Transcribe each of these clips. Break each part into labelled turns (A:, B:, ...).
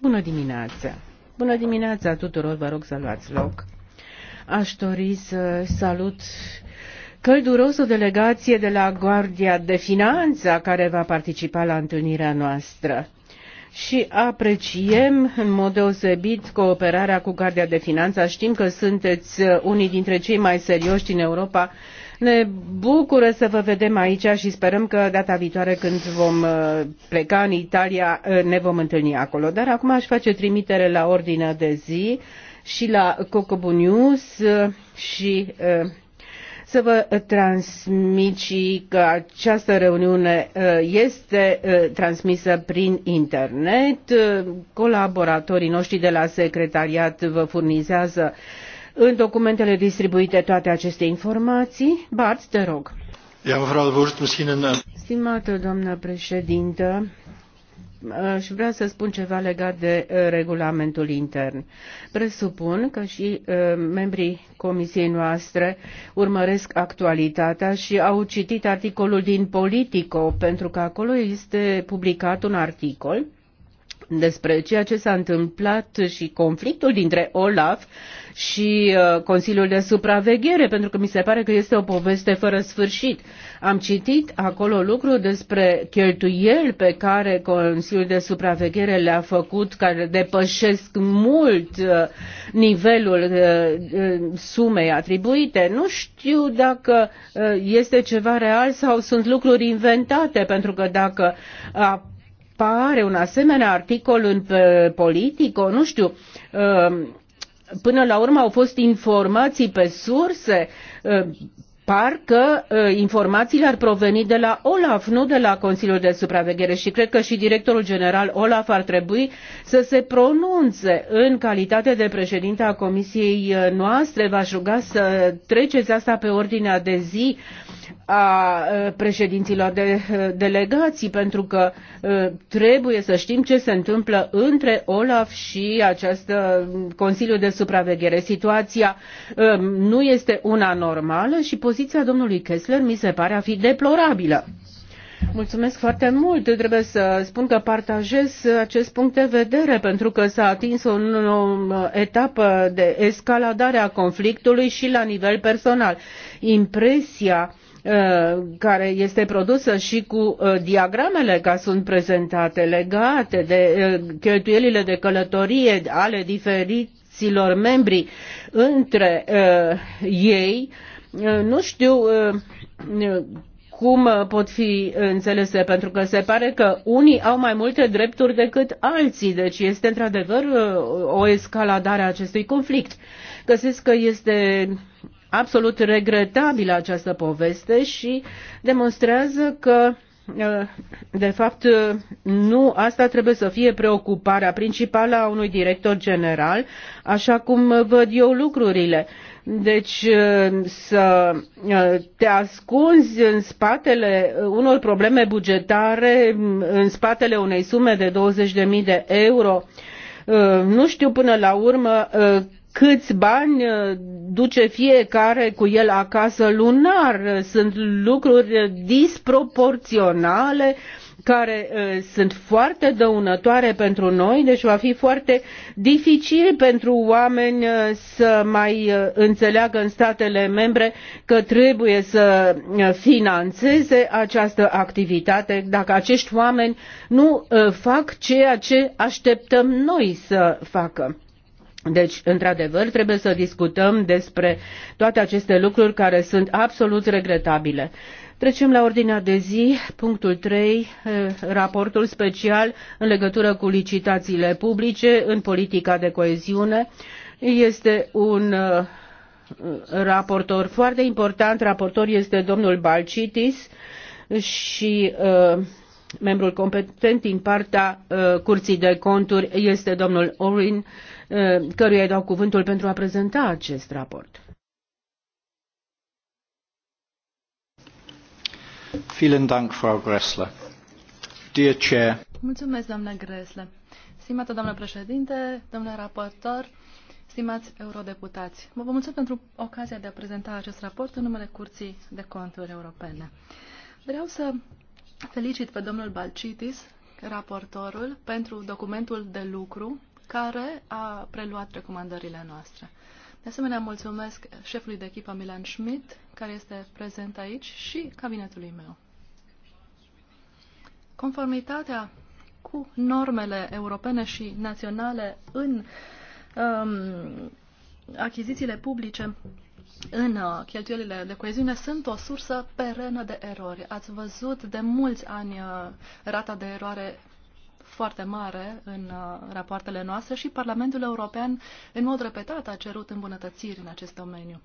A: Bună dimineața. Bună dimineața tuturor, vă rog să luați loc. Aș dori să salut călduros o delegație de la Guardia de Finanță care va participa la întâlnirea noastră și apreciem în mod deosebit cooperarea cu Guardia de Finanță. Știm că sunteți unii dintre cei mai serioși din Europa ne bucură să vă vedem aici și sperăm că data viitoare când vom uh, pleca în Italia uh, ne vom întâlni acolo. Dar acum aș face trimitere la ordinea de zi și la Cocobu News uh, și să vă transmit și că această reuniune este transmisă prin internet. Colaboratorii noștri de la secretariat vă furnizează în documentele distribuite toate aceste informații. Bart, te rog. Eh, Stimată doamnă președintă, și vreau să spun ceva legat de eh, regulamentul intern. Presupun că și eh, membrii comisiei noastre urmăresc actualitatea și au citit articolul din Politico, pentru că acolo este publicat un articol despre ceea ce s-a întâmplat și conflictul dintre Olaf și uh, Consiliul de Supraveghere, pentru că mi se pare că este o poveste fără sfârșit. Am citit acolo lucruri despre cheltuieli pe care Consiliul de Supraveghere le-a făcut, care depășesc mult uh, nivelul uh, sumei atribuite. Nu știu dacă este ceva real sau sunt lucruri inventate, pentru că dacă apare un asemenea articol în politico, nu știu, până la urmă au fost informații pe surse uh, parcă uh, informațiile ar proveni de la Olaf, nu de la Consiliul de Supraveghere și cred că și directorul general Olaf ar trebui să se pronunțe în calitate de președinte a comisiei uh, noastre. V-aș ruga să treceți asta pe ordinea de zi uh, a președinților de delegații, pentru că trebuie să știm ce se întâmplă între Olaf și acest Consiliu de Supraveghere. Situația nu este una normală și poziția domnului Kessler mi se pare a fi deplorabilă. Mulțumesc foarte mult. Trebuie să spun că partajez acest punct de vedere pentru că s-a atins o, o etapă de escaladare a conflictului și la nivel personal. Impresia Uh, care este produsă și cu uh, diagramele care sunt prezentate legate de uh, cheltuielile de călătorie ale diferiților membri între ei, nu știu cum pot fi înțelese, pentru că se pare că unii au mai multe drepturi decât alții, deci este într-adevăr o escaladare a acestui conflict. Găsesc că este absolut regretabilă această poveste și demonstrează că uh, de fapt, nu asta trebuie să fie preocuparea principală a unui director general, așa cum văd eu lucrurile. Deci uh, să uh, te ascunzi în spatele unor probleme bugetare, în spatele unei sume de 20.000 de euro, nu știu până la urmă câți bani uh, duce fiecare cu el acasă lunar. Sunt lucruri disproporționale care uh, sunt foarte dăunătoare pentru noi, deci va fi foarte dificil pentru oameni uh, să mai înțeleagă în statele membre că trebuie să financeze această activitate dacă acești oameni nu fac ceea ce așteptăm noi să facă. Deci, într-adevăr, trebuie să discutăm despre toate aceste lucruri care sunt absolut regretabile. Trecem la ordinea de zi, punctul 3, eh, raportul special în legătură cu licitațiile publice în politica de coeziune. Este un eh, raportor foarte important, raportor este domnul Balcitis și eh, membrul competent din partea Curții de Conturi este domnul Orin Uh, căruia îi dau cuvântul pentru a prezenta acest raport.
B: Vielen Dank, Frau Gressler. Dear Chair.
C: Mulțumesc, doamnă Gressler. Stimată doamnă președinte, domnule raportor, stimați eurodeputați, vă mulțumesc pentru ocazia de a prezenta acest raport în numele Curții de Conturi Europene. Vreau să felicit pe domnul Balcitis, raportorul, pentru documentul de lucru care a preluat recomandările noastre. De asemenea, mulțumesc șefului de echipă Milan Schmidt, care este prezent aici, și cabinetului meu. Conformitatea cu normele europene și
A: naționale
C: în um, achizițiile publice în uh, cheltuielile de coeziune sunt o sursă perenă de erori. Ați văzut de mulți ani uh, rata de eroare foarte mare în uh, rapoartele noastre și Parlamentul European în mod repetat a cerut îmbunătățiri în acest domeniu.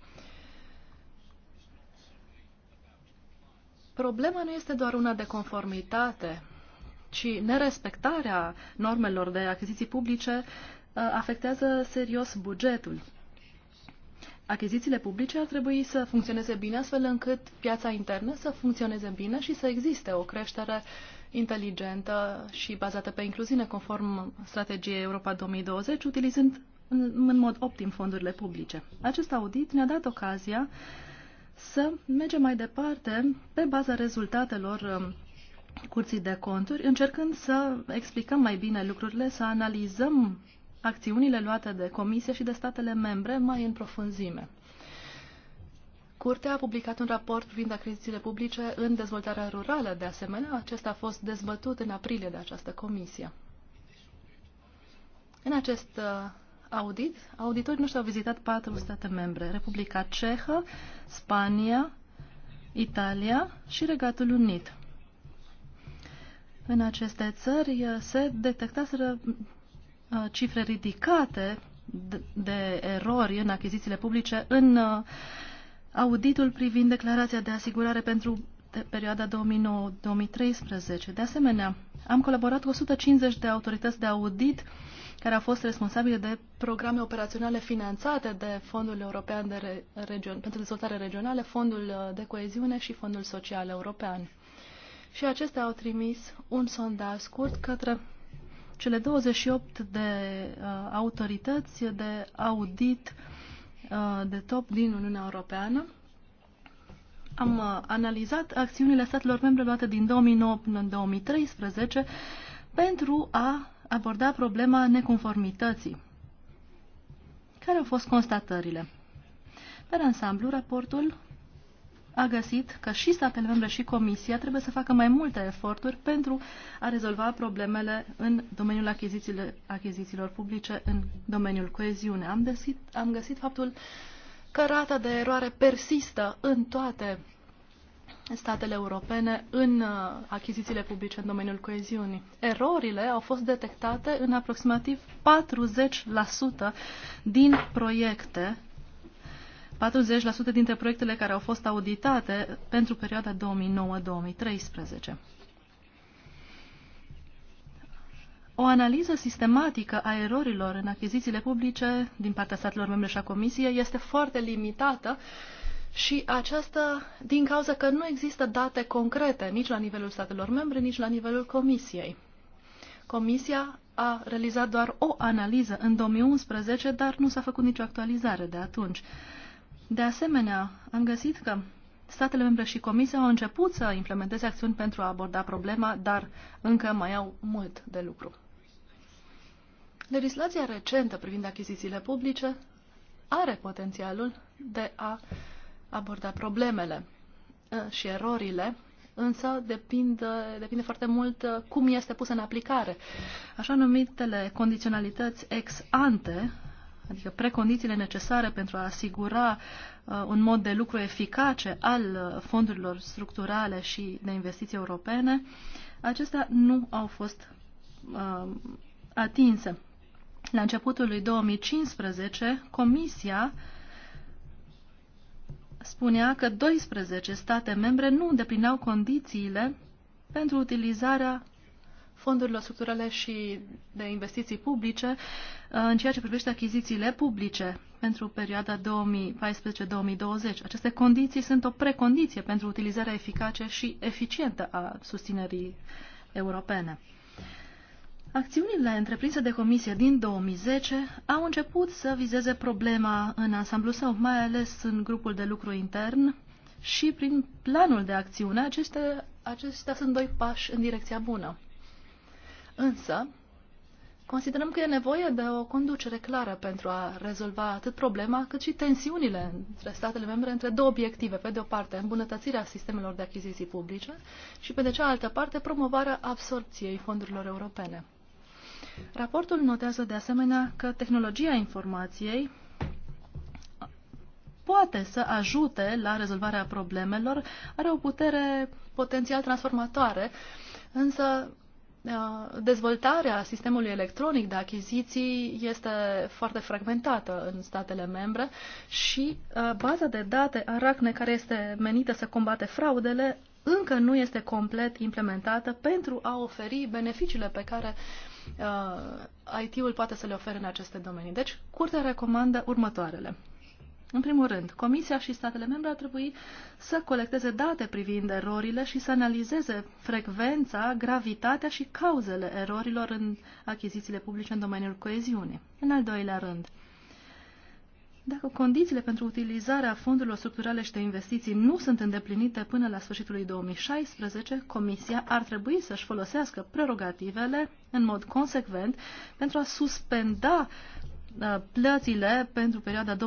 C: Problema nu este doar una de conformitate, ci nerespectarea normelor de achiziții publice uh, afectează serios bugetul. Achizițiile publice ar trebui să funcționeze bine astfel încât piața internă să funcționeze bine și să existe o creștere uh, inteligentă și bazată pe incluziune conform strategiei Europa 2020, utilizând în mod optim fondurile publice. Acest audit ne-a dat ocazia să mergem mai departe pe baza rezultatelor um, curții de conturi, încercând să explicăm mai bine lucrurile, să analizăm acțiunile luate de Comisie și de statele membre mai în profunzime. Curtea a publicat un raport privind achizițiile publice în dezvoltarea rurală, de asemenea, acesta a fost dezbătut în aprilie de această comisie. În acest uh, audit, auditorii noștri au vizitat patru state membre, Republica Cehă, Spania, Italia și Regatul Unit. În aceste țări uh, se detectaseră uh, cifre ridicate de erori în achizițiile publice în auditul privind declarația de asigurare pentru perioada 2009-2013. De asemenea, am colaborat cu 150 de autorități de audit care au fost responsabile de programe operaționale finanțate de Fondul European de Re Region, pentru Dezvoltare Regională, Fondul uh, de Coeziune și Fondul Social European. Și acestea au trimis un sondaj scurt către cele 28 de uh, autorități de audit uh, Uh, de top din Uniunea Europeană. Am uh, analizat acțiunile statelor membre luate din 2009 până în 2013 pentru a aborda problema neconformității. Care au fost constatările? Per ansamblu, raportul a găsit că și statele membre și Comisia trebuie să facă mai multe eforturi pentru a rezolva problemele în domeniul achizițiilor publice, în domeniul coeziune. Am găsit, am găsit faptul că rata de eroare persistă în toate statele europene în uh, achizițiile publice în domeniul coeziunii. Erorile au fost detectate în aproximativ 40% din proiecte 40% dintre proiectele care au fost auditate pentru perioada 2009-2013. O analiză sistematică a erorilor în achizițiile publice din partea statelor membre și a Comisiei este foarte limitată și aceasta din cauza că nu există date concrete nici la nivelul statelor membre, nici la nivelul Comisiei. Comisia a realizat doar o analiză în 2011, dar nu s-a făcut nicio actualizare de atunci. De asemenea, am găsit că statele membre și Comisia au început să implementeze acțiuni pentru a aborda problema, dar încă mai au mult de lucru. Legislația recentă privind achizițiile publice are potențialul de a aborda problemele ă, și erorile, însă depinde, ă, depinde foarte mult ă, cum este pusă în aplicare. Așa numitele condiționalități ex ante adică precondițiile necesare pentru a asigura uh, un mod de lucru eficace al uh, fondurilor structurale și de investiții europene, acestea nu au fost uh, atinse. La începutul lui 2015, Comisia spunea că 12 state membre nu îndeplineau condițiile pentru utilizarea fondurilor structurale și de investiții publice uh, în ceea ce privește achizițiile publice pentru perioada 2014-2020. Aceste condiții sunt o precondiție pentru utilizarea eficace și eficientă a susținerii europene. Acțiunile întreprinse de comisie din 2010 au început să vizeze problema în ansamblu său, mai ales în grupul de lucru intern și prin planul de acțiune. Acestea, acestea sunt doi pași în direcția bună. Însă, considerăm că e nevoie de o conducere clară pentru a rezolva atât problema cât și tensiunile între statele membre între două obiective. Pe de o parte, îmbunătățirea sistemelor de achiziții publice și, pe de cealaltă parte, promovarea absorpției fondurilor europene. Raportul notează de asemenea că tehnologia informației poate să ajute la rezolvarea problemelor, are o putere potențial transformatoare, însă Uh, dezvoltarea sistemului electronic de achiziții este foarte fragmentată în statele membre și uh, baza de date ARACNE, care este menită să combate fraudele, încă nu este complet implementată pentru a oferi beneficiile pe care uh, IT-ul poate să le ofere în aceste domenii. Deci, curtea recomandă următoarele. În primul rând, Comisia și statele membre ar trebui să colecteze date privind erorile și să analizeze frecvența, gravitatea și cauzele erorilor în achizițiile publice în domeniul coeziunii. În al doilea rând, dacă condițiile pentru utilizarea fondurilor structurale și de investiții nu sunt îndeplinite până la sfârșitul lui 2016, Comisia ar trebui să-și folosească prerogativele în mod consecvent pentru a suspenda Uh, plățile pentru perioada 2014-2020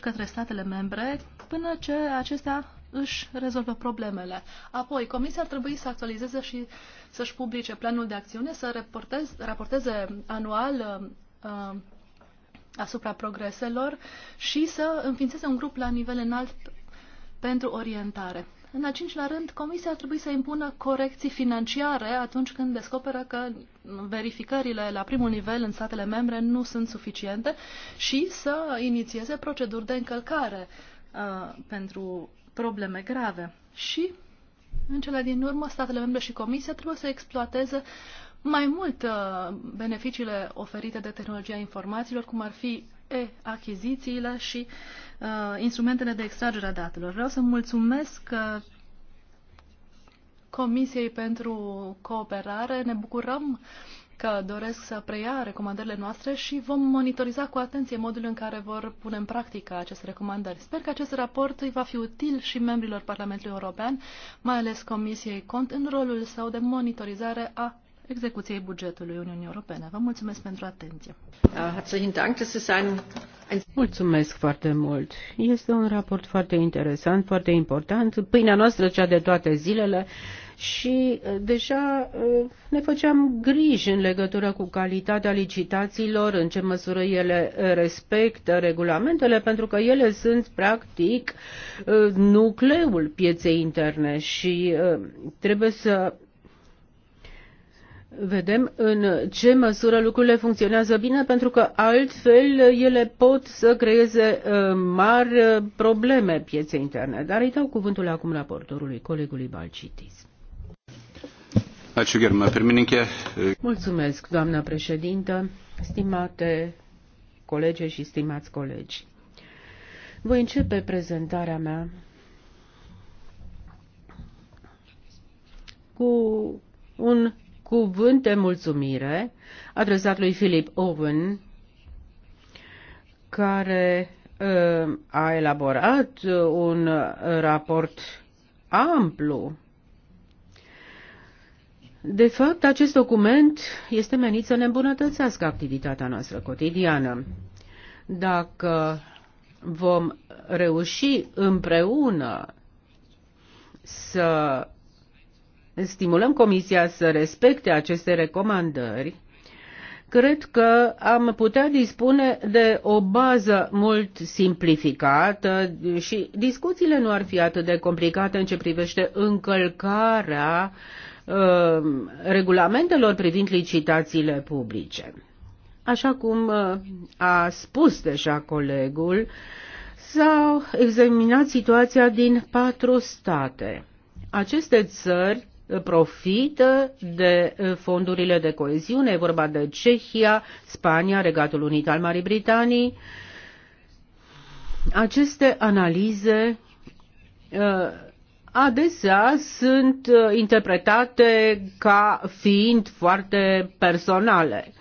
C: către statele membre până ce acestea își rezolvă problemele. Apoi, Comisia ar trebui să actualizeze și să-și publice planul de acțiune, să raporteze, raporteze anual uh, asupra progreselor și să înființeze un grup la nivel înalt pentru orientare. În a cincilea rând, Comisia ar trebui să impună corecții financiare atunci când descoperă că verificările la primul nivel în statele membre nu sunt suficiente și să inițieze proceduri de încălcare uh, pentru probleme grave. Și, în cele din urmă, statele membre și Comisia trebuie să exploateze mai mult uh, beneficiile oferite de tehnologia informațiilor, cum ar fi achizițiile și uh, instrumentele de extragere a datelor. Vreau să mulțumesc uh, Comisiei pentru Cooperare. Ne bucurăm că doresc să preia recomandările noastre și vom monitoriza cu atenție modul în care vor pune în practică aceste recomandări. Sper că acest raport îi va fi util și membrilor Parlamentului European, mai ales Comisiei Cont, în rolul său de monitorizare a execuției bugetului Uniunii Europene. Vă mulțumesc pentru
A: atenție. Äh, mulțumesc foarte mult. Este un raport foarte interesant, foarte important. Pâinea noastră, cea de toate zilele, și uh, deja uh, ne făceam griji în legătură cu calitatea licitațiilor, în ce măsură ele uh, respectă regulamentele, pentru că ele sunt practic nucleul pieței interne și trebuie să vedem în ce măsură lucrurile funcționează bine, pentru că altfel ele pot să creeze uh, mari uh, probleme pieței interne. Dar îi dau cuvântul acum raportorului, colegului Balcitis. Mulțumesc, doamna președintă, stimate colege și stimați colegi. Voi începe prezentarea mea cu un cuvânt de mulțumire adresat lui Philip Owen, care ă, a elaborat un raport amplu. De fapt, acest document este menit să ne îmbunătățească activitatea noastră cotidiană. Dacă vom reuși împreună să stimulăm Comisia să respecte aceste recomandări, cred că am putea dispune de o bază mult simplificată și discuțiile nu ar fi atât de complicate în ce privește încălcarea uh, regulamentelor privind licitațiile publice. Așa cum uh, a spus deja colegul, s-au examinat situația din patru state. Aceste țări profită de eh, fondurile de coeziune, e vorba de Cehia, Spania, Regatul Unit al Marii Britanii. Aceste analize eh, adesea sunt eh, interpretate ca fiind foarte personale.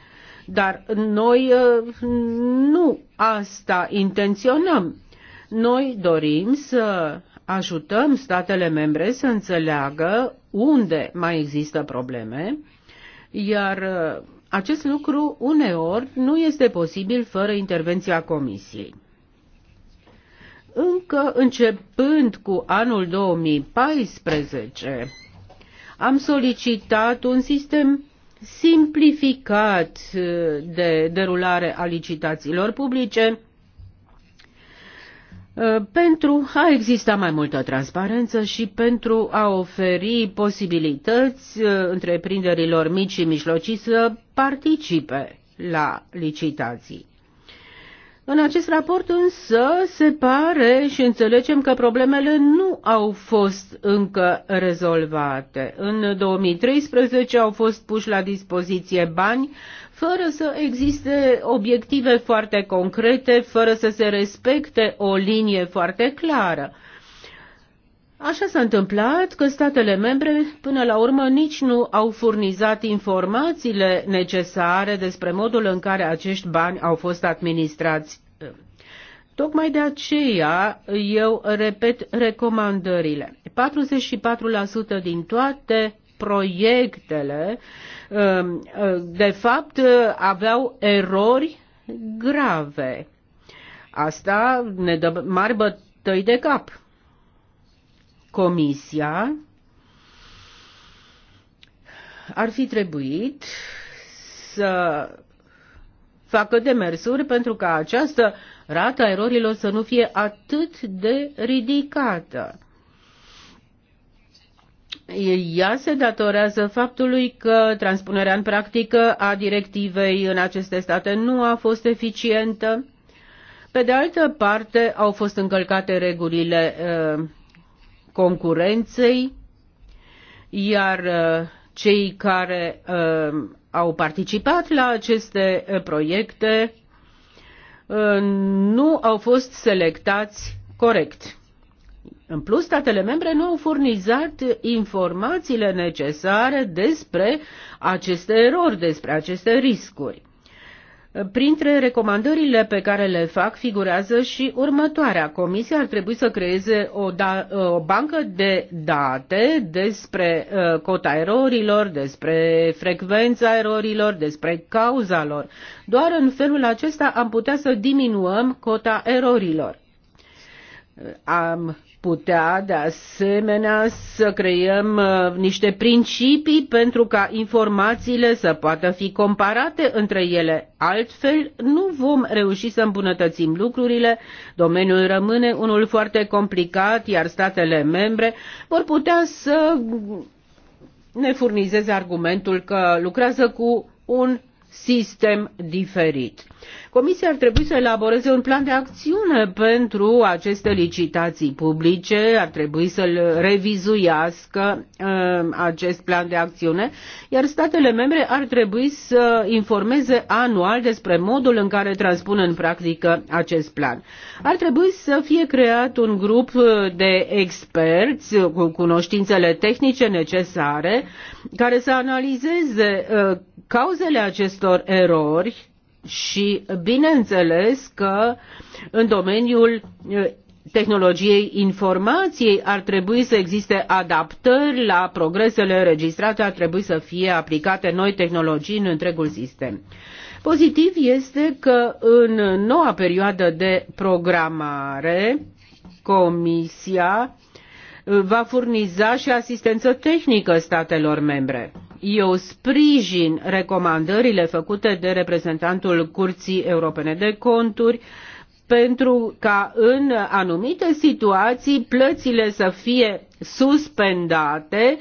A: Dar noi nu asta intenționăm. Noi dorim să ajutăm statele membre să înțeleagă unde mai există probleme, iar uh, acest lucru uneori nu este posibil fără intervenția Comisiei. Încă începând cu anul 2014, am solicitat un sistem simplificat uh, de derulare a licitațiilor publice Uh, pentru a exista mai multă transparență și pentru a oferi posibilități uh, întreprinderilor mici și mijlocii să participe la licitații. În acest raport însă se pare și înțelegem că problemele nu au fost încă rezolvate. În 2013 au fost puși la dispoziție bani fără să existe obiective foarte concrete, fără să se respecte o linie foarte clară. Așa s-a întâmplat că statele membre până la urmă nici nu au furnizat informațiile necesare despre modul în care acești bani au fost administrați. Tocmai de aceea eu repet recomandările. 44% din toate proiectele Um, uh, de fapt uh, aveau erori grave. Asta ne dă mari bătăi de cap. Comisia ar fi trebuit să facă demersuri pentru ca această rată a erorilor să nu fie atât de ridicată ea se datorează faptului că transpunerea în practică a directivei în aceste state nu a fost eficientă. Pe de altă parte, au fost încălcate regulile uh, concurenței, iar uh, cei care uh, au participat la aceste proiecte nu au fost selectați corect. În plus, statele membre nu au furnizat informațiile necesare despre aceste erori, despre aceste riscuri. Printre recomandările pe care le fac figurează și următoarea. Comisia ar trebui să creeze o, da, o bancă de date despre uh, cota erorilor, despre frecvența erorilor, despre cauza lor. Doar în felul acesta am putea să diminuăm cota erorilor. Uh, am putea de asemenea să creăm uh, niște principii pentru ca informațiile să poată fi comparate între ele. Altfel nu vom reuși să îmbunătățim lucrurile, domeniul rămâne unul foarte complicat, iar statele membre vor putea să ne furnizeze argumentul că lucrează cu un sistem diferit. Comisia ar trebui să elaboreze un plan de acțiune pentru aceste licitații publice, ar trebui să-l revizuiască uh, acest plan de acțiune, iar statele membre ar trebui să informeze anual despre modul în care transpun în practică acest plan. Ar trebui să fie creat un grup de experți cu cunoștințele tehnice necesare care să analizeze uh, cauzele acestor erori și bineînțeles că în domeniul tehnologiei informației ar trebui să existe adaptări la progresele înregistrate, ar trebui să fie aplicate noi tehnologii în întregul sistem. Pozitiv este că în noua perioadă de programare, Comisia va furniza și asistență tehnică statelor membre eu sprijin recomandările făcute de reprezentantul Curții Europene de Conturi pentru ca în anumite situații plățile să fie suspendate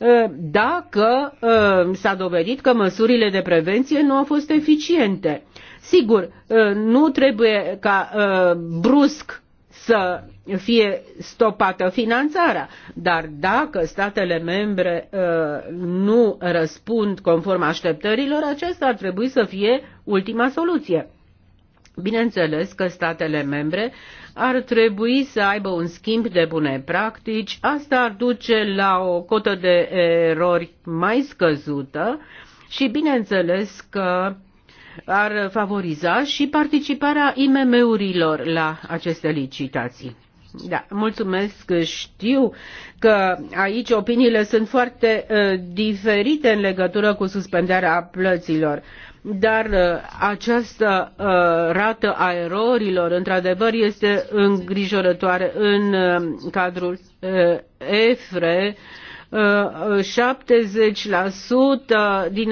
A: ă, dacă ă, s-a dovedit că măsurile de prevenție nu au fost eficiente. Sigur, ă, nu trebuie ca brusc să fie stopată finanțarea. Dar dacă statele membre uh, nu răspund conform așteptărilor, aceasta ar trebui să fie ultima soluție. Bineînțeles că statele membre ar trebui să aibă un schimb de bune practici, asta ar duce la o cotă de erori mai scăzută și bineînțeles că uh, ar favoriza și participarea IMM-urilor la aceste licitații. Da, mulțumesc. Știu că aici opiniile sunt foarte uh, diferite în legătură cu suspendarea plăților, dar uh, această uh, rată a erorilor, într-adevăr, este îngrijorătoare în uh, cadrul uh, EFRE. Uh, 70% din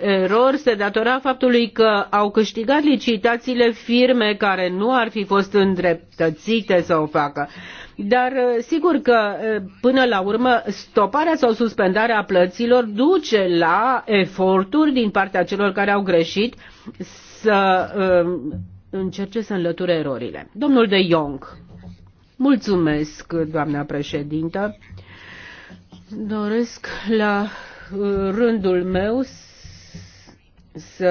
A: erori se datora faptului că au câștigat licitațiile firme care nu ar fi fost îndreptățite să o facă. Dar uh, sigur că uh, până la urmă stoparea sau suspendarea plăților duce la eforturi din partea celor care au greșit să uh, încerce să înlăture erorile. Domnul de Jong. Mulțumesc, doamna președintă doresc la uh, rândul meu să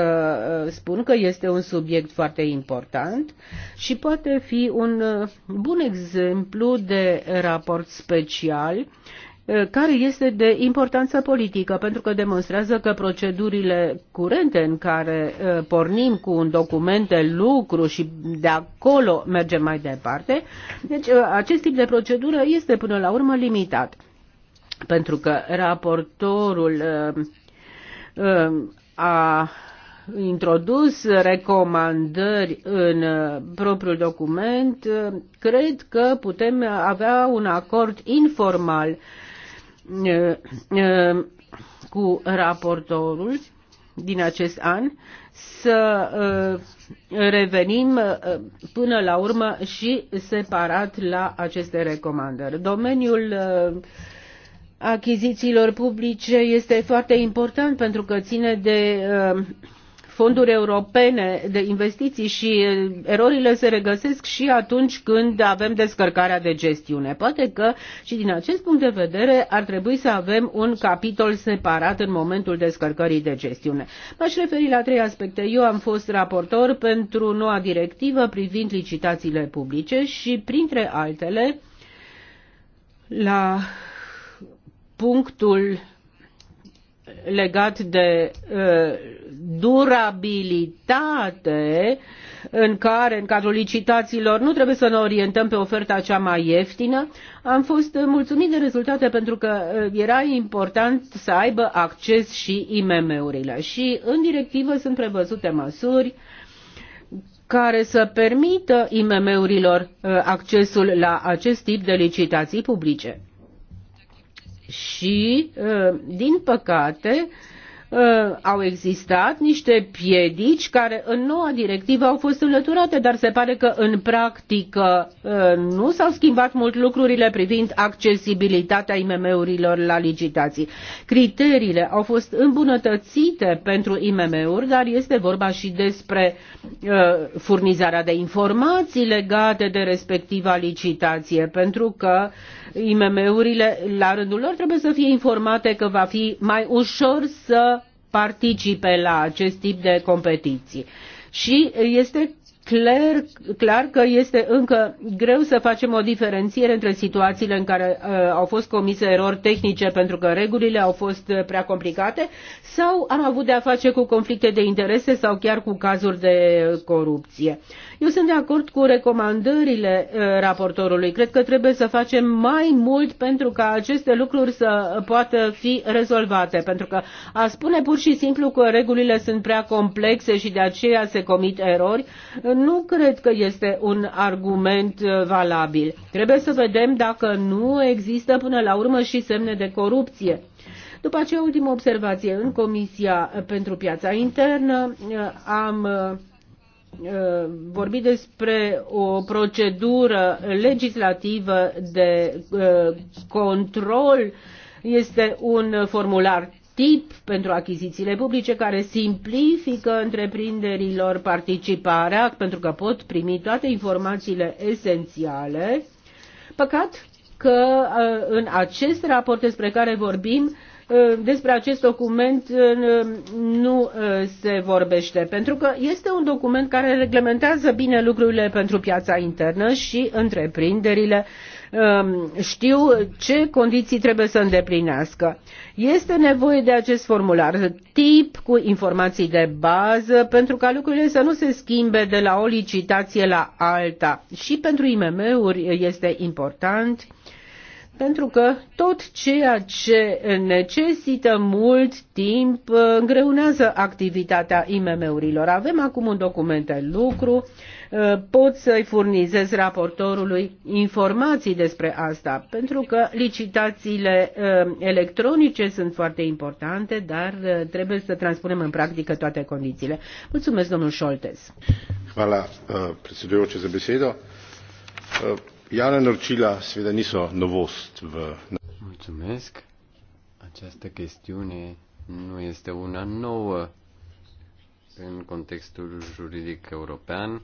A: uh, spun că este un subiect foarte important și poate fi un uh, bun exemplu de raport special care este de importanță politică, pentru că demonstrează că procedurile curente în care pornim cu un document de lucru și de acolo mergem mai departe, deci acest tip de procedură este până la urmă limitat pentru că raportorul um, um, a introdus recomandări în uh, propriul document, uh, cred că putem avea un acord informal uh, um, cu raportorul din acest an să revenim până la urmă și separat la aceste recomandări. Domeniul achizițiilor publice este foarte important pentru că ține de uh, fonduri europene de investiții și uh, erorile se regăsesc și atunci când avem descărcarea de gestiune. Poate că și din acest punct de vedere ar trebui să avem un capitol separat în momentul descărcării de gestiune. M-aș referi la trei aspecte. Eu am fost raportor pentru noua directivă privind licitațiile publice și printre altele la punctul legat de uh, durabilitate în care, în cadrul licitațiilor, nu trebuie să ne orientăm pe oferta cea mai ieftină. Am fost mulțumit de rezultate pentru că uh, era important să aibă acces și IMM-urile. Și în directivă sunt prevăzute măsuri care să permită IMM-urilor uh, accesul la acest tip de licitații publice și, uh, din păcate, Uh, au existat niște piedici care în noua directivă au fost înlăturate, dar se pare că în practică uh, nu s-au schimbat mult lucrurile privind accesibilitatea IMM-urilor la licitații. Criteriile au fost îmbunătățite pentru IMM-uri, dar este vorba și despre uh, furnizarea de informații legate de respectiva licitație, pentru că IMM-urile la rândul lor trebuie să fie informate că va fi mai ușor să participe la acest tip de competiții. Și este clar, clar că este încă greu să facem o diferențiere între situațiile în care uh, au fost comise erori tehnice pentru că regulile au fost uh, prea complicate sau am avut de a face cu conflicte de interese sau chiar cu cazuri de corupție. Eu sunt de acord cu recomandările uh, raportorului. Cred că trebuie să facem mai mult pentru ca aceste lucruri să poată fi rezolvate, pentru că a spune pur și simplu că regulile sunt prea complexe și de aceea se comit erori, nu cred că este un argument uh, valabil. Trebuie să vedem dacă nu există până la urmă și semne de corupție. După aceea, ultima observație. În Comisia pentru Piața Internă uh, am Eh, vorbit despre o procedură legislativă de eh, control este un formular tip pentru achizițiile publice care simplifică întreprinderilor participarea pentru că pot primi toate informațiile esențiale. Păcat că eh, în acest raport despre care vorbim Uh, despre acest document uh, nu uh, se vorbește, pentru că este un document care reglementează bine lucrurile pentru piața internă și întreprinderile um, știu ce condiții trebuie să îndeplinească. Este nevoie de acest formular tip cu informații de bază pentru ca lucrurile să nu se schimbe de la o licitație la alta. Și pentru IMM-uri este important pentru că tot ceea ce necesită mult timp uh, îngreunează activitatea IMM-urilor. Avem acum un document de lucru, uh, pot să-i furnizez raportorului informații despre asta, pentru că licitațiile uh, electronice sunt foarte importante, dar trebuie să transpunem în practică toate condițiile. Mulțumesc, domnul Șoltes.
B: Hvala, uh, Iana Norcila, seveda niso novost v... Mulțumesc. Această chestiune nu este una nouă în contextul juridic european.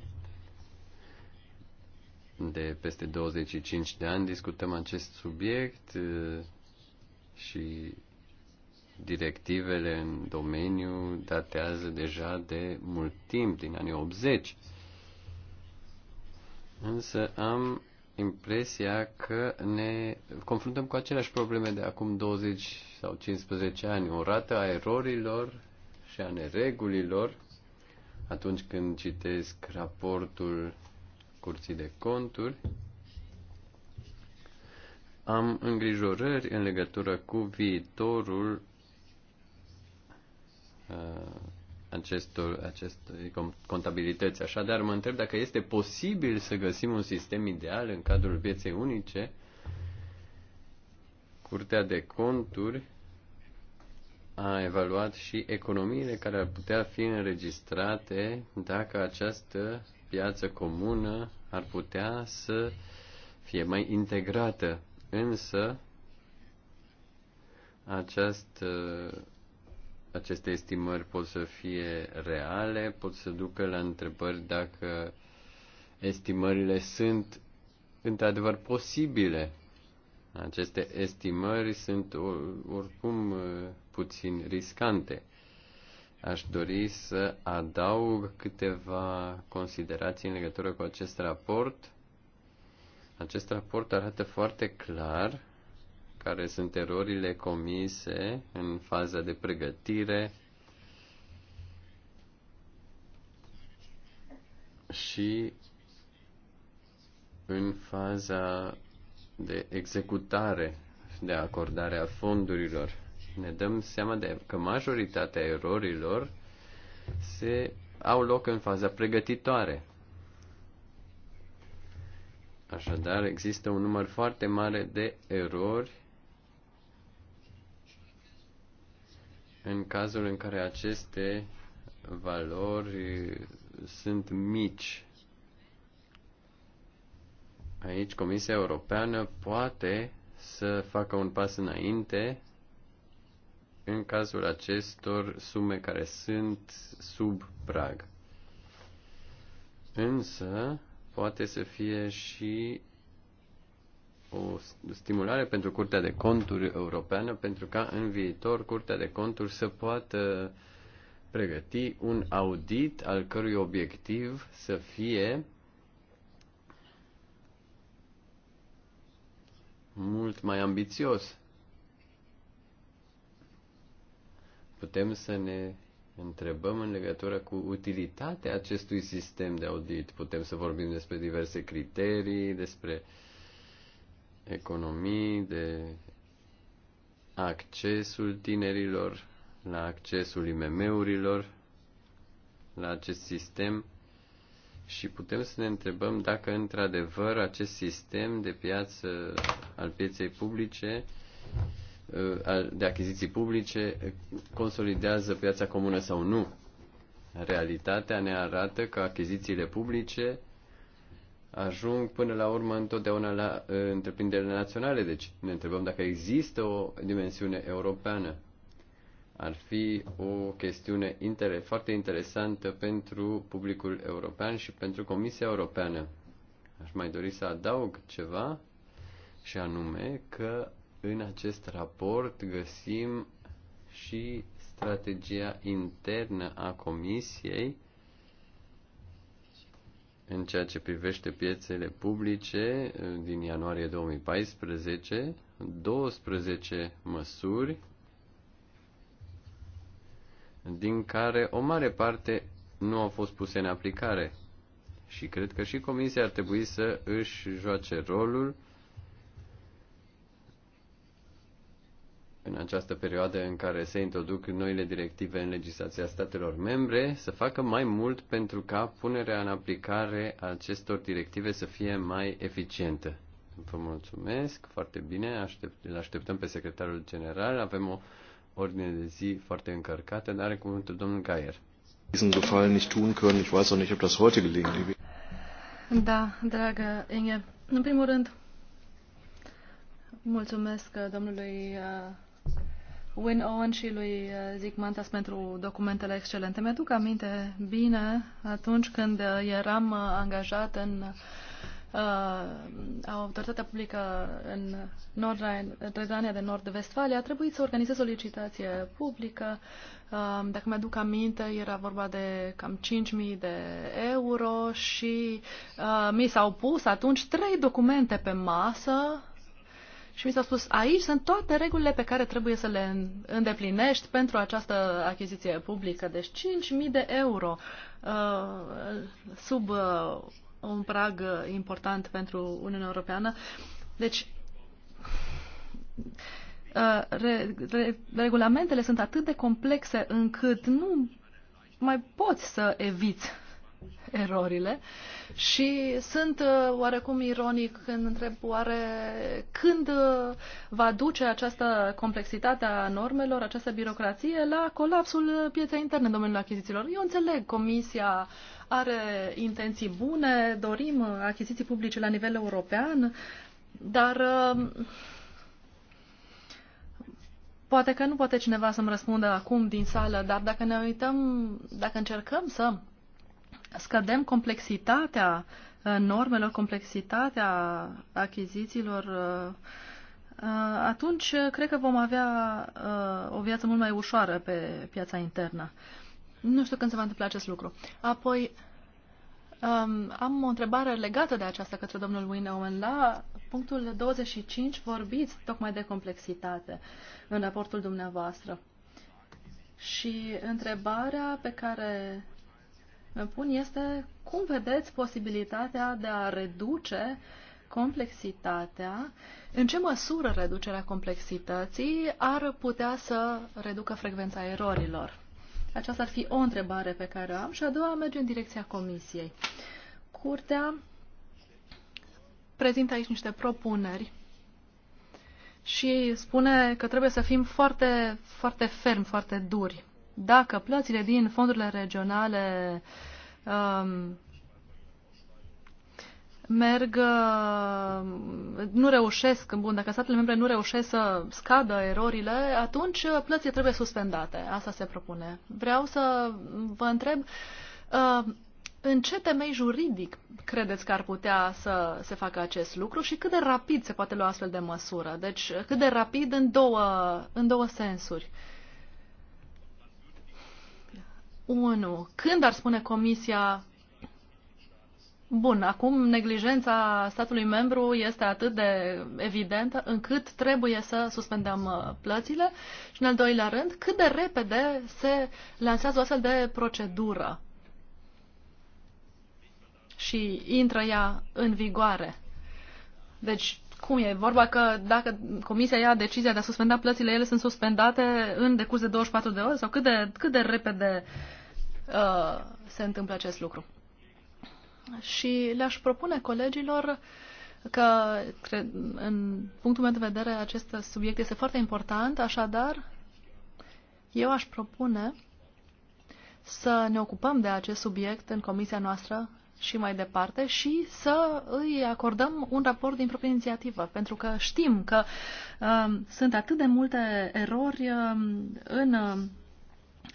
B: De peste 25 de ani discutăm acest subiect uh, și directivele în domeniu datează deja de mult timp, din anii 80. Însă am impresia că ne confruntăm cu aceleași probleme de acum 20 sau 15 ani. O rată a erorilor și a neregulilor atunci când citesc raportul Curții de Conturi. Am îngrijorări în legătură cu viitorul uh, acestor, acestei contabilități. Așadar, mă întreb dacă este posibil să găsim un sistem ideal în cadrul pieței unice. Curtea de conturi a evaluat și economiile care ar putea fi înregistrate dacă această piață comună ar putea să fie mai integrată. Însă, această aceste estimări pot să fie reale, pot să ducă la întrebări dacă estimările sunt într-adevăr posibile. Aceste estimări sunt oricum uh, puțin riscante. Aș dori să adaug câteva considerații în legătură cu acest raport. Acest raport arată foarte clar care sunt erorile comise în faza de pregătire și în faza de executare, de acordare a fondurilor. Ne dăm seama de că majoritatea erorilor se au loc în faza pregătitoare. Așadar, există un număr foarte mare de erori în cazul în care aceste valori sunt mici. Aici Comisia Europeană poate să facă un pas înainte în cazul acestor sume care sunt sub prag. Însă, poate să fie și o stimulare pentru Curtea de Conturi Europeană pentru ca în viitor Curtea de Conturi să poată pregăti un audit al cărui obiectiv să fie mult mai ambițios. Putem să ne întrebăm în legătură cu utilitatea acestui sistem de audit. Putem să vorbim despre diverse criterii, despre uh, economii, de accesul tinerilor, la accesul IMM-urilor, la acest sistem și putem să ne întrebăm dacă într-adevăr acest sistem de piață al pieței publice ă, de achiziții publice consolidează piața comună sau nu. Realitatea ne arată că achizițiile publice ajung până la urmă întotdeauna la uh, întreprinderile naționale. Deci ne întrebăm dacă există o dimensiune europeană. Ar fi o chestiune inter- foarte interesantă pentru publicul european și pentru Comisia Europeană. Aș mai dori să adaug ceva și anume că în acest raport găsim și strategia internă a Comisiei în ceea ce privește piețele publice, eh, din ianuarie 2014, 12 măsuri, din care o mare parte nu au fost puse în aplicare. Și cred că și Comisia ar trebui să își joace rolul în această perioadă în care se introduc noile directive în legislația statelor membre, să facă mai mult pentru ca punerea în aplicare a acestor directive să fie mai eficientă. Vă mulțumesc, foarte bine, aștept, îl așteptăm pe secretarul general, avem o ordine de zi foarte încărcată, dar are cuvântul domnul Gaier.
C: Da, dragă Inge, în primul rând, mulțumesc domnului Win Owen și lui uh, Zic Mantas pentru documentele excelente. Mi-aduc aminte bine atunci când uh, eram uh, angajat în uh, autoritatea publică în Nord-Redania de Nord-Vestfalia, a trebuit să organizez o licitație publică. Uh, dacă mi-aduc aminte, era vorba de cam 5.000 de euro și uh, mi s-au pus atunci trei documente pe masă și mi s-a spus, aici sunt toate regulile pe care trebuie să le îndeplinești pentru această achiziție publică. Deci 5.000 de euro uh, sub uh, un prag important pentru Uniunea Europeană. Deci, uh, re, re, regulamentele sunt atât de complexe încât nu mai poți să eviți erorile și sunt uh, oarecum ironic când întreb oare când uh, va duce această complexitate a normelor, această birocrație la colapsul pieței interne în domeniul achizițiilor. Eu înțeleg, Comisia are intenții bune, dorim uh, achiziții publice la nivel european, dar poate că nu poate cineva să-mi răspundă acum din sală, dar dacă ne uităm, dacă încercăm să scădem complexitatea uh, normelor, complexitatea achizițiilor, uh, uh, atunci cred că vom avea o viață mult mai ușoară pe piața internă. Nu știu când se va întâmpla acest lucru. Apoi, um, am o întrebare legată de aceasta către domnul Wineowen. La punctul 25 vorbiți tocmai de complexitate în raportul dumneavoastră. Și întrebarea pe care îmi pun este cum vedeți posibilitatea de a reduce complexitatea, în ce măsură reducerea complexității ar putea să reducă frecvența erorilor. Aceasta ar fi o întrebare pe care o am și a doua merge în direcția comisiei. Curtea prezintă aici niște propuneri și spune că trebuie să fim foarte, foarte fermi, foarte duri dacă plățile din fondurile regionale um, merg, uh, nu reușesc, bun, dacă statele membre nu reușesc să scadă erorile, atunci plățile trebuie suspendate. Asta se propune. Vreau să vă întreb, uh, în ce temei juridic credeți că ar putea să se facă acest lucru și cât de rapid se poate lua astfel de măsură? Deci, cât de rapid în două, în două sensuri. Uh, 1. Când ar spune Comisia Bun, acum neglijența statului membru este atât de evidentă încât trebuie să suspendăm uh, plățile și, în al doilea rând, cât de repede se lansează o astfel de procedură și intră ea în vigoare. Deci, cum e vorba că dacă comisia ia decizia de a suspenda plățile, ele sunt suspendate în decurs de 24 de ore sau cât de, cât de repede uh, se întâmplă acest lucru. Și le-aș propune colegilor că, cred, în punctul meu de vedere, acest subiect este foarte important, așadar, eu aș propune să ne ocupăm de acest subiect în comisia noastră și mai departe și să îi acordăm un raport din proprie inițiativă, pentru că știm că uh, sunt atât de multe erori uh, în uh,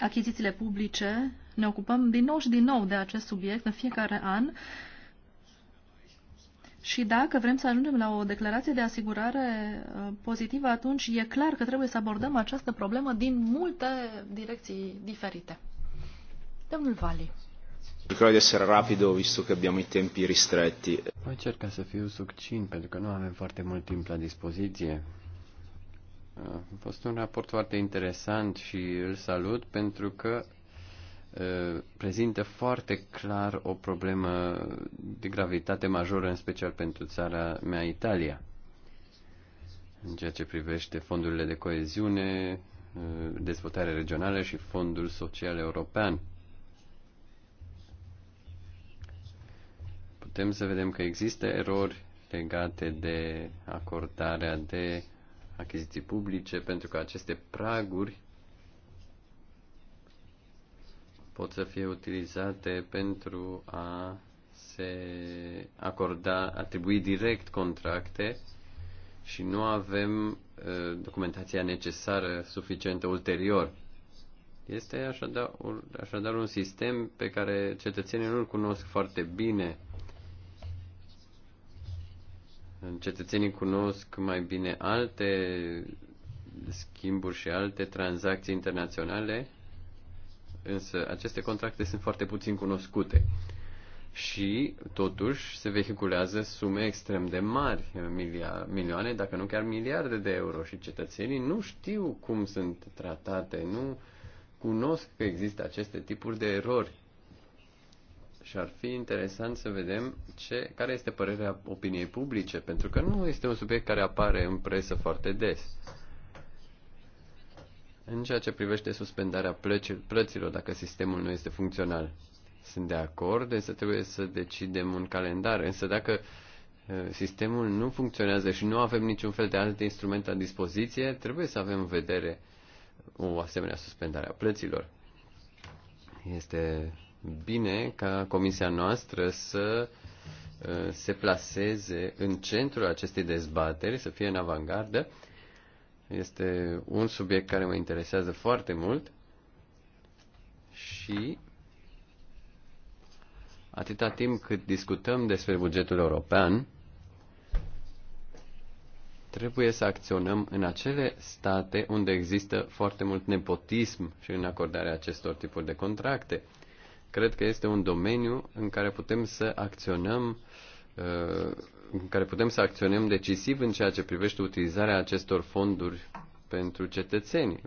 C: achizițiile publice. Ne ocupăm din nou și din nou de acest subiect în fiecare an. Și dacă vrem să ajungem la o declarație de asigurare uh, pozitivă, atunci e clar că trebuie să abordăm această problemă din multe direcții diferite. Domnul Vali.
B: Cercherò di essere rapido visto che abbiamo i tempi ristretti. Poi cerca să fiu succint pentru că nu avem foarte mult timp la dispoziție. A fost un raport foarte interesant și îl salut pentru că prezintă foarte clar o problemă de gravitate majoră, în special pentru țara mea, Italia. În ceea ce privește fondurile de coeziune, dezvoltare regională și fondul social european. putem să vedem că există erori legate de acordarea de achiziții publice, pentru că aceste praguri pot să fie utilizate pentru a se acorda, atribui direct contracte și nu avem uh, documentația necesară suficientă ulterior. Este așadar, așadar un sistem pe care cetățenii nu-l cunosc foarte bine cetățenii cunosc mai bine alte schimburi și alte tranzacții internaționale, însă aceste contracte sunt foarte puțin cunoscute. Și, totuși, se vehiculează sume extrem de mari, milioane, dacă nu chiar miliarde de euro. Și cetățenii nu știu cum sunt tratate, nu cunosc că există aceste tipuri de erori și ar fi interesant să vedem ce, care este părerea opiniei publice, pentru că nu este un subiect care apare în presă foarte des. În ceea ce privește suspendarea plăților, dacă sistemul nu este funcțional, sunt de acord, însă trebuie să decidem un calendar. Însă dacă sistemul nu funcționează și nu avem niciun fel de alte instrumente la dispoziție, trebuie să avem în vedere o asemenea suspendare a plăților. Este bine ca comisia noastră să uh, se plaseze în centrul acestei dezbateri, să fie în avangardă. Este un subiect care mă interesează foarte mult și atâta timp cât discutăm despre bugetul european, trebuie să acționăm în acele state unde există foarte mult nepotism și în acordarea acestor tipuri de contracte. Cred că este un domeniu în care putem să acționăm uh, în care putem să acționăm decisiv în ceea ce privește utilizarea acestor fonduri pentru cetățeni.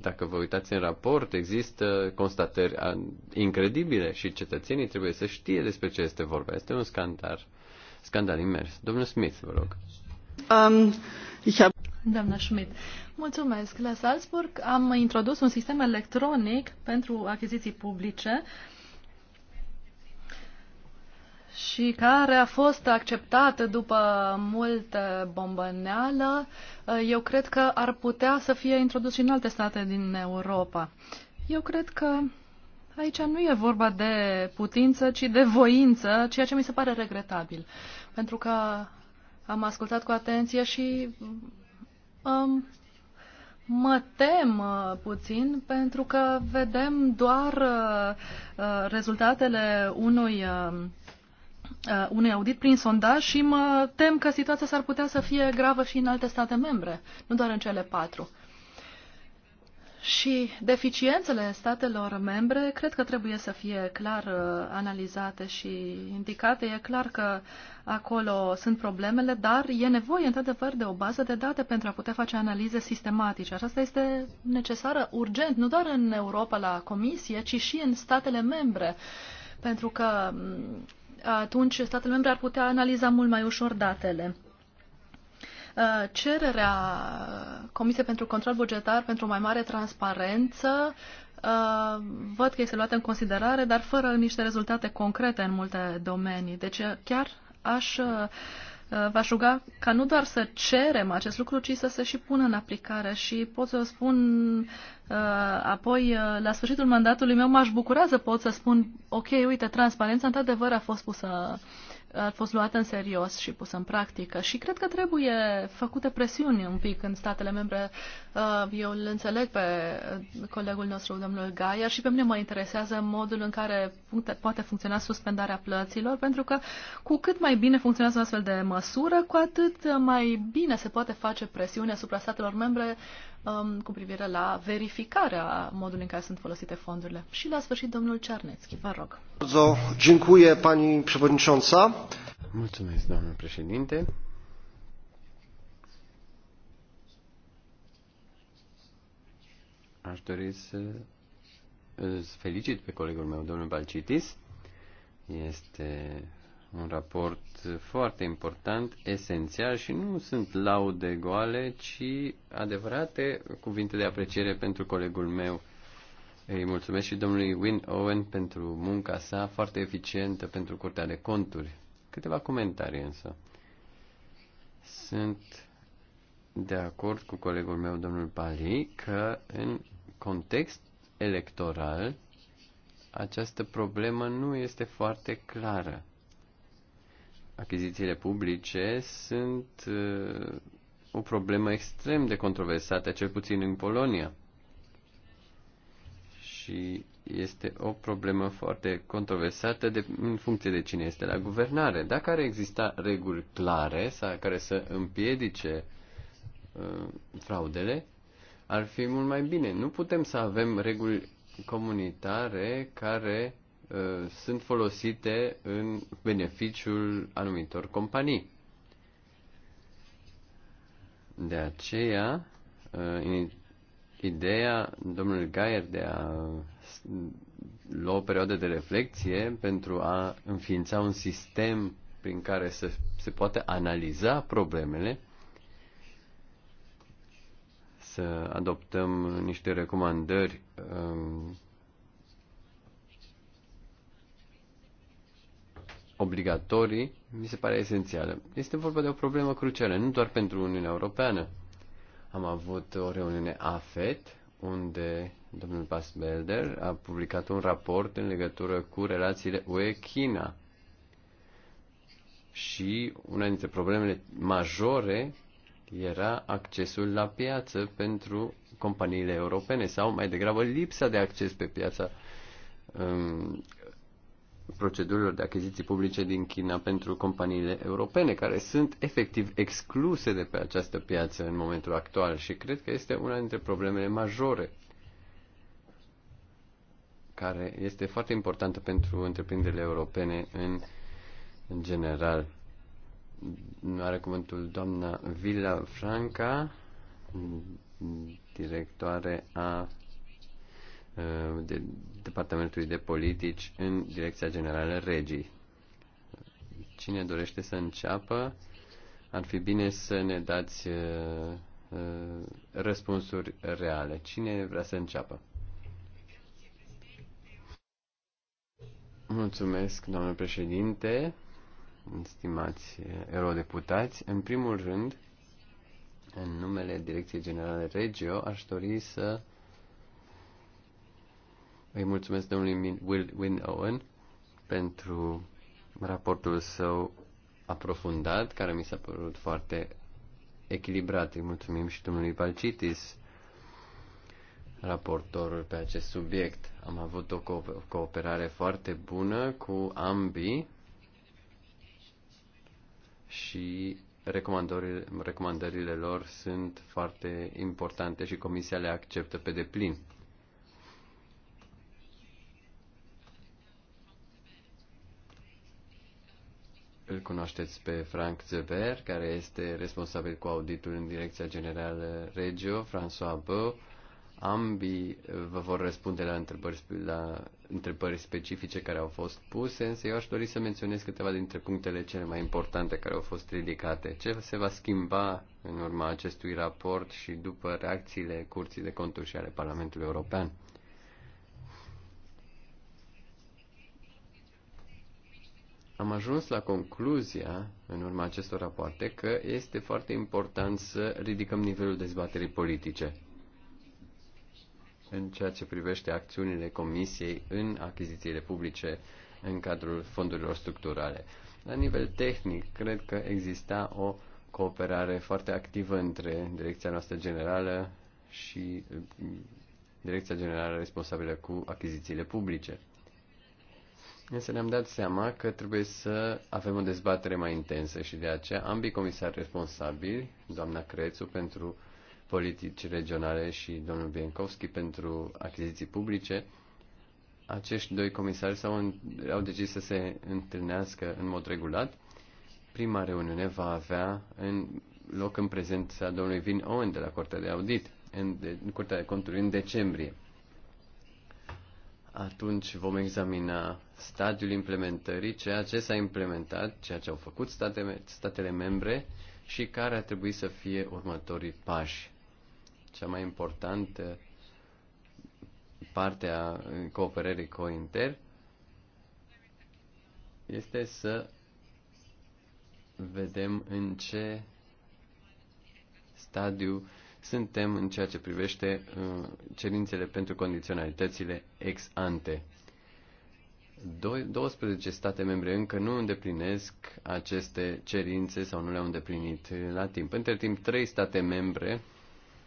B: Dacă vă uitați în raport, există constatări uh, incredibile și cetățenii trebuie să știe despre ce este vorba. Este un scandal, scandal imers. Domnul Smith, vă rog.
C: Um, yeah. Doamna Schmidt, mulțumesc. La Salzburg am introdus un sistem electronic pentru achiziții publice uh, și care a fost acceptată după multă bombăneală, eh, eu cred că ar putea să fie introdus și în alte state din Europa. Eu cred că aici nu e vorba de putință, ci de voință, ceea ce mi se pare regretabil. Pentru că am ascultat cu atenție și um, Mă tem uh, puțin pentru că vedem doar uh, uh, rezultatele unui um, Uh, unui audit prin sondaj și mă tem că situația s-ar putea să fie gravă și în alte state membre, nu doar în cele patru. Și deficiențele statelor membre cred că trebuie să fie clar uh, analizate și indicate. E clar că acolo sunt problemele, dar e nevoie într-adevăr de o bază de date pentru a putea face analize sistematice. Aceasta este necesară urgent, nu doar în Europa la Comisie, ci și în statele membre. Pentru că mm, atunci statele membre ar putea analiza mult mai ușor datele. Uh, cererea Comisiei pentru Control Bugetar pentru o mai mare transparență uh, văd că este luată în considerare, dar fără niște rezultate concrete în multe domenii. Deci chiar aș uh, Eh, v-aș ruga ca nu doar să cerem acest lucru, ci să se și pună în aplicare. Și pot să spun eh, apoi, eh, la sfârșitul mandatului meu, m-aș bucura să pot să spun, ok, uite, transparența într-adevăr a fost pusă a fost luată în serios și pusă în practică și cred că trebuie făcute presiuni un pic în statele membre. Eu îl înțeleg pe colegul nostru, domnul Gaia, și pe mine mă interesează modul în care poate funcționa suspendarea plăților, pentru că cu cât mai bine funcționează o astfel de măsură, cu atât mai bine se poate face presiune asupra statelor membre um, cu privire la verificarea modului în care sunt folosite fondurile. Și la sfârșit, domnul Cearnețchi, vă rog.
B: Mulțumesc, domnul președinte. Aș dori să felicit pe colegul meu, domnul Balcitis. Este un raport foarte important, esențial și nu sunt laude goale, ci adevărate cuvinte de apreciere pentru colegul meu. Îi mulțumesc și domnului Win Owen pentru munca sa foarte eficientă pentru Curtea de Conturi. Câteva comentarii însă. Sunt de acord cu colegul meu, domnul Pali, că în context electoral această problemă nu este foarte clară achizițiile publice sunt uh, o problemă extrem de controversată, cel puțin în Polonia. Și este o problemă foarte controversată de, în funcție de cine este la guvernare. Dacă ar exista reguli clare sau care să împiedice uh, fraudele, ar fi mult mai bine. Nu putem să avem reguli comunitare care uh, Uh, sunt folosite în beneficiul anumitor companii. De aceea, uh, ideea domnului Gaier de a lua o perioadă de reflexie pentru a înființa un sistem prin care să se poate analiza problemele, să adoptăm niște recomandări um, obligatorii mi se pare esențială. Este vorba de o problemă crucială, nu doar pentru Uniunea Europeană. Am avut o reuniune AFET, unde domnul Basbelder a publicat un raport în legătură cu relațiile UE-China. Și una dintre problemele majore era accesul la piață pentru companiile europene sau mai degrabă lipsa de acces pe piața um, procedurilor de achiziții publice din China pentru companiile europene, care sunt efectiv excluse de pe această piață în momentul actual și cred că este una dintre problemele majore care este foarte importantă pentru întreprinderile europene în, în general. Are cuvântul doamna Villa Franca, directoare a Uh, de Departamentului de Politici în Direcția Generală Regii. Cine dorește să înceapă, ar fi bine să ne dați uh, uh, răspunsuri reale. Cine vrea să înceapă? Mulțumesc, doamnă președinte, stimați eurodeputați. În primul rând, în numele Direcției Generale Regio, aș dori să îi mulțumesc domnului Will Win Owen pentru raportul său aprofundat, care mi s-a părut foarte echilibrat. Îi mulțumim și domnului Palcitis, raportorul pe acest subiect. Am avut o cooperare foarte bună cu ambii și recomandările, recomandările lor sunt foarte importante și comisia le acceptă pe deplin. îl cunoașteți pe Frank Zeber, care este responsabil cu auditul în Direcția Generală Regio, François Bă. Ambii vă vor răspunde la întrebări, la întrebări specifice care au fost puse, însă eu aș dori să menționez câteva dintre punctele cele mai importante care au fost ridicate. Ce se va schimba în urma acestui raport și după reacțiile Curții de Conturi și ale Parlamentului European? Am ajuns la concluzia, în urma acestor rapoarte, că este foarte important să ridicăm nivelul dezbaterii politice în ceea ce privește acțiunile Comisiei în achizițiile publice în cadrul fondurilor structurale. La nivel tehnic, cred că exista o cooperare foarte activă între direcția noastră generală și mm, direcția generală responsabilă cu achizițiile publice. Însă ne-am dat seama că trebuie să avem o dezbatere mai intensă și de aceea ambii comisari responsabili, doamna Crețu pentru politici regionale și domnul Biencovski pentru achiziții publice, acești doi comisari s-au, au decis să se întâlnească în mod regulat. Prima reuniune va avea în loc în prezența domnului Vin Owen de la Curtea de Audit, în, de, în Curtea de Conturi, în decembrie atunci vom examina stadiul implementării, ceea ce s-a implementat, ceea ce au făcut statele, statele membre și care ar trebui să fie următorii pași. Cea mai importantă parte a cooperării COINTER este să vedem în ce stadiu suntem în ceea ce privește uh, cerințele pentru condiționalitățile ex ante. 12 state membre încă nu îndeplinesc aceste cerințe sau nu le-au îndeplinit la timp. Între timp, 3 state membre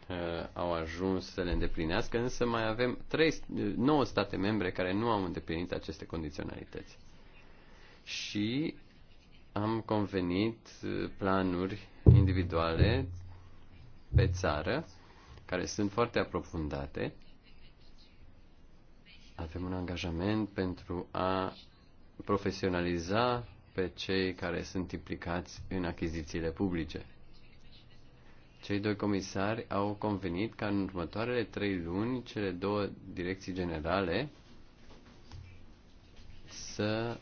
B: uh, au ajuns să le îndeplinească, însă mai avem 3, 9 uh, state membre care nu au îndeplinit aceste condiționalități. Și am convenit uh, planuri individuale pe țară, care sunt foarte aprofundate. Avem un angajament pentru a profesionaliza pe cei care sunt implicați în achizițiile publice. Cei doi comisari au convenit ca în următoarele trei luni cele două direcții generale să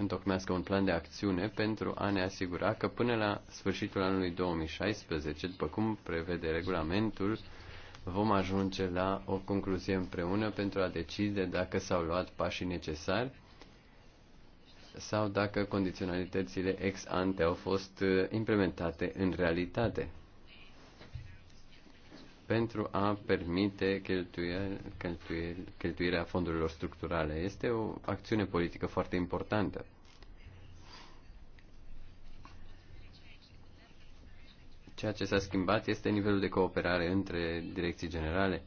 B: întocmească un plan de acțiune pentru a ne asigura că până la sfârșitul anului 2016, după cum prevede regulamentul, vom ajunge la o concluzie împreună pentru a decide dacă s-au luat pașii necesari sau dacă condiționalitățile ex ante au fost uh, implementate în realitate pentru a permite cheltuiel, cheltuirea fondurilor structurale. Este o acțiune politică foarte importantă. Ceea ce s-a schimbat este nivelul de cooperare între direcții generale.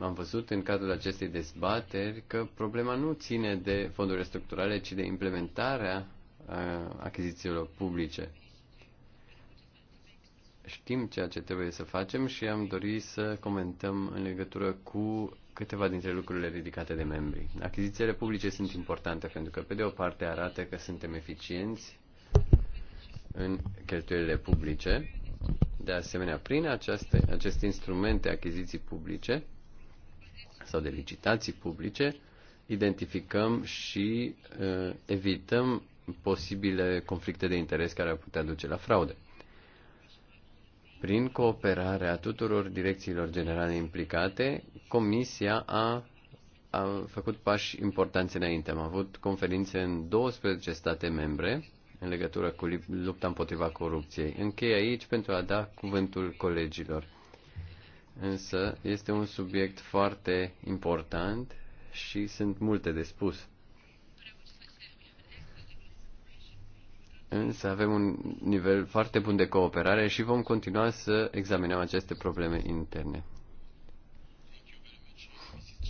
B: Am văzut în cadrul acestei dezbateri că problema nu ține de fondurile structurale, ci de implementarea uh, achizițiilor publice știm ceea ce trebuie să facem și am dorit să comentăm în legătură cu câteva dintre lucrurile ridicate de membri. Achizițiile publice sunt importante pentru că, pe de o parte, arată că suntem eficienți în cheltuielile publice. De asemenea, prin aceste aceste instrumente achiziții publice sau de licitații publice, identificăm și uh, evităm posibile conflicte de interes care ar putea duce la fraude. Prin cooperarea tuturor direcțiilor generale implicate, Comisia a, a făcut pași importanți înainte. Am avut conferințe în 12 state membre în legătură cu lupta împotriva corupției. Închei aici pentru a da cuvântul colegilor. Însă este un subiect foarte important și sunt multe de spus. Însă avem un nivel foarte bun de cooperare și vom continua să examinăm aceste probleme interne.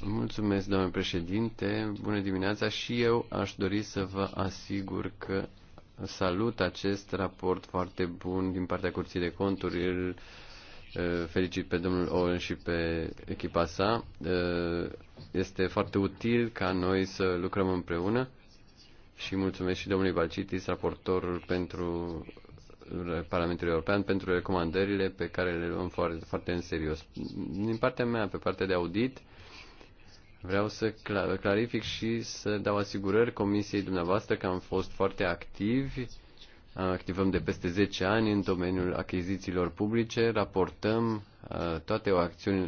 B: Mulțumesc, domnule președinte. Bună dimineața și eu aș dori să vă asigur că salut acest raport foarte bun din partea Curții de Conturi. Îl uh, felicit pe domnul Owen și pe echipa sa. Uh, este foarte util ca noi să lucrăm împreună și mulțumesc și domnului Balcitis, raportor pentru Parlamentul European, pentru recomandările pe care le luăm foarte, foarte în serios. Din partea mea, pe partea de audit, vreau să clarific și să dau asigurări Comisiei dumneavoastră că am fost foarte activi activăm de peste 10 ani în domeniul achizițiilor publice, raportăm uh, toate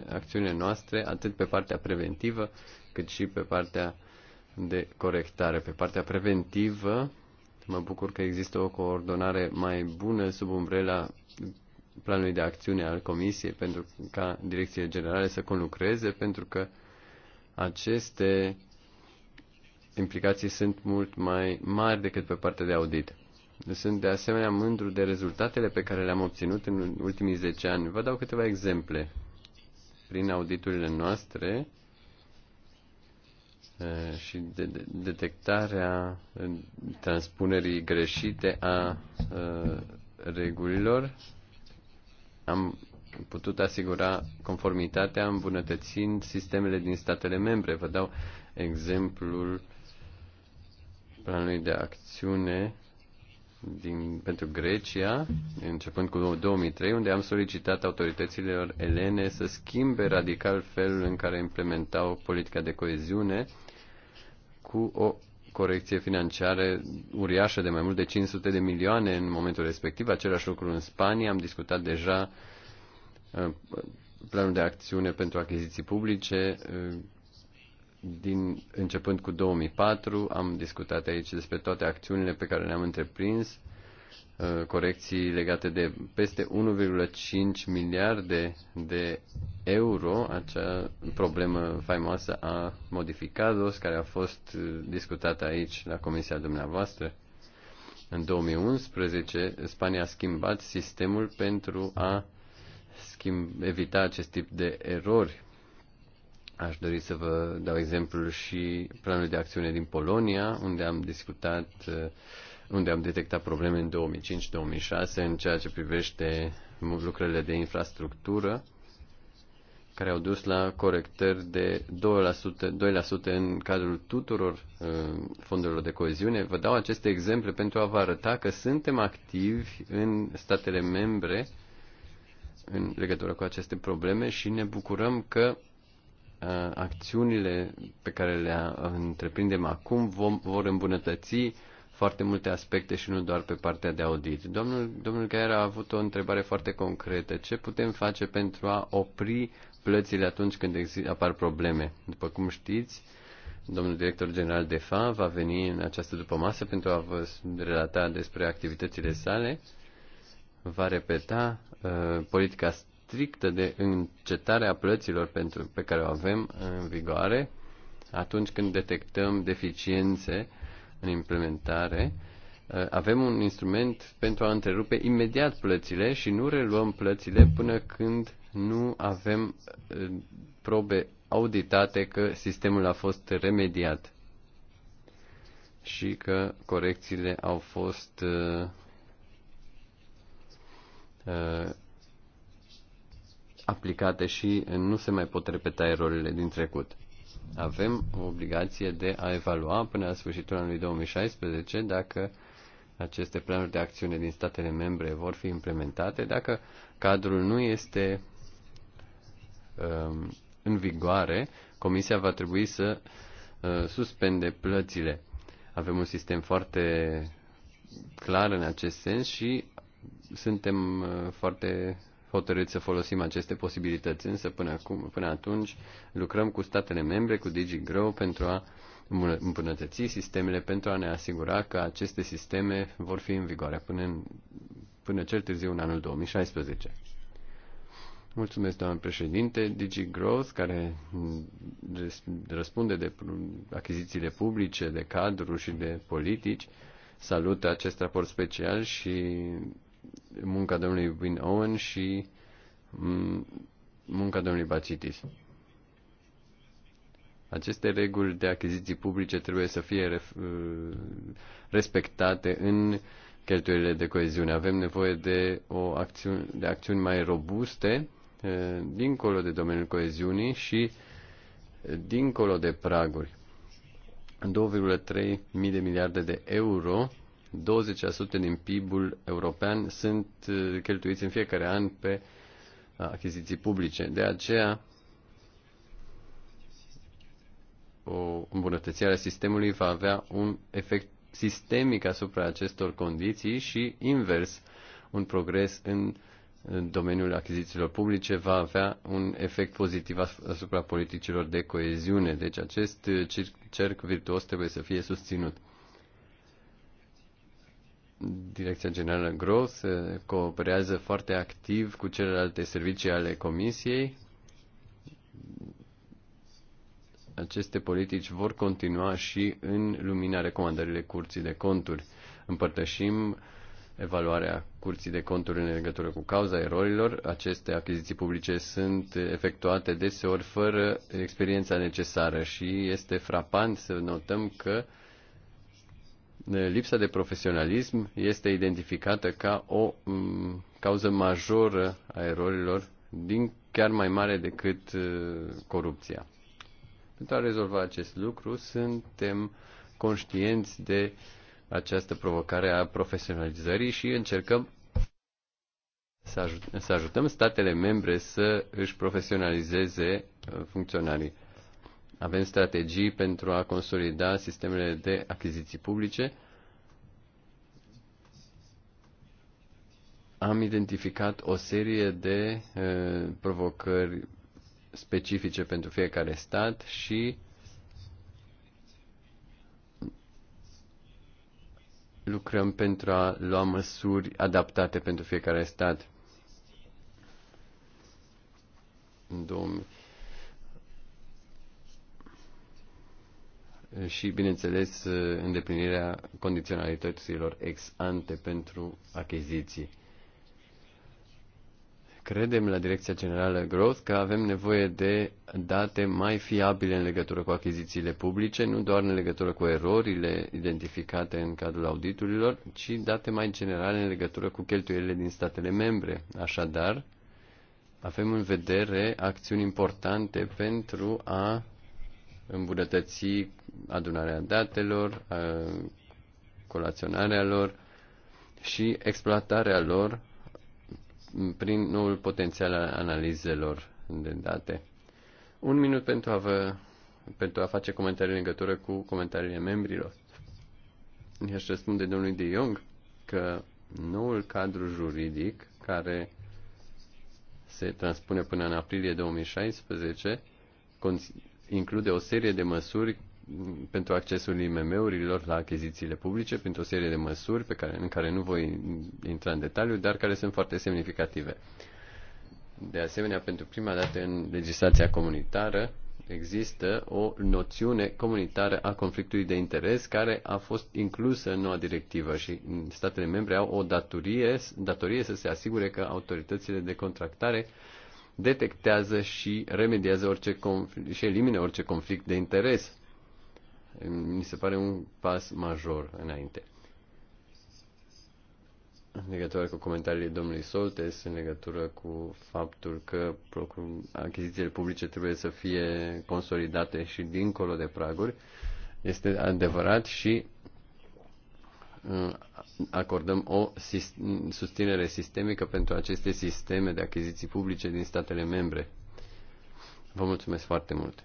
B: acțiunile noastre, atât pe partea preventivă, cât și pe partea de corectare. Pe partea preventivă, mă bucur că există o coordonare mai bună sub umbrela planului de acțiune al Comisiei pentru ca direcțiile generale să conlucreze, pentru că aceste implicații sunt mult mai mari decât pe partea de audit. Sunt de asemenea mândru de rezultatele pe care le-am obținut în ultimii 10 ani. Vă dau câteva exemple. Prin auditurile noastre și de, de, detectarea transpunerii greșite a regulilor. Am putut asigura conformitatea îmbunătățind sistemele din statele membre. Vă dau exemplul planului de acțiune din, pentru Grecia, începând cu 2003, unde am solicitat autorităților elene să schimbe radical felul în care implementau politica de coeziune cu o corecție financiară uriașă de mai mult de 500 de milioane în momentul respectiv. Același lucru în Spania. Am discutat deja uh, planul de acțiune pentru achiziții publice. Uh, din, începând cu 2004 am discutat aici despre toate acțiunile pe care le-am întreprins Uh, corecții legate de peste 1,5 miliarde de euro, acea problemă faimoasă a modificados care a fost uh, discutată aici la comisia dumneavoastră. În 2011, Spania a schimbat sistemul pentru a schimb, evita acest tip de erori. Aș dori să vă dau exemplul și planul de acțiune din Polonia, unde am discutat uh, unde am detectat probleme în 2005-2006 în ceea ce privește lucrările de infrastructură, care au dus la corectări de 2%, 2% în cadrul tuturor uh, fondurilor de coeziune. Vă dau aceste exemple pentru a vă arăta că suntem activi în statele membre în legătură cu aceste probleme și ne bucurăm că uh, acțiunile pe care le uh, întreprindem acum vom, vor îmbunătăți foarte multe aspecte și nu doar pe partea de audit. Domnul, domnul Gaier a avut o întrebare foarte concretă. Ce putem face pentru a opri plățile atunci când apar probleme? După cum știți, domnul director general de FA va veni în această dupămasă pentru a vă relata despre activitățile sale. Va repeta uh, politica strictă de încetare a plăților pentru, pe care o avem în vigoare atunci când detectăm deficiențe în implementare, uh, avem un instrument pentru a întrerupe imediat plățile și nu reluăm plățile până când nu avem uh, probe auditate că sistemul a fost remediat și că corecțiile au fost uh, aplicate și nu se mai pot repeta erorile din trecut avem o obligație de a evalua până la sfârșitul anului 2016 dacă aceste planuri de acțiune din statele membre vor fi implementate, dacă cadrul nu este um, în vigoare, Comisia va trebui să uh, suspende plățile. Avem un sistem foarte clar în acest sens și suntem uh, foarte hotărât să folosim aceste posibilități, însă până, acum, până atunci lucrăm cu statele membre, cu DigiGrow, pentru a îmbunătăți sistemele, pentru a ne asigura că aceste sisteme vor fi în vigoare până, în, până cel târziu în anul 2016. Mulțumesc, doamnă președinte. DigiGrowth, care răspunde de achizițiile publice, de cadru și de politici, salută acest raport special și munca domnului Win Owen și mm, munca domnului Bacitis. Aceste reguli de achiziții publice trebuie să fie uh, respectate în cheltuielile de coeziune. Avem nevoie de, o acțiune, de acțiuni mai robuste uh, dincolo de domeniul coeziunii și uh, dincolo de praguri. 2,3 mii de miliarde de euro 20% din PIB-ul european sunt uh, cheltuiți în fiecare an pe uh, achiziții publice. De aceea, o îmbunătățire a sistemului va avea un efect sistemic asupra acestor condiții și invers, un progres în domeniul achizițiilor publice va avea un efect pozitiv asupra politicilor de coeziune. Deci acest uh, cerc virtuos trebuie să fie susținut. Direcția Generală Growth cooperează foarte activ cu celelalte servicii ale Comisiei. Aceste politici vor continua și în lumina recomandările Curții de Conturi. Împărtășim evaluarea Curții de Conturi în legătură cu cauza erorilor. Aceste achiziții publice sunt efectuate deseori fără experiența necesară și este frapant să notăm că lipsa de profesionalism este identificată ca o mm, cauză majoră a erorilor, din chiar mai mare decât uh, corupția. Pentru a rezolva acest lucru, suntem conștienți de această provocare a profesionalizării și încercăm să, să ajutăm statele membre să își profesionalizeze uh, funcționarii. Avem strategii pentru a consolida sistemele de achiziții publice. Am identificat o serie de uh, provocări specifice pentru fiecare stat și lucrăm pentru a lua măsuri adaptate pentru fiecare stat. În 2000 și, bineînțeles, îndeplinirea condiționalităților ex ante pentru achiziții. Credem la Direcția Generală Growth că avem nevoie de date mai fiabile în legătură cu achizițiile publice, nu doar în legătură cu erorile identificate în cadrul auditurilor, ci date mai generale în legătură cu cheltuielile din statele membre. Așadar, avem în vedere acțiuni importante pentru a îmbunătăți adunarea datelor, colaționarea lor și exploatarea lor prin noul potențial al analizelor de date. Un minut pentru a, vă, pentru a face comentarii în legătură cu comentariile membrilor. aș răspunde domnului De Jong că noul cadru juridic care se transpune până în aprilie 2016 include o serie de măsuri pentru accesul IMM-urilor la achizițiile publice, pentru o serie de măsuri pe care, în care nu voi intra în detaliu, dar care sunt foarte semnificative. De asemenea, pentru prima dată în legislația comunitară există o noțiune comunitară a conflictului de interes care a fost inclusă în noua directivă și statele membre au o datorie, datorie să se asigure că autoritățile de contractare uh, detectează și remediază orice conflict, și elimine orice conflict de interes. Mi se pare un pas major înainte. În legătură cu comentariile domnului Soltes, în legătură cu faptul că achizițiile publice trebuie să fie consolidate și dincolo de praguri, este adevărat și acordăm o susținere sistemică pentru aceste sisteme de achiziții publice din statele membre. Vă mulțumesc foarte mult.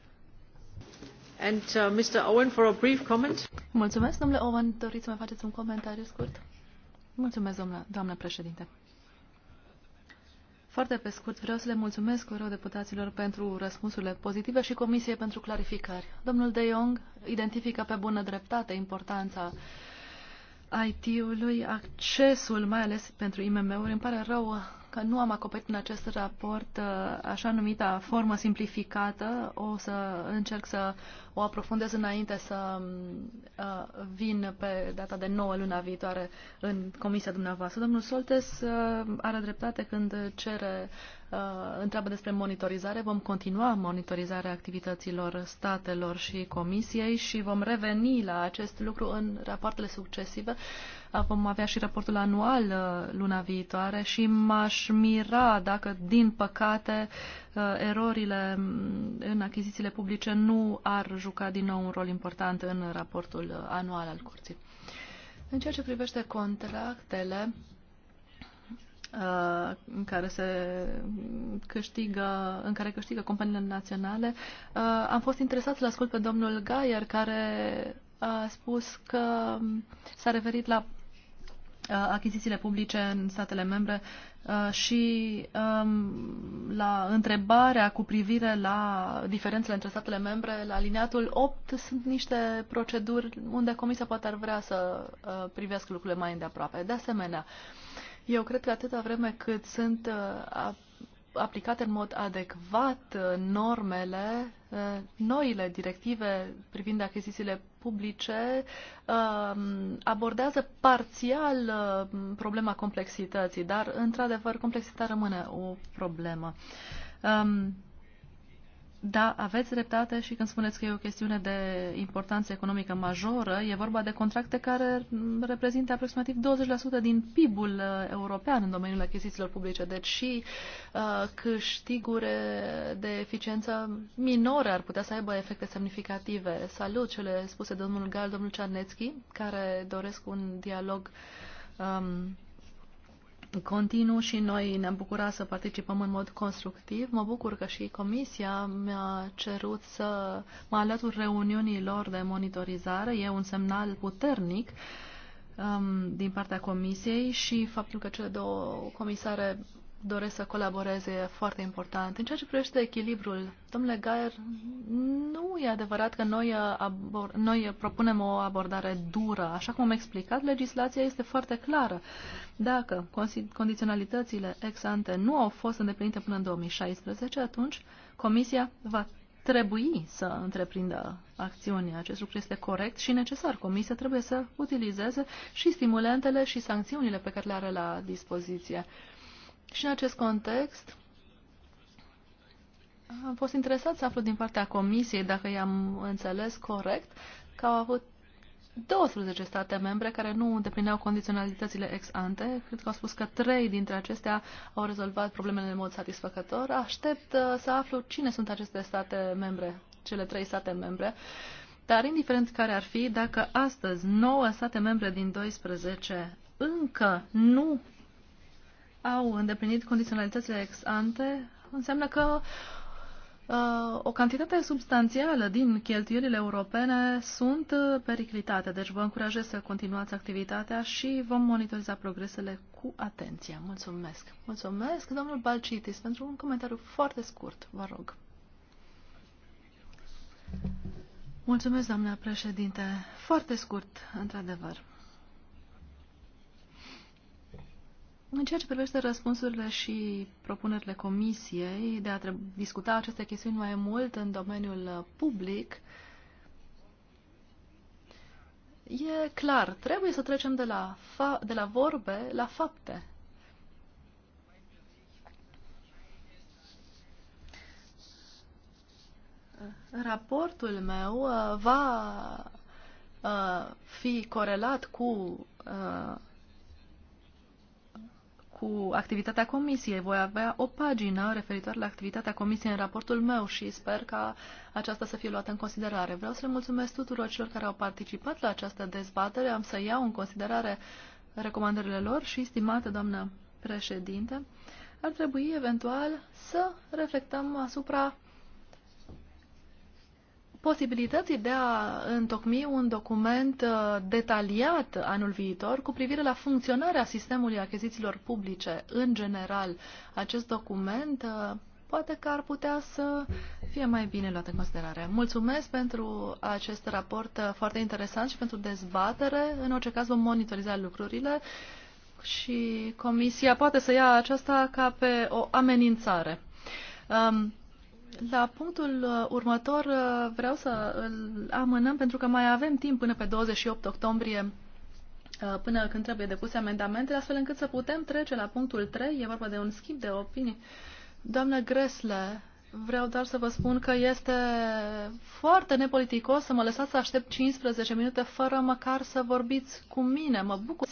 B: And, uh, Mr. Owen, for a brief comment.
C: Mulțumesc, domnule Owen. Doriți să mai faceți un comentariu scurt? Mulțumesc, doamnă, doamnă președinte. Foarte pe scurt, vreau să le mulțumesc deputaților pentru răspunsurile pozitive și Comisiei pentru clarificări. Domnul De Jong identifică pe bună dreptate importanța uh, IT-ului, accesul, mai ales pentru IMM-uri. Îmi pare rău că nu am acoperit în acest raport uh, așa numita formă simplificată. O să încerc să o aprofundez înainte să uh, vin pe data de 9 luna viitoare în comisia dumneavoastră. Domnul Soltes uh, are dreptate când cere Uh, întreabă despre monitorizare. Vom continua monitorizarea activităților statelor și comisiei și vom reveni la acest lucru în rapoartele succesive. Uh, vom avea și raportul anual uh, luna viitoare și m-aș mira dacă, din păcate, erorile mm, în achizițiile publice nu ar juca din nou un rol important în raportul anual al curții. În ceea ce privește contractele, Uh, în care se câștigă, în care câștigă companiile naționale. Uh, am fost interesat să-l ascult pe domnul Gaier, care a spus că s-a referit la uh, achizițiile publice în statele membre și um, la întrebarea cu privire la diferențele între statele membre, la alineatul 8 sunt niște proceduri unde Comisia poate ar vrea să privească lucrurile mai îndeaproape. De asemenea, uh, eu cred că atâta vreme cât sunt uh, aplicate în mod adecvat uh, normele, uh, noile directive privind achizițiile publice um, abordează parțial problema complexității, dar, într-adevăr, complexitatea rămâne o problemă. Um, da, aveți dreptate și când spuneți că e o chestiune de importanță economică majoră, e vorba de contracte care reprezintă aproximativ 20% din PIB-ul uh, european în domeniul achizițiilor publice, deci și uh, câștiguri de eficiență minore ar putea să aibă efecte semnificative. Salut cele spuse domnul Gal, domnul Cernețchi, care doresc un dialog um, continuu și noi ne-am bucurat să participăm în mod constructiv. Mă bucur că și Comisia mi-a cerut să mă alătur reuniunilor de monitorizare. E un semnal puternic um, din partea Comisiei și faptul că cele două comisare doresc să colaboreze foarte important. În ceea ce privește echilibrul, domnule Gaier, nu e adevărat că noi, uh, abor- noi propunem o abordare dură. Așa cum am explicat, legislația este foarte clară. Dacă condiționalitățile ex ante nu au fost îndeplinite până în 2016, atunci Comisia va trebui să întreprindă acțiuni. Acest lucru este corect și necesar. Comisia trebuie să utilizeze și stimulentele și sancțiunile pe care le are la dispoziție. Și în acest context, am fost interesat să aflu din partea Comisiei, dacă i-am înțeles corect, că au avut 12 state membre care nu îndeplineau condiționalitățile ex ante. Cred că au spus că trei dintre acestea au rezolvat problemele în mod satisfăcător. Aștept uh, să aflu cine sunt aceste state membre, cele trei state membre. Dar indiferent care ar fi, dacă astăzi 9 state membre din 12 încă nu au îndeplinit condiționalitățile ex ante, înseamnă că uh, o cantitate substanțială din cheltuielile europene sunt uh, periclitate. Deci vă încurajez să continuați activitatea și vom monitoriza progresele cu atenție. Mulțumesc! Mulțumesc, domnul Balcitis, pentru un comentariu foarte scurt, vă rog. Mulțumesc, doamna președinte. Foarte scurt, într-adevăr. În ceea ce privește răspunsurile și propunerile comisiei de a discuta aceste chestiuni mai mult în domeniul uh, public, e clar, trebuie să trecem de la, de la vorbe la fapte. Raportul meu uh, va uh, fi corelat cu cu activitatea comisiei. Voi avea o pagină referitoare la activitatea comisiei în raportul meu și sper ca aceasta să fie luată în considerare. Vreau să le mulțumesc tuturor celor care au participat la această dezbatere. Am să iau în considerare recomandările lor și, stimată doamnă președinte, ar trebui eventual să reflectăm asupra posibilității de a întocmi un document uh, detaliat anul viitor cu privire la funcționarea sistemului achizițiilor publice în general. Acest document uh, poate că ar putea să fie mai bine luat în considerare. Mulțumesc pentru acest raport uh, foarte interesant și pentru dezbatere. În orice caz vom monitoriza lucrurile și Comisia poate să ia aceasta ca pe o amenințare. Um, la punctul uh, următor uh, vreau să îl amânăm pentru că mai avem timp până pe 28 octombrie uh, până când trebuie depuse amendamente, astfel încât să putem trece la punctul 3. E vorba de un schimb de opinii. Doamnă Gresle, vreau doar să vă spun că este foarte nepoliticos să mă lăsați să aștept 15 minute fără măcar să vorbiți cu mine. Mă bucur.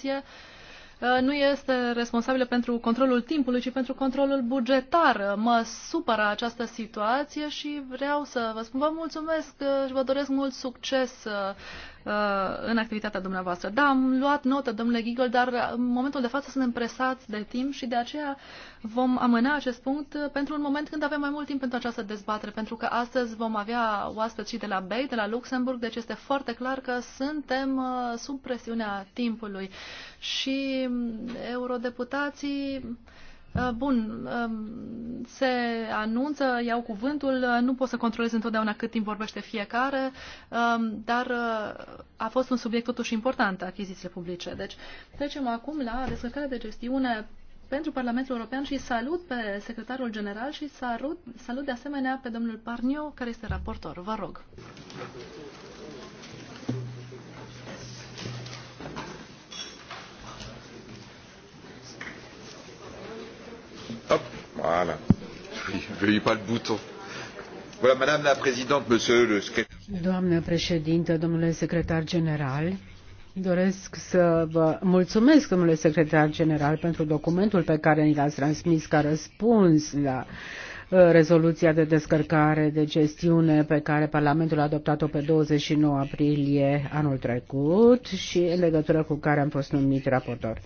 C: Uh, nu este responsabilă pentru controlul timpului, ci pentru controlul bugetar. Mă supără această situație și vreau să vă spun vă mulțumesc uh, și vă doresc mult succes uh, Uh, în activitatea dumneavoastră. Da, am luat notă, domnule Gigol, dar uh, în momentul de față suntem presați de timp și de aceea vom amâna acest punct uh, pentru un moment când avem mai mult timp pentru această dezbatere, pentru că astăzi vom avea oaspeți și de la Bay, de la Luxemburg, deci este foarte clar că suntem sub presiunea timpului și um, eurodeputații Uh, bun, um, se anunță, iau cuvântul, uh, nu pot să controlez întotdeauna cât timp vorbește fiecare, um, dar uh, a fost un subiect totuși important, achizițiile publice. Deci trecem acum la descărcarea de gestiune pentru Parlamentul European și salut pe secretarul general și salut, salut de asemenea pe domnul Parnio, care este raportor. Vă rog.
B: Voilà. Je n'ai pas le bouton. Voilà, Madame la Présidente, Monsieur le Secrétaire.
A: Doamnă președintă, domnule secretar general, Doresc să vă mulțumesc, domnule secretar general, pentru documentul pe care ni l-ați transmis ca răspuns la uh, rezoluția de descărcare de gestiune pe care Parlamentul a adoptat-o pe 29 aprilie anul trecut și în legătură cu care am fost numit raportor.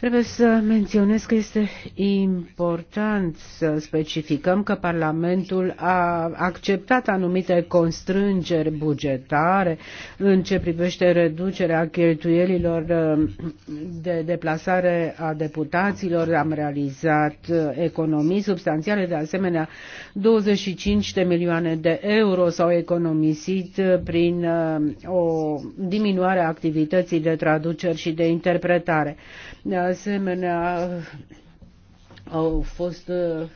A: Trebuie să menționez că este important să specificăm că Parlamentul a acceptat anumite constrângeri bugetare în ce privește reducerea cheltuielilor uh, de deplasare a deputaților. Am realizat uh, economii substanțiale, de asemenea 25 de milioane de euro s-au economisit uh, prin o diminuare a activității de traduceri și de interpretare asemenea, au fost uh,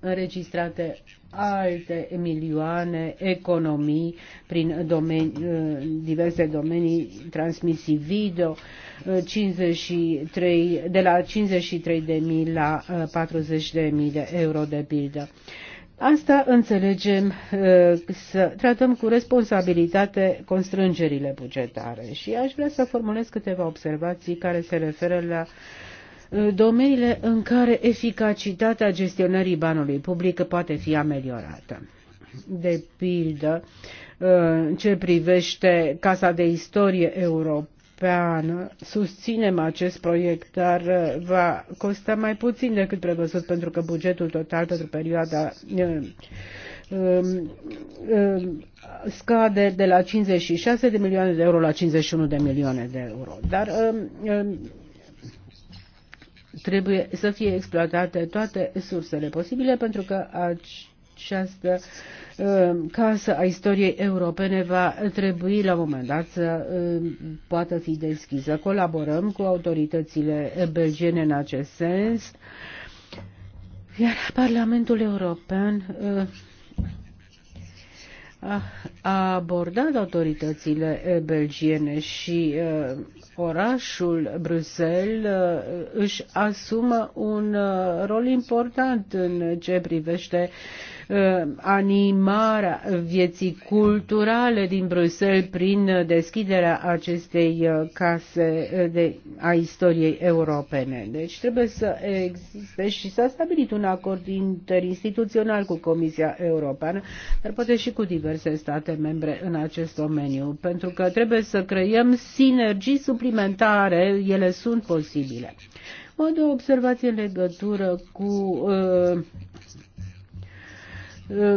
A: înregistrate alte milioane economii prin domeni, uh, diverse domenii transmisii video 53, uh, de la 53.000 la 40.000 de euro de pildă. Asta înțelegem uh, să tratăm cu responsabilitate constrângerile bugetare și aș vrea să formulez câteva observații care se referă la uh, domeniile în care eficacitatea gestionării banului public poate fi ameliorată. De pildă, uh, ce privește Casa de Istorie Europa. Europeană. Susținem acest proiect, dar uh, va costa mai puțin decât prevăzut, pentru că bugetul total pentru perioada uh, um, um, scade de la 56 de milioane de euro la 51 de milioane de euro. Dar um, trebuie să fie exploatate toate sursele posibile pentru că aici această um, casă a istoriei europene va trebui la un moment dat să um, poată fi deschisă. Colaborăm cu autoritățile belgiene în acest sens. Iar Parlamentul European uh, a abordat autoritățile uh, belgiene și uh, orașul Bruxelles își asumă un rol important în ce privește Uh, animarea vieții culturale din Bruxelles prin deschiderea acestei uh, case uh, de, a istoriei europene. Deci trebuie să existe și s-a stabilit un acord interinstituțional cu Comisia Europeană, dar poate și cu diverse state membre în acest domeniu, pentru că trebuie să creăm sinergii suplimentare, ele sunt posibile. O, o observație în legătură cu uh,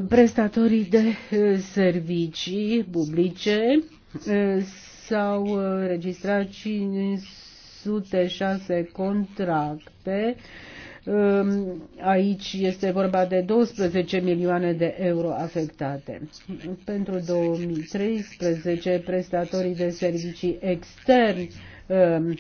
A: prestatorii de eh, servicii publice eh, s-au eh, registrat 506 contracte. Ehm, aici este vorba de 12 milioane de euro afectate. Pentru 2013, prestatorii de servicii externi ehm,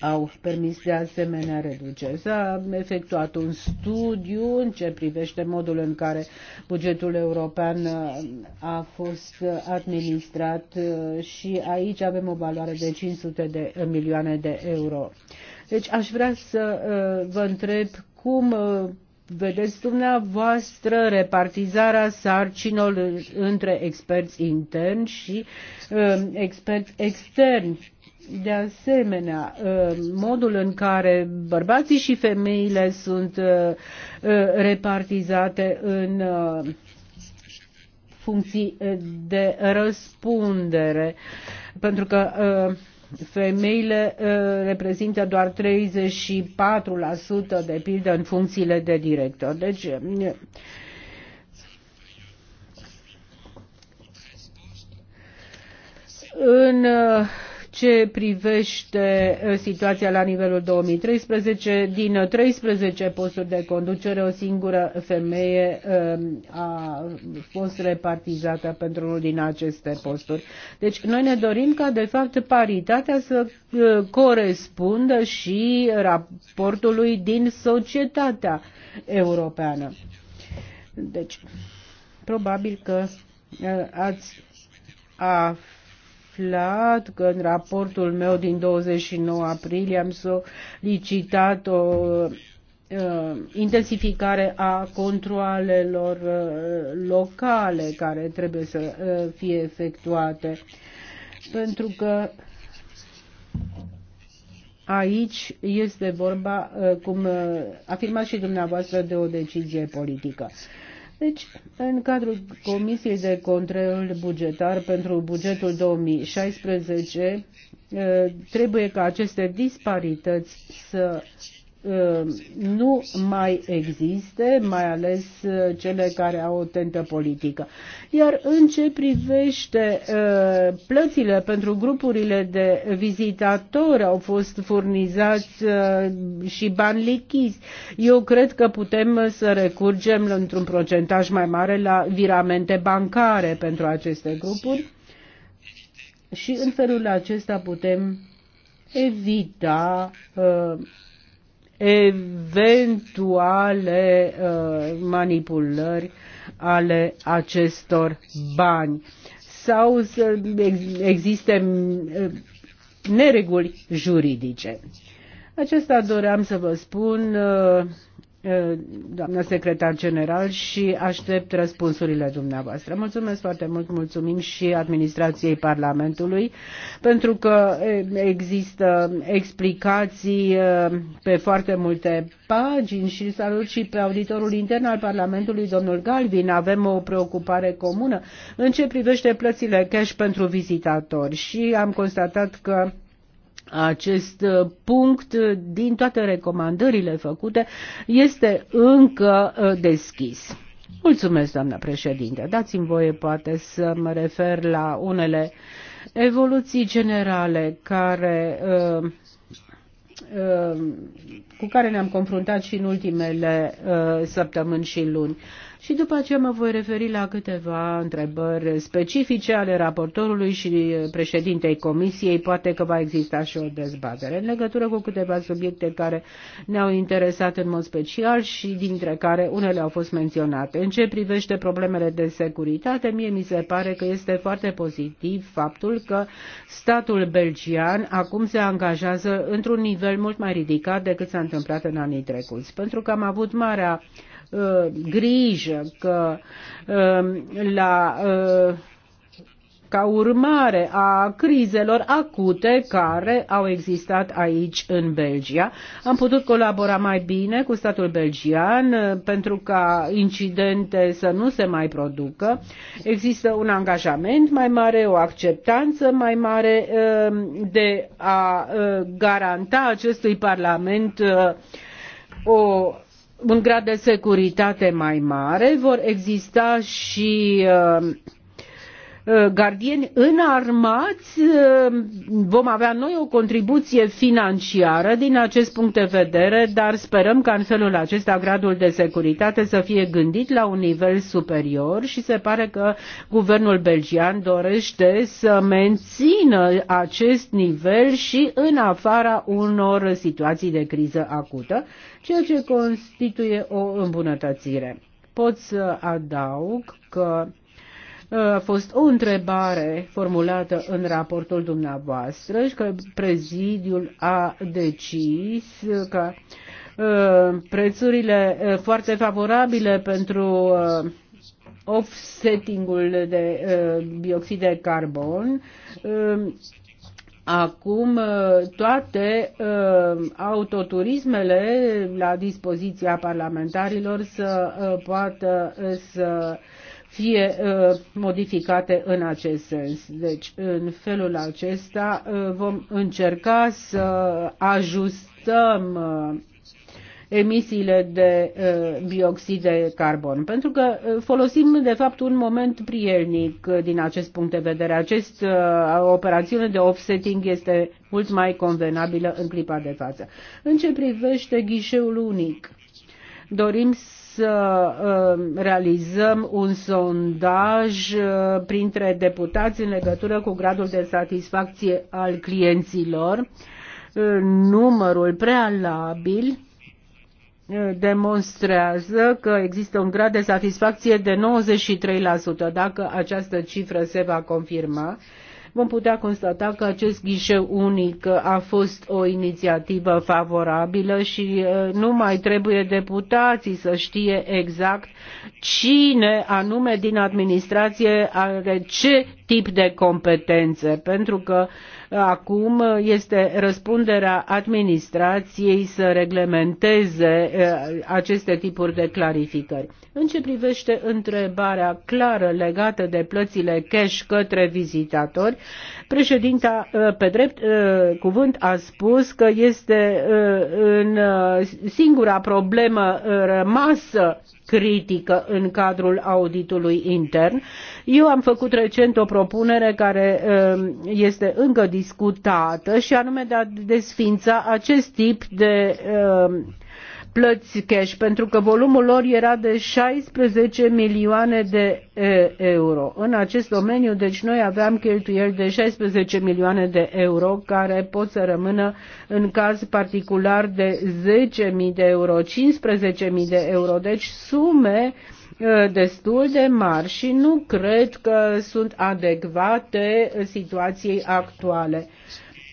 A: au permis de asemenea reduceri. S-a efectuat un studiu în ce privește modul în care bugetul european uh, a fost administrat uh, și aici avem o valoare de 500 de milioane de euro. Deci aș vrea să uh, vă întreb cum vedeți dumneavoastră repartizarea sarcinilor între experți interni și experți externi de asemenea, uh, modul în care bărbații și femeile sunt uh, uh, repartizate în funcții de răspundere, pentru că femeile reprezintă doar 34% de pildă în funcțiile de director. Deci, în ce privește uh, situația la nivelul 2013, din 13 posturi de conducere, o singură femeie um, a fost repartizată pentru unul din aceste posturi. Deci noi ne dorim ca, de fapt, paritatea să uh, corespundă și raportului din societatea europeană. Deci, probabil că uh, ați aflat aflat că în raportul meu din 29 aprilie am solicitat o uh, intensificare a controalelor uh, locale care trebuie să uh, fie efectuate. Pentru că aici este vorba, uh, cum uh, afirmați și dumneavoastră, de o decizie politică. Uh, deci, în cadrul Comisiei de Control Bugetar pentru bugetul 2016, eh, trebuie ca aceste disparități să Uh, nu mai existe, mai ales uh, cele care au o tentă politică. Iar în ce privește uh, plățile pentru grupurile de vizitatori au fost furnizați și bani lichizi. Eu cred că putem să recurgem într-un procentaj mai mare la viramente bancare pentru aceste grupuri și în felul acesta putem evita uh, eventuale uh, manipulări ale acestor bani sau să existe uh, nereguli juridice. Acesta doream să vă spun. Uh, doamnă secretar general și aștept răspunsurile dumneavoastră. Mulțumesc foarte mult, mulțumim și administrației Parlamentului pentru că există explicații pe foarte multe pagini și salut și pe auditorul intern al Parlamentului, domnul Galvin. Avem o preocupare comună în ce privește plățile cash pentru vizitatori și am constatat că acest uh, punct uh, din toate recomandările făcute este încă uh, deschis. Mulțumesc, doamna președinte. Dați-mi voie poate să mă refer la unele evoluții generale care, uh, uh, cu care ne-am confruntat și în ultimele uh, săptămâni și luni și după aceea mă voi referi la câteva întrebări specifice ale raportorului și președintei comisiei. Poate că va exista și o dezbatere în legătură cu câteva subiecte care ne-au interesat în mod special și dintre care unele au fost menționate. În ce privește problemele de securitate, mie mi se pare că este foarte pozitiv faptul că statul belgian acum se angajează într-un nivel mult mai ridicat decât s-a întâmplat în anii trecuți, pentru că am avut marea uh, Uh, grijă că uh, la uh, ca urmare a crizelor acute care au existat aici în Belgia. Am putut colabora mai bine cu statul belgian pentru ca incidente să nu se mai producă. Există un angajament mai mare, o acceptanță mai mare de a garanta acestui Parlament o un grad de securitate mai mare, vor exista și uh, Uh, gardieni înarmați, uh, vom avea noi o contribuție financiară din acest punct de vedere, dar sperăm ca în felul acesta gradul de securitate să fie gândit la un nivel superior și se pare că guvernul belgian dorește să mențină acest nivel și în afara unor situații de criză acută, ceea ce constituie o îmbunătățire. Pot să adaug că a fost o întrebare formulată în raportul dumneavoastră și că prezidiul a decis că prețurile foarte favorabile pentru offsetting-ul de bioxid de carbon Acum toate uh, autoturismele la dispoziția parlamentarilor să uh, poată să uh, fie uh, modificate în acest sens. Deci, în felul acesta uh, vom încerca să ajustăm uh, emisiile de bioxid de carbon, pentru că folosim, de fapt, un moment prielnic din acest punct de vedere. Acest operațiune de offsetting este mult mai convenabilă în clipa de față. În ce privește ghișeul unic, dorim să uh, realizăm un sondaj uh, printre deputați în legătură cu gradul de satisfacție al clienților. Uh, numărul prealabil demonstrează că există un grad de satisfacție de 93%, dacă această cifră se va confirma vom putea constata că acest ghișeu unic a fost o inițiativă favorabilă și uh, nu mai trebuie deputații să știe exact cine anume din administrație are ce tip de competențe, pentru că uh, Acum este răspunderea administrației să reglementeze eh, aceste tipuri de clarificări. În ce privește întrebarea clară legată de plățile cash către vizitatori, Președinta, uh, pe drept uh, cuvânt, a spus că este uh, în singura problemă rămasă critică în cadrul auditului intern. Eu am făcut recent o propunere care este încă discutată și anume de a desfința acest tip de plăți cash, pentru că volumul lor era de 16 milioane de euro. În acest domeniu, deci noi aveam cheltuieli de 16 milioane de euro care pot să rămână în caz particular de 10.000 de euro, 15.000 de euro, deci sume destul de mari și nu cred că sunt adecvate situației actuale.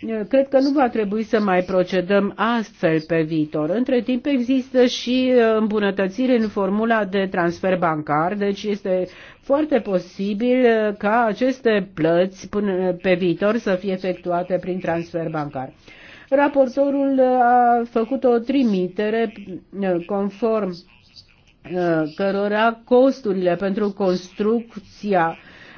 A: Eh, cred că nu va trebui să mai procedăm astfel pe viitor. Între timp există și eh, îmbunătățiri în formula de transfer bancar, deci este foarte posibil eh, ca aceste plăți până pe viitor să fie efectuate prin transfer bancar. Raportorul a făcut o trimitere conform cărora costurile pentru construcția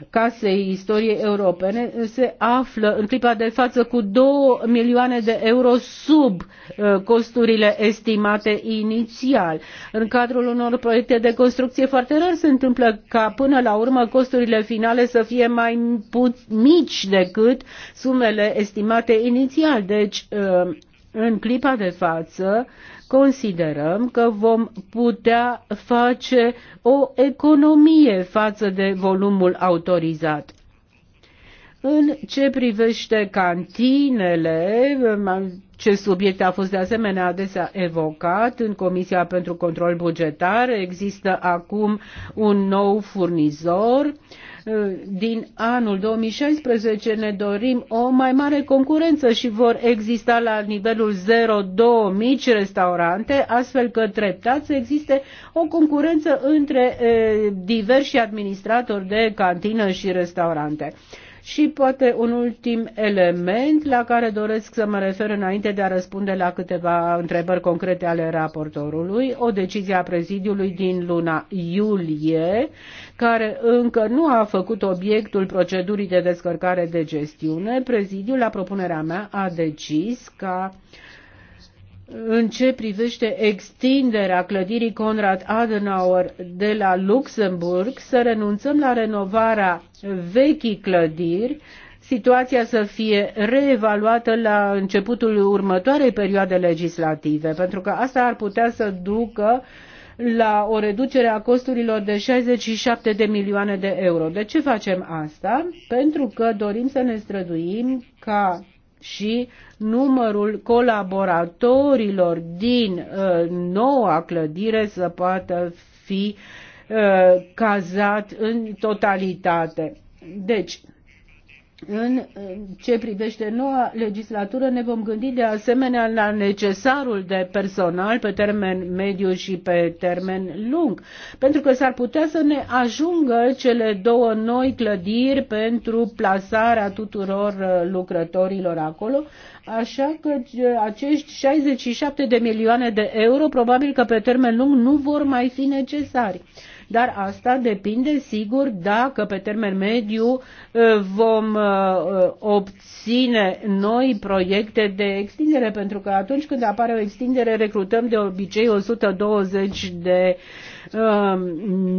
A: Casei Istoriei Europene se află în clipa de față cu 2 milioane de euro sub uh, costurile estimate inițial. În cadrul unor proiecte de construcție foarte rar se întâmplă ca până la urmă costurile finale să fie mai mici decât sumele estimate inițial. Deci, uh, în clipa de față, considerăm că vom putea face o economie față de volumul autorizat. În ce privește cantinele, ce subiect a fost de asemenea adesea evocat în Comisia pentru Control Bugetar, există acum un nou furnizor din anul 2016 ne dorim o mai mare concurență și vor exista la nivelul 0-2 mici restaurante, astfel că treptat să existe o concurență între eh, diversi administratori de cantină și restaurante. Și poate un ultim element la care doresc să mă refer înainte de a răspunde la câteva întrebări concrete ale raportorului, o decizie a prezidiului din luna iulie, care încă nu a făcut obiectul procedurii de descărcare de gestiune. Prezidiul, la propunerea mea, a decis ca uh, în ce privește extinderea clădirii Conrad Adenauer de la Luxemburg, să renunțăm la renovarea vechii clădiri, situația să fie reevaluată la începutul următoarei perioade legislative, pentru că asta ar putea să ducă la o reducere a costurilor de 67 de milioane de euro. De ce facem asta? Pentru că dorim să ne străduim ca și numărul colaboratorilor din uh, noua clădire să poată fi uh, cazat în totalitate. Deci, în ce privește noua legislatură, ne vom gândi de asemenea la necesarul de personal pe termen mediu și pe termen lung, pentru că s-ar putea să ne ajungă cele două noi clădiri pentru plasarea tuturor uh, lucrătorilor acolo, așa că uh, acești 67 de milioane de euro probabil că pe termen lung nu vor mai fi necesari. Dar asta depinde, sigur, dacă pe termen mediu uh, vom uh, uh, obține noi proiecte de extindere, pentru că atunci când apare o extindere, recrutăm de obicei 120 de Um,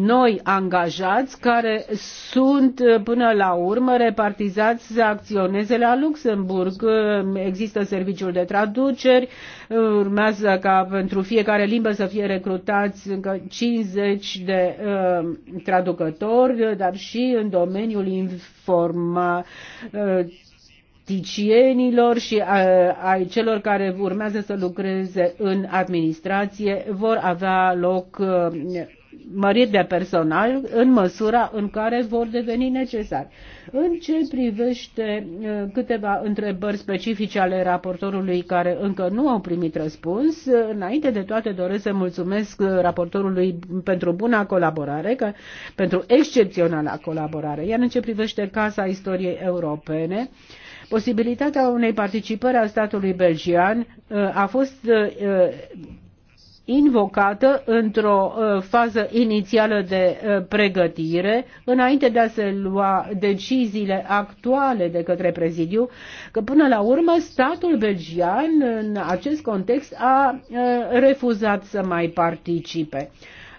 A: noi angajați care sunt uh, până la urmă repartizați să acționeze la Luxemburg. Um, există serviciul de traduceri, uh, urmează ca pentru fiecare limbă să fie recrutați încă 50 de um, traducători, uh, dar și în domeniul informa politicienilor și ai celor care urmează să lucreze în administrație vor avea loc uh, măriri de personal în măsura în care vor deveni necesari. În ce privește uh, câteva întrebări specifice ale raportorului care încă nu au primit răspuns, uh, înainte de toate doresc să mulțumesc raportorului pentru buna colaborare, că, pentru excepționala colaborare. Iar în ce privește Casa Istoriei Europene, Posibilitatea unei participări a statului belgian uh, a fost uh, uh, invocată într-o fază inițială de pregătire, înainte de a se lua deciziile actuale de către prezidiu, că până la urmă statul belgian în acest context a refuzat să mai participe.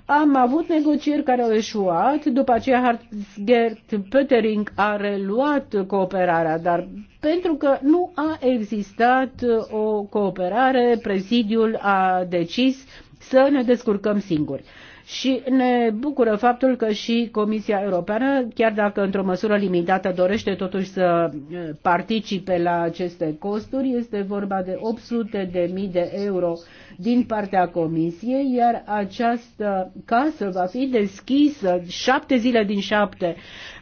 A: Am avut negocieri care au eșuat, după aceea Hartgert Pöttering a reluat cooperarea, dar pentru că nu a existat o cooperare, prezidiul a decis să ne descurcăm singuri. Și ne bucură faptul că și Comisia Europeană, chiar dacă într-o măsură limitată dorește totuși să eh, participe la aceste costuri, este vorba de 800.000 de mii de euro din partea Comisiei, iar această casă va fi deschisă șapte zile din șapte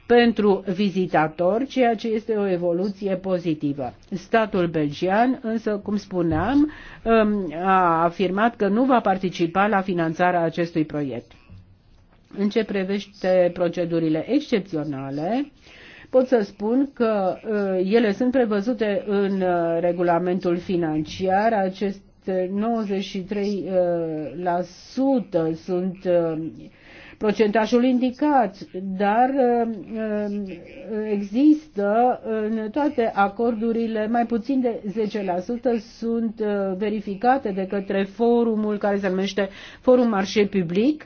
A: pentru vizitatori, ceea ce este o evoluție pozitivă. Statul belgian, însă, cum spuneam, um, a afirmat că nu va participa la finanțarea acestui proiect. În ce privește procedurile excepționale, pot să spun că uh, ele sunt prevăzute în uh, regulamentul financiar. Acest 93% uh, sunt uh, procentajul indicat, dar uh, există în toate acordurile mai puțin de 10% sunt verificate de către forumul care se numește Forum Marșe Public.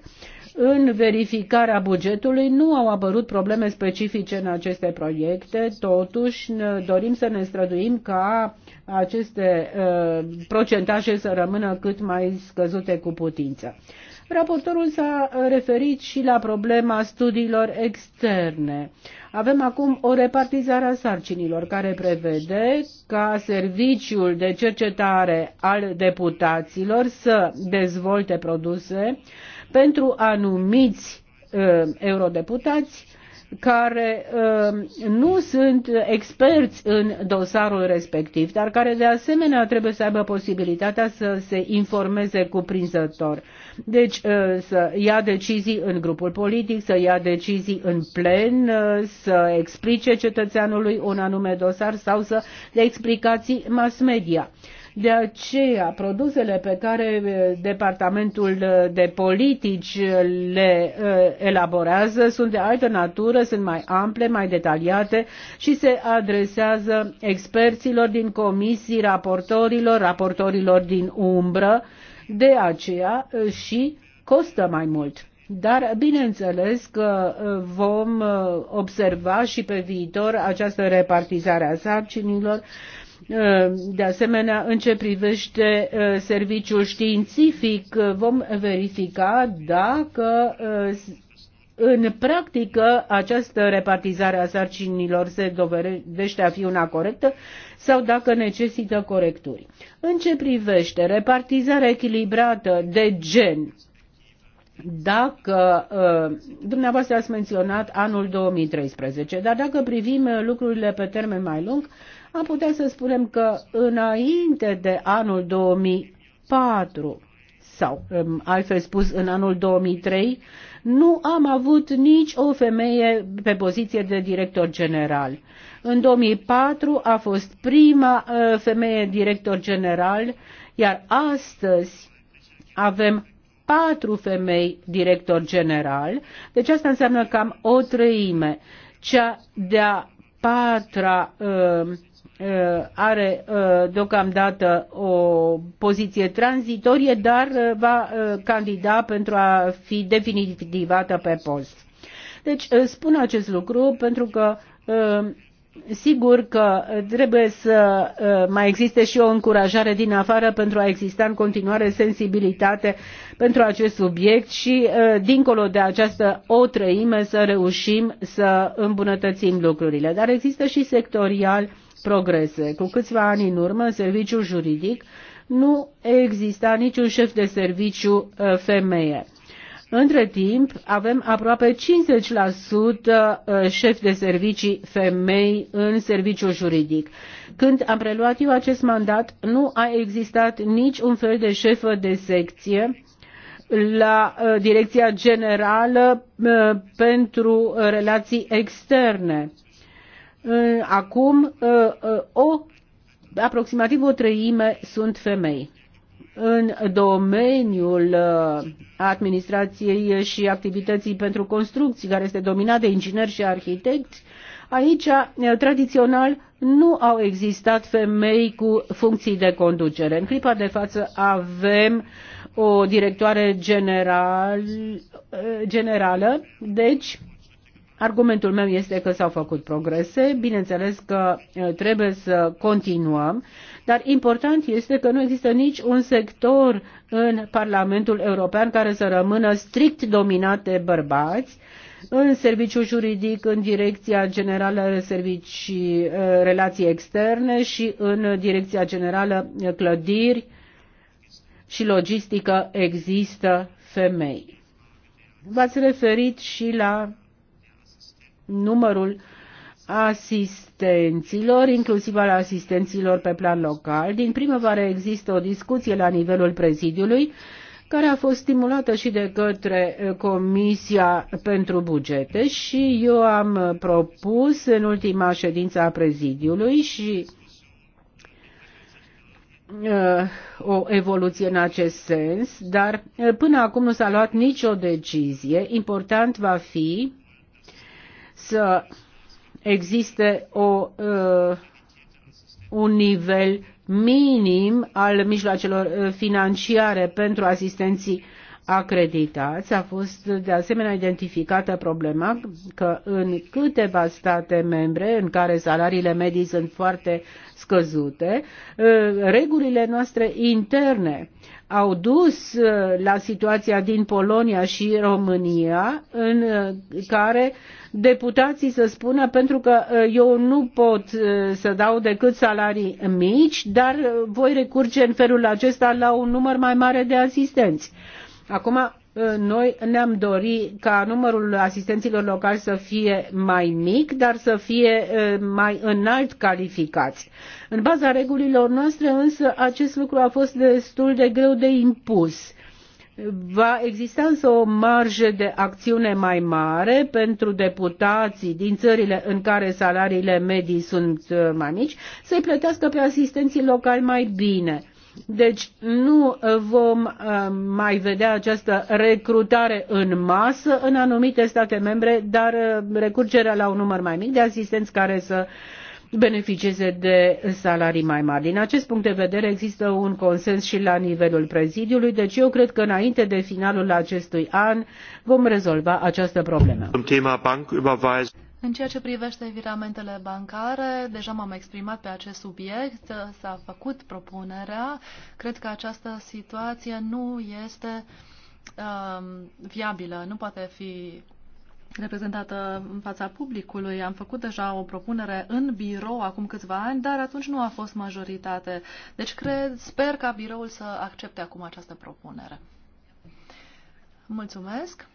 A: În verificarea bugetului nu au apărut probleme specifice în aceste proiecte, totuși dorim să ne străduim ca aceste uh, procentaje să rămână cât mai scăzute cu putință. Raportorul s-a referit și la problema studiilor externe. Avem acum o repartizare a sarcinilor care prevede ca serviciul de cercetare al deputaților să dezvolte produse pentru anumiți uh, eurodeputați care um, nu sunt experți în dosarul respectiv, dar care de asemenea trebuie să aibă posibilitatea să se informeze cuprinzător. Deci uh, să ia decizii în grupul politic, să ia decizii în plen, uh, să explice cetățeanului un anume dosar sau să le explicați mass media. De aceea, produsele pe care eh, Departamentul eh, de Politici eh, le elaborează sunt de altă natură, sunt mai ample, mai detaliate și se adresează experților din comisii, raportorilor, raportorilor din umbră, de aceea și costă mai mult. Dar bineînțeles că vom observa și pe viitor această repartizare a sarcinilor Eh, de asemenea, în ce privește eh, serviciul științific, eh, vom verifica dacă în practică această repartizare a sarcinilor se dovedește a fi una corectă sau dacă necesită corecturi. În ce privește repartizarea echilibrată de gen, dacă dumneavoastră ați menționat anul 2013, dar dacă privim lucrurile pe termen mai lung, am putea să spunem că înainte de anul 2004, sau, um, altfel spus, în anul 2003, nu am avut nici o femeie pe poziție de director general. În 2004 a fost prima uh, femeie director general, iar astăzi avem patru femei director general, deci asta înseamnă cam o treime. Cea de-a patra uh, Uh, are uh, deocamdată o poziție tranzitorie, dar uh, va candida pentru a fi definitivată pe post. Deci spun acest lucru pentru că sigur că trebuie să mai existe și o încurajare din afară pentru a exista în continuare sensibilitate pentru acest subiect și dincolo de această o trăime să reușim să îmbunătățim lucrurile. Dar există și sectorial progrese. Cu câțiva ani în urmă, în serviciul juridic nu exista niciun șef de serviciu uh, femeie. Între timp, avem aproape 50% uh, șef de servicii femei în serviciul juridic. Când am preluat eu acest mandat, nu a existat nici un fel de șefă de secție la uh, Direcția Generală pentru Relații Externe. Ă, acum ă, ă, o, aproximativ o treime sunt femei. În domeniul administrației și activității pentru construcții, care este dominat de ingineri și arhitecți, aici, tradițional, nu au existat femei cu funcții de conducere. În clipa de față avem o directoare general, generală, deci Argumentul meu este că s-au făcut progrese, bineînțeles că uh, trebuie să continuăm, dar important este că nu există nici un sector în Parlamentul European care să rămână strict dominat de bărbați, în serviciul juridic, în direcția generală servicii uh, relații externe și în direcția generală uh, clădiri și logistică există femei. V-ați referit și la numărul asistenților, inclusiv al asistenților pe plan local. Din primăvară există o discuție la nivelul prezidiului care a fost stimulată și de către eh, Comisia pentru Bugete și eu am eh, propus în ultima ședință a prezidiului și eh, o evoluție în acest sens, dar până acum nu s-a luat nicio decizie. Important va fi să existe o, uh, un nivel minim al mijloacelor uh, financiare pentru asistenții acreditați. A fost de asemenea identificată problema că în câteva state membre în care salariile medii sunt foarte scăzute, uh, regulile noastre interne au dus uh, la situația din Polonia și România în care deputații să spună pentru că uh, eu nu pot uh, să dau decât salarii mici, dar uh, voi recurge în felul acesta la un număr mai mare de asistenți. Acum, noi ne-am dorit ca numărul asistenților locali să fie mai mic, dar să fie mai înalt calificați. În baza regulilor noastre, însă, acest lucru a fost destul de greu de impus Va exista însă o marjă de acțiune mai mare pentru deputații din țările în care salariile medii sunt uh, mai mici să-i plătească pe asistenții locali mai bine. Deci nu uh, vom uh, mai vedea această recrutare în masă în anumite state membre, dar recurgerea la un număr mai mic de asistenți care să uh, beneficieze de salarii mai mari. Din acest punct de vedere există un consens și la nivelul prezidiului, deci eu cred că înainte de finalul acestui an vom rezolva această problemă.
C: În ceea ce privește viramentele bancare, deja m-am exprimat pe acest subiect, s-a făcut propunerea. Cred că această situație nu este um, viabilă, nu poate fi reprezentată în fața publicului. Am făcut deja o propunere în birou acum câțiva ani, dar atunci nu a fost majoritate. Deci cred, sper ca biroul să accepte acum această propunere. Mulțumesc.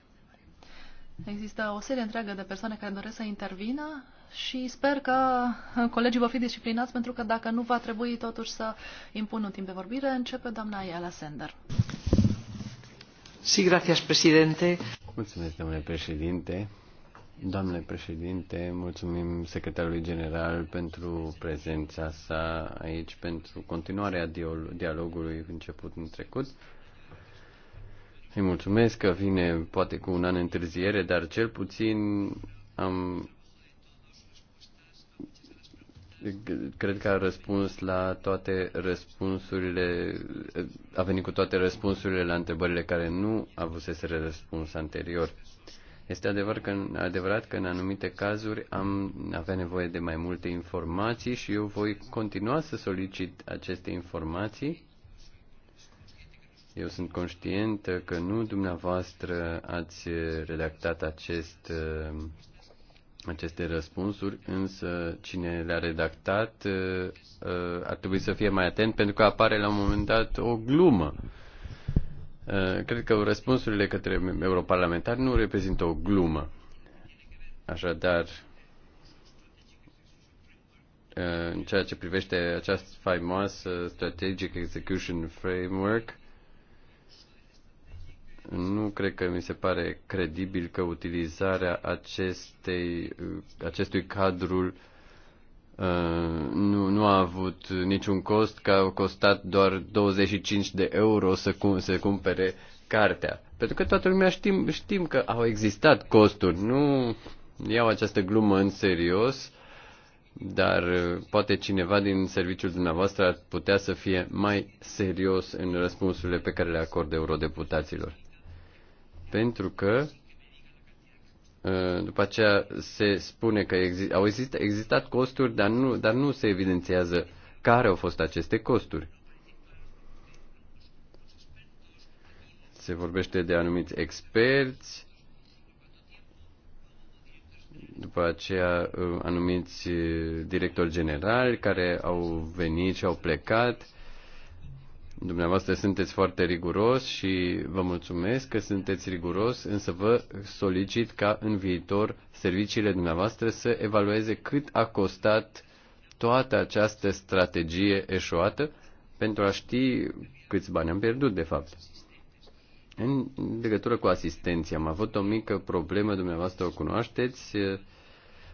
C: Există o serie întreagă de persoane care doresc să intervină și sper că colegii vor fi disciplinați pentru că dacă nu va trebui totuși să impun un timp de vorbire, începe doamna Iala Sender.
B: Sí, Mulțumesc, domnule președinte. Doamne președinte, mulțumim secretarului general pentru prezența sa aici, pentru continuarea dialogului început în trecut. Îi mulțumesc că vine poate cu un an întârziere, dar cel puțin am cred că a răspuns la toate răspunsurile, a venit cu toate răspunsurile la întrebările care nu avuseseră răspuns anterior. Este adevărat că, adevărat că în anumite cazuri am avea nevoie de mai multe informații și eu voi continua să solicit aceste informații. Eu sunt conștient că nu dumneavoastră ați redactat acest aceste răspunsuri, însă cine le-a redactat uh, uh, ar trebui să fie mai atent pentru că apare la un moment dat o glumă. Uh, cred că răspunsurile către europarlamentari nu reprezintă o glumă. Așadar, în ceea ce privește această faimoasă Strategic Execution Framework, nu cred că mi se pare credibil că utilizarea acestei, acestui cadru uh, nu, nu a avut niciun cost, că a costat doar 25 de euro să, cum, să cumpere cartea. Pentru că toată lumea știm, știm că au existat costuri. Nu iau această glumă în serios, dar uh, poate cineva din serviciul dumneavoastră ar putea să fie mai serios în răspunsurile pe care le acordă eurodeputaților pentru că ă, după aceea se spune că exist, au exist, existat costuri, dar nu, dar nu se evidențiază care au fost aceste costuri. Se vorbește de anumiți experți, după aceea ă, anumiți directori generali care au venit și au plecat Dumneavoastră sunteți foarte riguros și vă mulțumesc că sunteți riguros, însă vă solicit ca în viitor serviciile dumneavoastră să evalueze cât a costat toată această strategie eșuată pentru a ști câți bani am pierdut, de fapt. În legătură cu asistenția, am avut o mică problemă, dumneavoastră o cunoașteți,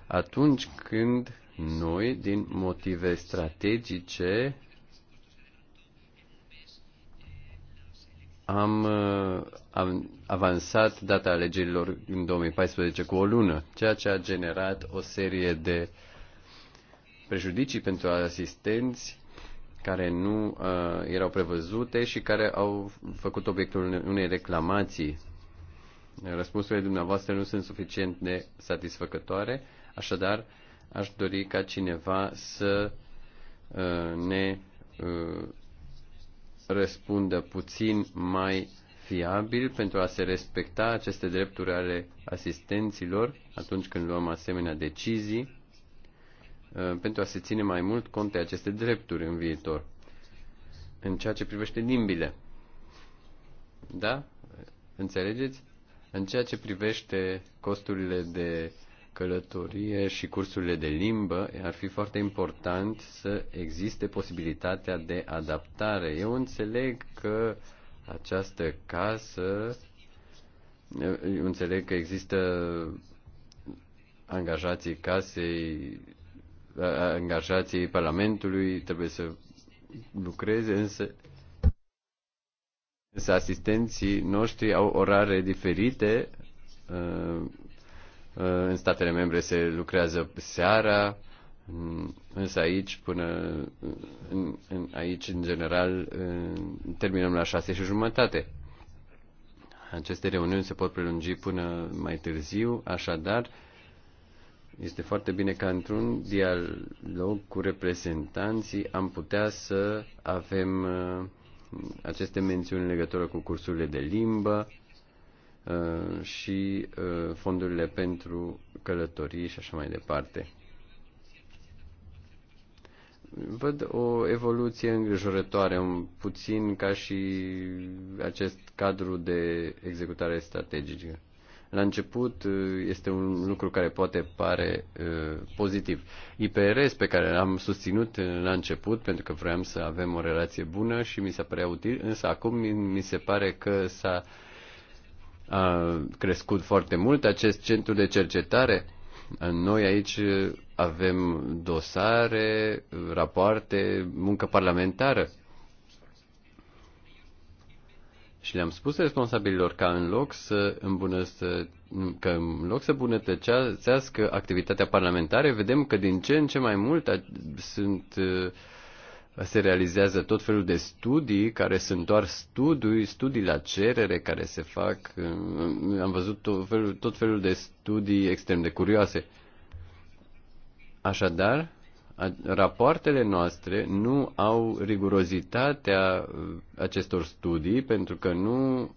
B: atunci când noi, din motive strategice, Uh, am, avansat data alegerilor în 2014 cu o lună, ceea ce a generat o serie de prejudicii pentru asistenți care nu uh, erau prevăzute și care au făcut obiectul unei reclamații. Răspunsurile dumneavoastră nu sunt suficient de satisfăcătoare, așadar aș dori ca cineva să uh, ne uh, răspundă puțin mai fiabil pentru a se respecta aceste drepturi ale asistenților atunci când luăm asemenea decizii uh, pentru a se ține mai mult cont de aceste drepturi în viitor. În ceea ce privește limbile. Da? Înțelegeți? În ceea ce privește costurile de călătorie și cursurile de limbă, ar fi foarte important să existe posibilitatea de adaptare. Eu înțeleg că această casă, eu înțeleg că există angajații casei, angajații Parlamentului, trebuie să lucreze, însă Însă asistenții noștri au orare diferite uh, în statele membre se lucrează seara, însă aici, până în, în, aici, în general, terminăm la șase și jumătate. Aceste reuniuni se pot prelungi până mai târziu, așadar, este foarte bine ca într-un dialog cu reprezentanții am putea să avem uh, aceste mențiuni legătură cu cursurile de limbă, Uh, și uh, fondurile pentru călătorii și așa mai departe. Văd o evoluție îngrijorătoare, un puțin ca și acest cadru de executare strategică. La început uh, este un lucru care poate pare pozitiv. IPRS pe care l-am susținut la început pentru că vroiam să avem o relație bună și mi se părea util, însă acum mi se pare că s-a uh, a crescut foarte mult acest centru de cercetare. Noi aici avem dosare, rapoarte, muncă parlamentară. Și le-am spus responsabililor ca în loc să îmbunătă, că în loc să bunătățească activitatea parlamentară, vedem că din ce în ce mai mult sunt uh, se realizează tot felul de studii care sunt doar studii, studii la cerere care se fac. Uh, am văzut tot felul, tot felul de studii extrem de curioase. Așadar, rapoartele noastre nu au rigurozitatea uh, acestor studii pentru că nu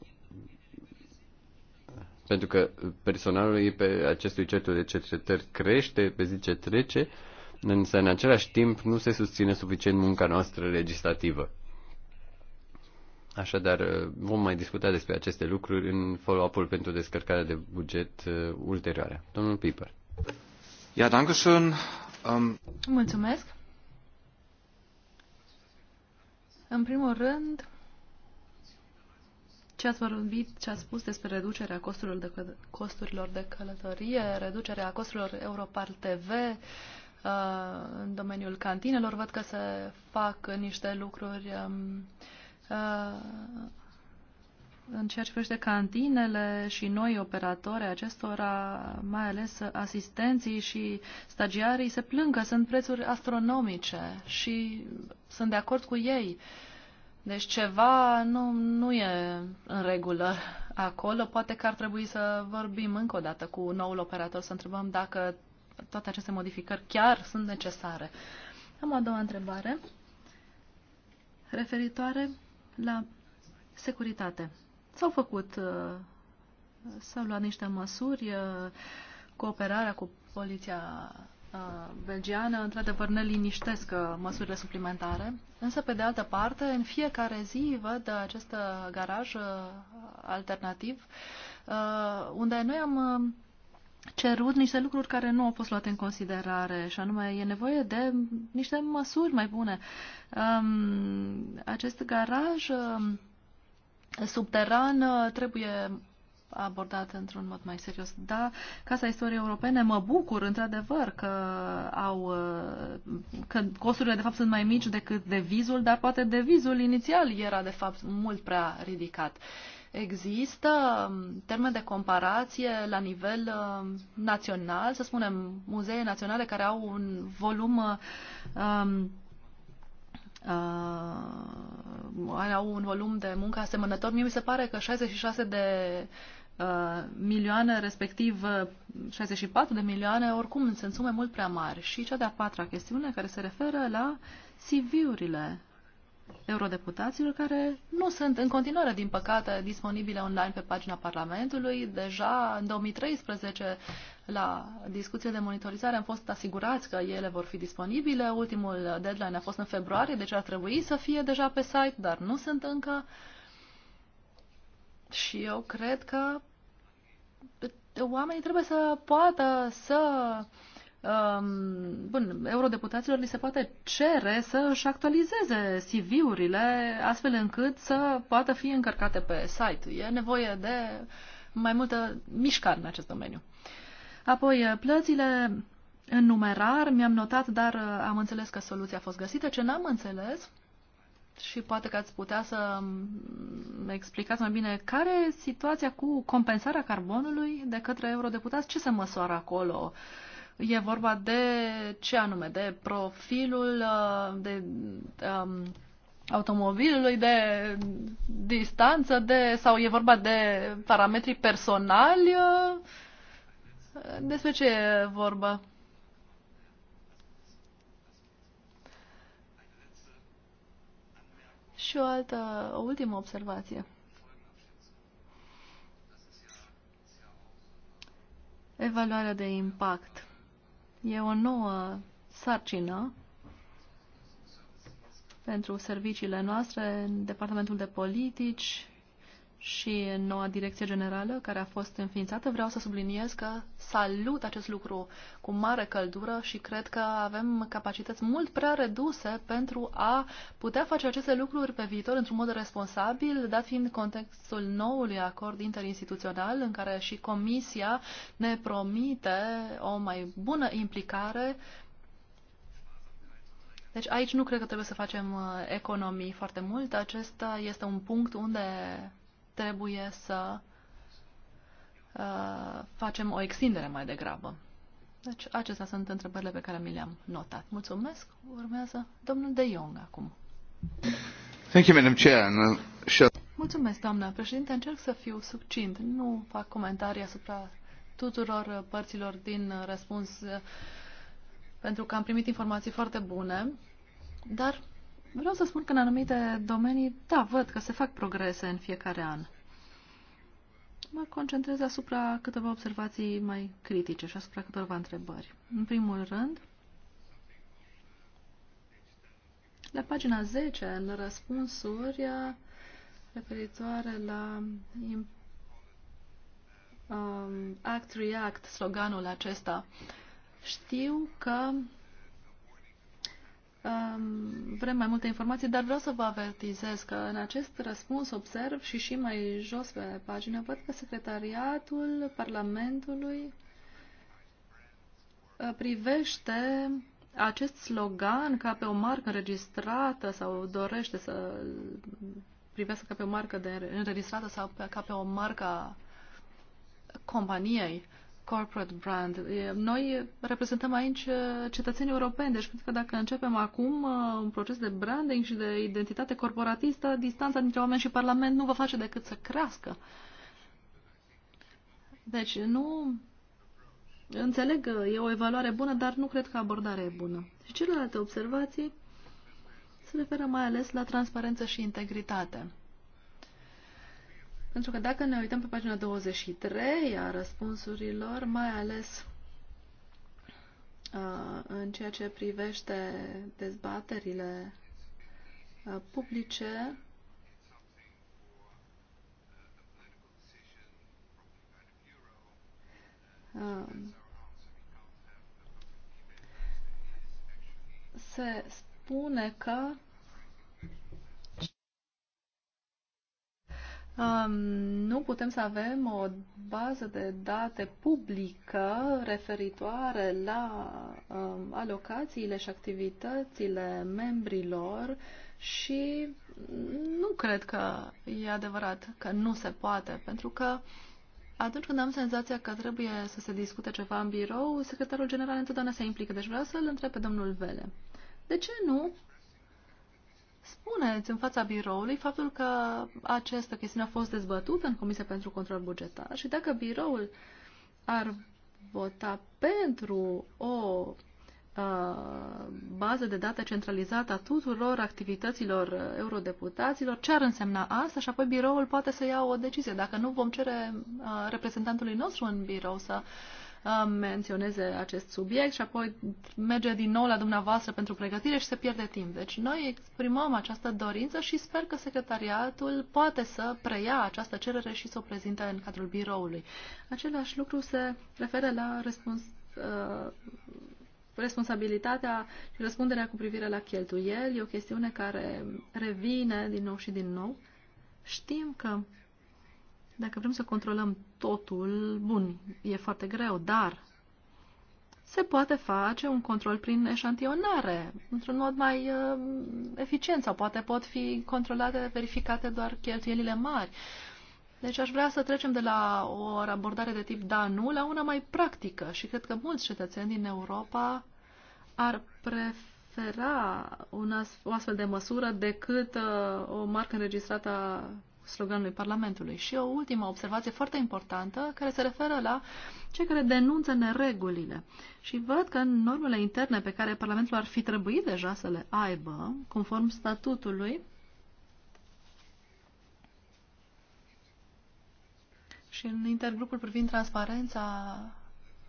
B: pentru că personalul pe acestui centru de cercetări crește pe zi ce trece însă în același timp nu se susține suficient munca noastră legislativă. Așadar, uh, vom mai discuta despre aceste lucruri în follow-up-ul pentru descărcarea de buget uh, ulterioară. Domnul Piper. Ja, danke schön. Um...
C: Mulțumesc. În primul rând, ce ați vorbit, ce ați spus despre reducerea costurilor de, costurilor de călătorie, reducerea costurilor Europar TV, Uh, în domeniul cantinelor. Văd că se fac niște lucruri um, uh, în ceea ce privește cantinele și noi operatori acestora, mai ales asistenții și stagiarii, se plâng că sunt prețuri astronomice și sunt de acord cu ei. Deci ceva nu, nu e în regulă acolo. Poate că ar trebui să vorbim încă o dată cu noul operator, să întrebăm dacă toate aceste modificări chiar sunt necesare. Am a doua întrebare referitoare la securitate. S-au făcut, uh, s-au luat niște măsuri, uh, cooperarea cu poliția uh, belgiană, într-adevăr, ne liniștesc măsurile suplimentare, însă, pe de altă parte, în fiecare zi văd acest garaj alternativ unde noi am cerut niște lucruri care nu au fost luate în considerare și anume e nevoie de niște măsuri mai bune. Um, acest garaj uh, subteran uh, trebuie abordat într-un mod mai serios. Da, Casa Istoriei Europene mă bucur într-adevăr că au uh, că costurile de fapt sunt mai mici decât devizul, dar poate devizul inițial era de fapt mult prea ridicat. Uh, Există um, termen de comparație la nivel um, național, să spunem, muzee naționale care au un volum um, uh, au un volum de muncă asemănător. Mie mi se pare că 66 de uh, milioane, respectiv 64 uh, de milioane, oricum sunt sume mult prea mari. Și cea de-a patra chestiune care se referă la CV-urile eurodeputaților care nu sunt în continuare, din păcate, disponibile online pe pagina Parlamentului. Deja în 2013, la discuție de monitorizare, am fost asigurați că ele vor fi disponibile. Ultimul deadline a fost în februarie, deci ar trebui să fie deja pe site, dar nu sunt încă. Și eu cred că oamenii trebuie să poată să uh, Um, bun, eurodeputaților li se poate cere să își actualizeze CV-urile astfel încât să poată fi încărcate pe site. E nevoie de mai multă mișcare în acest domeniu. Apoi, uh, plățile în numerar mi-am notat, dar uh, am înțeles că soluția a fost găsită. Ce n-am înțeles și poate că ați putea să um, explicați mai bine care e situația cu compensarea carbonului de către eurodeputați, ce se măsoară acolo, uh, E vorba de ce anume? De profilul, uh, de um, automobilului, de distanță, de, sau e vorba de parametrii personali? Uh, despre ce e vorba? Și o altă, o ultimă observație. Evaluarea de impact. E o nouă sarcină pentru serviciile noastre în Departamentul de Politici și noua direcție generală care a fost înființată, vreau să subliniez că salut acest lucru cu mare căldură și cred că avem capacități mult prea reduse pentru a putea face aceste lucruri pe viitor într-un mod responsabil, dat fiind contextul noului acord interinstituțional în care și Comisia ne promite o mai bună implicare deci aici nu cred că trebuie să facem uh, economii foarte mult. Acesta este un punct unde trebuie să uh, facem o extindere mai degrabă. Deci acestea sunt întrebările pe care mi le-am notat. Mulțumesc. Urmează domnul De Jong acum.
B: Thank you, Madam Chair. Uh,
C: Mulțumesc, doamna președinte. Încerc să fiu succint. Nu fac comentarii asupra tuturor uh, părților din uh, răspuns pentru că am primit informații foarte bune, dar Vreau să spun că în anumite domenii, da, văd că se fac progrese în fiecare an. Mă concentrez asupra câteva observații mai critice și asupra câteva întrebări. În primul rând, la pagina 10, în răspunsuri referitoare la um, Act React, sloganul acesta, știu că vrem mai multe informații, dar vreau să vă avertizez că în acest răspuns observ și și mai jos pe pagină văd că Secretariatul Parlamentului uh, privește acest slogan ca pe o marcă înregistrată sau dorește să privească ca pe o marcă de înregistrată sau ca pe o marcă companiei corporate brand. Noi reprezentăm aici cetățenii europeni, deci cred că dacă începem acum un proces de branding și de identitate corporatistă, distanța dintre oameni și Parlament nu va face decât să crească. Deci nu înțeleg, că e o evaluare bună, dar nu cred că abordarea e bună. Și celelalte observații se referă mai ales la transparență și integritate. Pentru că dacă ne uităm pe pagina 23 a răspunsurilor, mai ales uh, în ceea ce privește dezbaterile uh, publice, uh, se spune că Um, nu putem să avem o bază de date publică referitoare la um, alocațiile și activitățile membrilor și nu cred că e adevărat că nu se poate, pentru că atunci când am senzația că trebuie să se discute ceva în birou, secretarul general întotdeauna se implică. Deci vreau să-l întreb pe domnul Vele. De ce nu spuneți în fața biroului faptul că această chestiune a fost dezbătută în Comisia pentru Control Bugetar și dacă biroul ar vota pentru o bază de date centralizată a tuturor activităților eurodeputaților, ce ar însemna asta și apoi biroul poate să ia o decizie. Dacă nu, vom cere reprezentantului nostru în birou să uh, Uh, menționeze acest subiect și apoi merge din nou la dumneavoastră pentru pregătire și se pierde timp. Deci noi exprimăm această dorință și sper că secretariatul poate să preia această cerere și să o prezinte în cadrul biroului. Același lucru se referă la răspuns, uh, responsabilitatea și răspunderea cu privire la cheltuieli. E o chestiune care revine din nou și din nou. Știm că dacă vrem să controlăm totul, bun, e foarte greu, dar se poate face un control prin eșantionare, într-un mod mai uh, eficient sau poate pot fi controlate, verificate doar cheltuielile mari. Deci aș vrea să trecem de la o abordare de tip da-nu la una mai practică și cred că mulți cetățeni din Europa ar prefera un o astfel de măsură decât uh, o marcă înregistrată a sloganului Parlamentului. Și o ultimă observație foarte importantă care se referă la cei care denunță neregulile. Și văd că normele interne pe care Parlamentul ar fi trebuit deja să le aibă, conform statutului, și în intergrupul privind transparența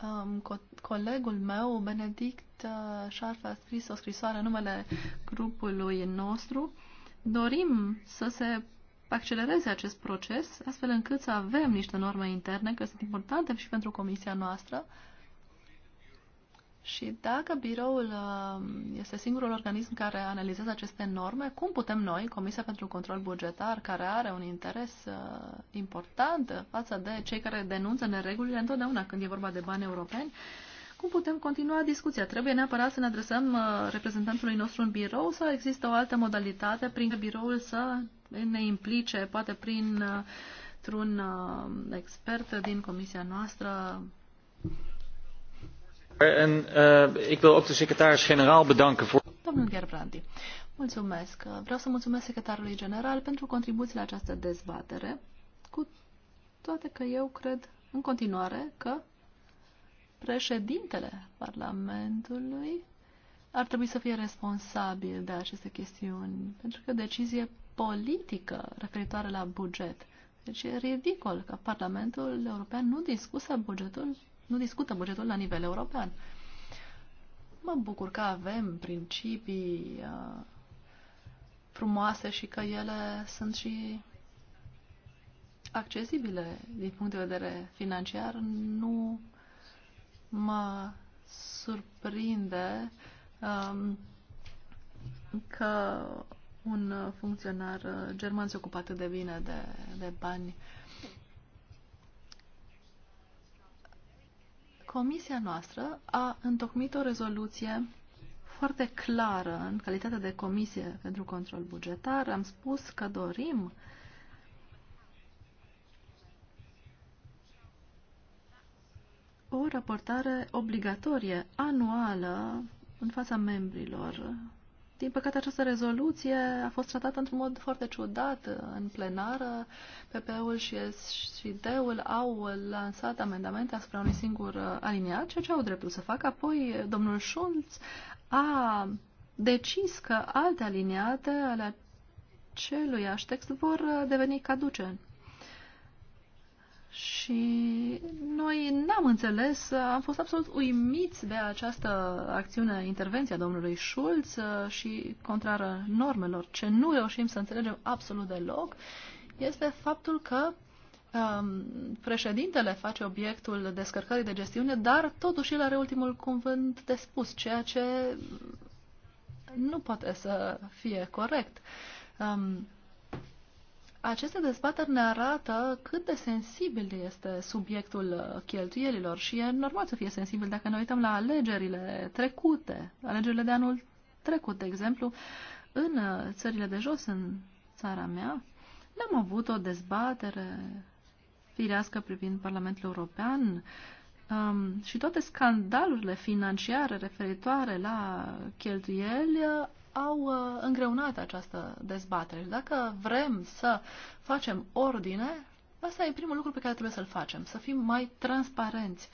C: Um, co colegul meu, Benedict uh, Șarf, a scris o scrisoare în numele grupului nostru. Dorim să se accelereze acest proces, astfel încât să avem niște norme interne care sunt importante și pentru comisia noastră. Și dacă biroul uh, este singurul organism care analizează aceste norme, cum putem noi, Comisia pentru Control Bugetar, care are un interes uh, important față de cei care denunță neregulile întotdeauna când e vorba de bani europeni, cum putem continua discuția? Trebuie neapărat să ne adresăm uh, reprezentantului nostru în birou sau există o altă modalitate prin care biroul să ne implice, poate prin un uh, expert din comisia noastră. En uh, ik wil ook de secretaris-generaal bedanken voor. Domnul Gerbrandi, mulțumesc. Vreau să mulțumesc secretarului general pentru contribuții la această dezbatere, cu toate că eu cred în continuare că președintele Parlamentului ar trebui să fie responsabil de aceste chestiuni, pentru că decizie politică referitoare la buget. Deci e ridicol că Parlamentul European nu discută bugetul, nu discută bugetul la nivel european. Mă bucur că avem principii uh, frumoase și că ele sunt și accesibile din punct de vedere financiar. Nu mă surprinde um, că un uh, funcționar uh, german se ocupa atât de bine de, de bani. Comisia noastră a întocmit o rezoluție foarte clară în calitate de comisie pentru control bugetar. Am spus că dorim o raportare obligatorie anuală în fața membrilor din păcate, această rezoluție a fost tratată într-un mod foarte ciudat în plenară. PP-ul și SD-ul au lansat amendamente asupra unui singur uh, aliniat, ceea ce au dreptul să facă. Apoi, domnul Schulz a decis că alte aliniate ale aceluiași text vor uh, deveni caduce și noi n-am înțeles, am fost absolut uimiți de această acțiune, intervenția domnului Schulz uh, și contrară normelor. Ce nu reușim să înțelegem absolut deloc este faptul că um, președintele face obiectul descărcării de gestiune, dar totuși el are ultimul cuvânt de spus, ceea ce nu poate să fie corect. Um, aceste dezbateri ne arată cât de sensibil este subiectul uh, cheltuielilor și e normal să fie sensibil dacă ne uităm la alegerile trecute, alegerile de anul trecut, de exemplu, în uh, țările de jos, în țara mea, n-am avut o dezbatere firească privind Parlamentul European um, și toate scandalurile financiare referitoare la cheltuieli uh, au uh, îngreunat această dezbatere. Și dacă vrem să facem ordine, asta e primul lucru pe care trebuie să-l facem, să fim mai transparenți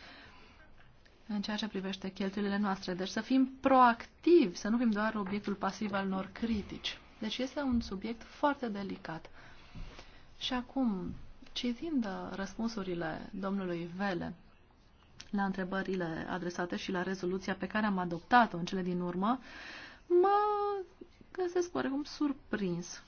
C: în ceea ce privește cheltuielile noastre. Deci să fim proactivi, să nu fim doar obiectul pasiv al unor critici. Deci este un subiect foarte delicat. Și acum, citind uh, răspunsurile domnului Vele la întrebările adresate și la rezoluția pe care am adoptat-o în cele din urmă, mă găsesc oarecum surprins.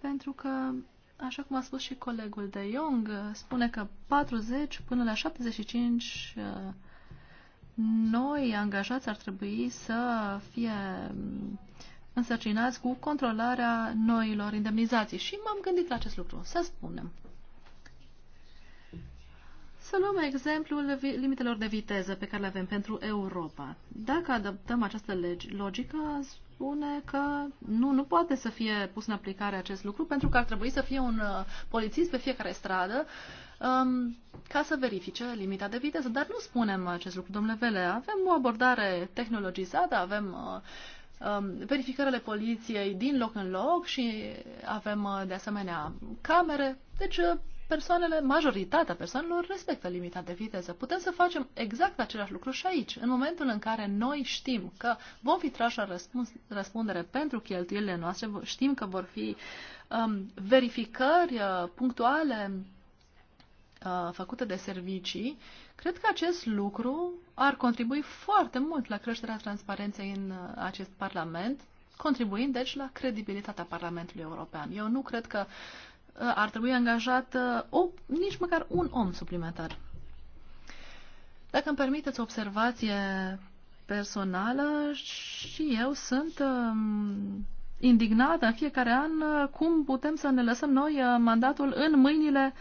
C: Pentru că, așa cum a spus și colegul de Young, spune că 40 până la 75 uh, noi angajați ar trebui să fie mm, însărcinați cu controlarea noilor indemnizații. Și m-am gândit la acest lucru, să spunem. Să luăm exemplul limitelor de viteză pe care le avem pentru Europa. Dacă adaptăm această legi, logică, spune că nu, nu poate să fie pus în aplicare acest lucru pentru că ar trebui să fie un uh, polițist pe fiecare stradă um, ca să verifice limita de viteză. Dar nu spunem acest lucru, domnule Vele. Avem o abordare tehnologizată, avem uh, um, verificările poliției din loc în loc și avem uh, de asemenea camere. Deci uh, persoanele, majoritatea persoanelor respectă limita de viteză. Putem să facem exact același lucru și aici. În momentul în care noi știm că vom fi trași la răspundere pentru cheltuielile noastre, știm că vor fi um, verificări uh, punctuale uh, făcute de servicii, cred că acest lucru ar contribui foarte mult la creșterea transparenței în uh, acest Parlament, contribuind deci la credibilitatea Parlamentului European. Eu nu cred că Uh, ar trebui angajat uh, o, nici măcar un om suplimentar. Dacă îmi permiteți o observație personală, și eu sunt um, indignată în fiecare an uh, cum putem să ne lăsăm noi mandatul în mâinile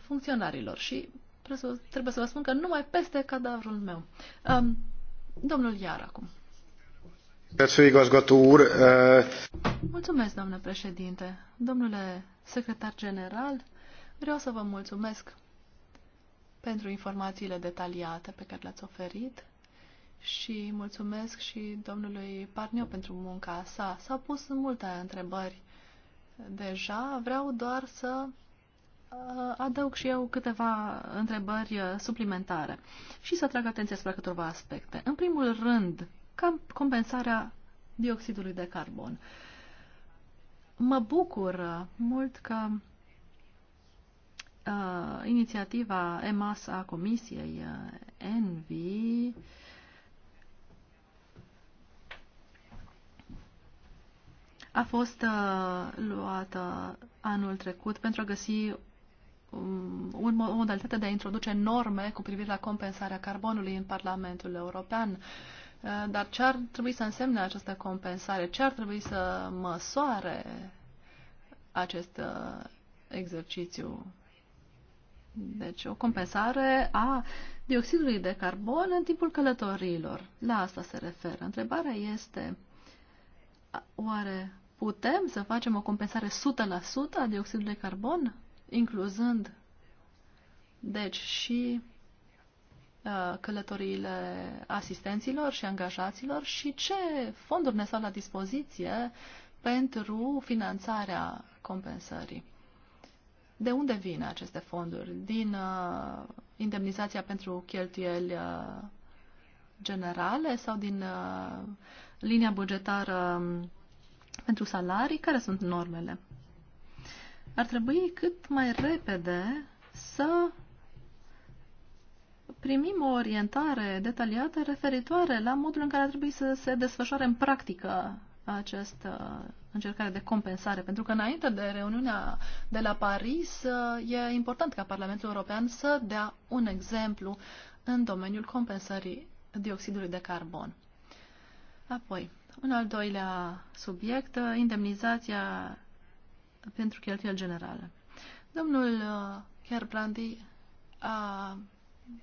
C: funcționarilor. Și trebuie să vă spun că numai peste cadavrul meu. Um, domnul Iar acum. Mulțumesc, doamnă președinte. Domnule secretar general, vreau să vă mulțumesc pentru informațiile detaliate pe care le-ați oferit și mulțumesc și domnului Parniu pentru munca sa. S-au pus multe întrebări deja, vreau doar să uh, adaug și eu câteva întrebări uh, suplimentare și să atrag atenția asupra câteva aspecte. În primul rând, compensarea dioxidului de carbon. Uh, Mă bucur mult că uh, inițiativa EMAS a Comisiei uh, ENVI a fost uh, luată anul trecut pentru a găsi um, o modalitate de a introduce norme cu privire la compensarea carbonului în Parlamentul European. Uh, Eh, dar ce ar trebui să însemne această compensare? Ce ar trebui să măsoare acest eh, exercițiu? Deci o compensare a dioxidului de carbon în timpul călătorilor. La asta se referă. Întrebarea este, oare putem să facem o compensare 100% a dioxidului de carbon, incluzând deci și Uh, călătoriile asistenților și angajaților și ce fonduri ne stau la dispoziție pentru finanțarea compensării. De unde vin aceste fonduri? Din uh, indemnizația pentru cheltuieli uh, generale sau din uh, linia bugetară um, pentru salarii? Care sunt normele? Ar trebui cât mai repede să primim o orientare detaliată referitoare la modul în care trebuie să se desfășoare în practică această încercare de compensare, pentru că înainte de reuniunea de la Paris e important ca Parlamentul European să dea un exemplu în domeniul compensării dioxidului de carbon. Apoi, un al doilea subiect, indemnizația pentru cheltuieli generale. Domnul uh, Herbrandi a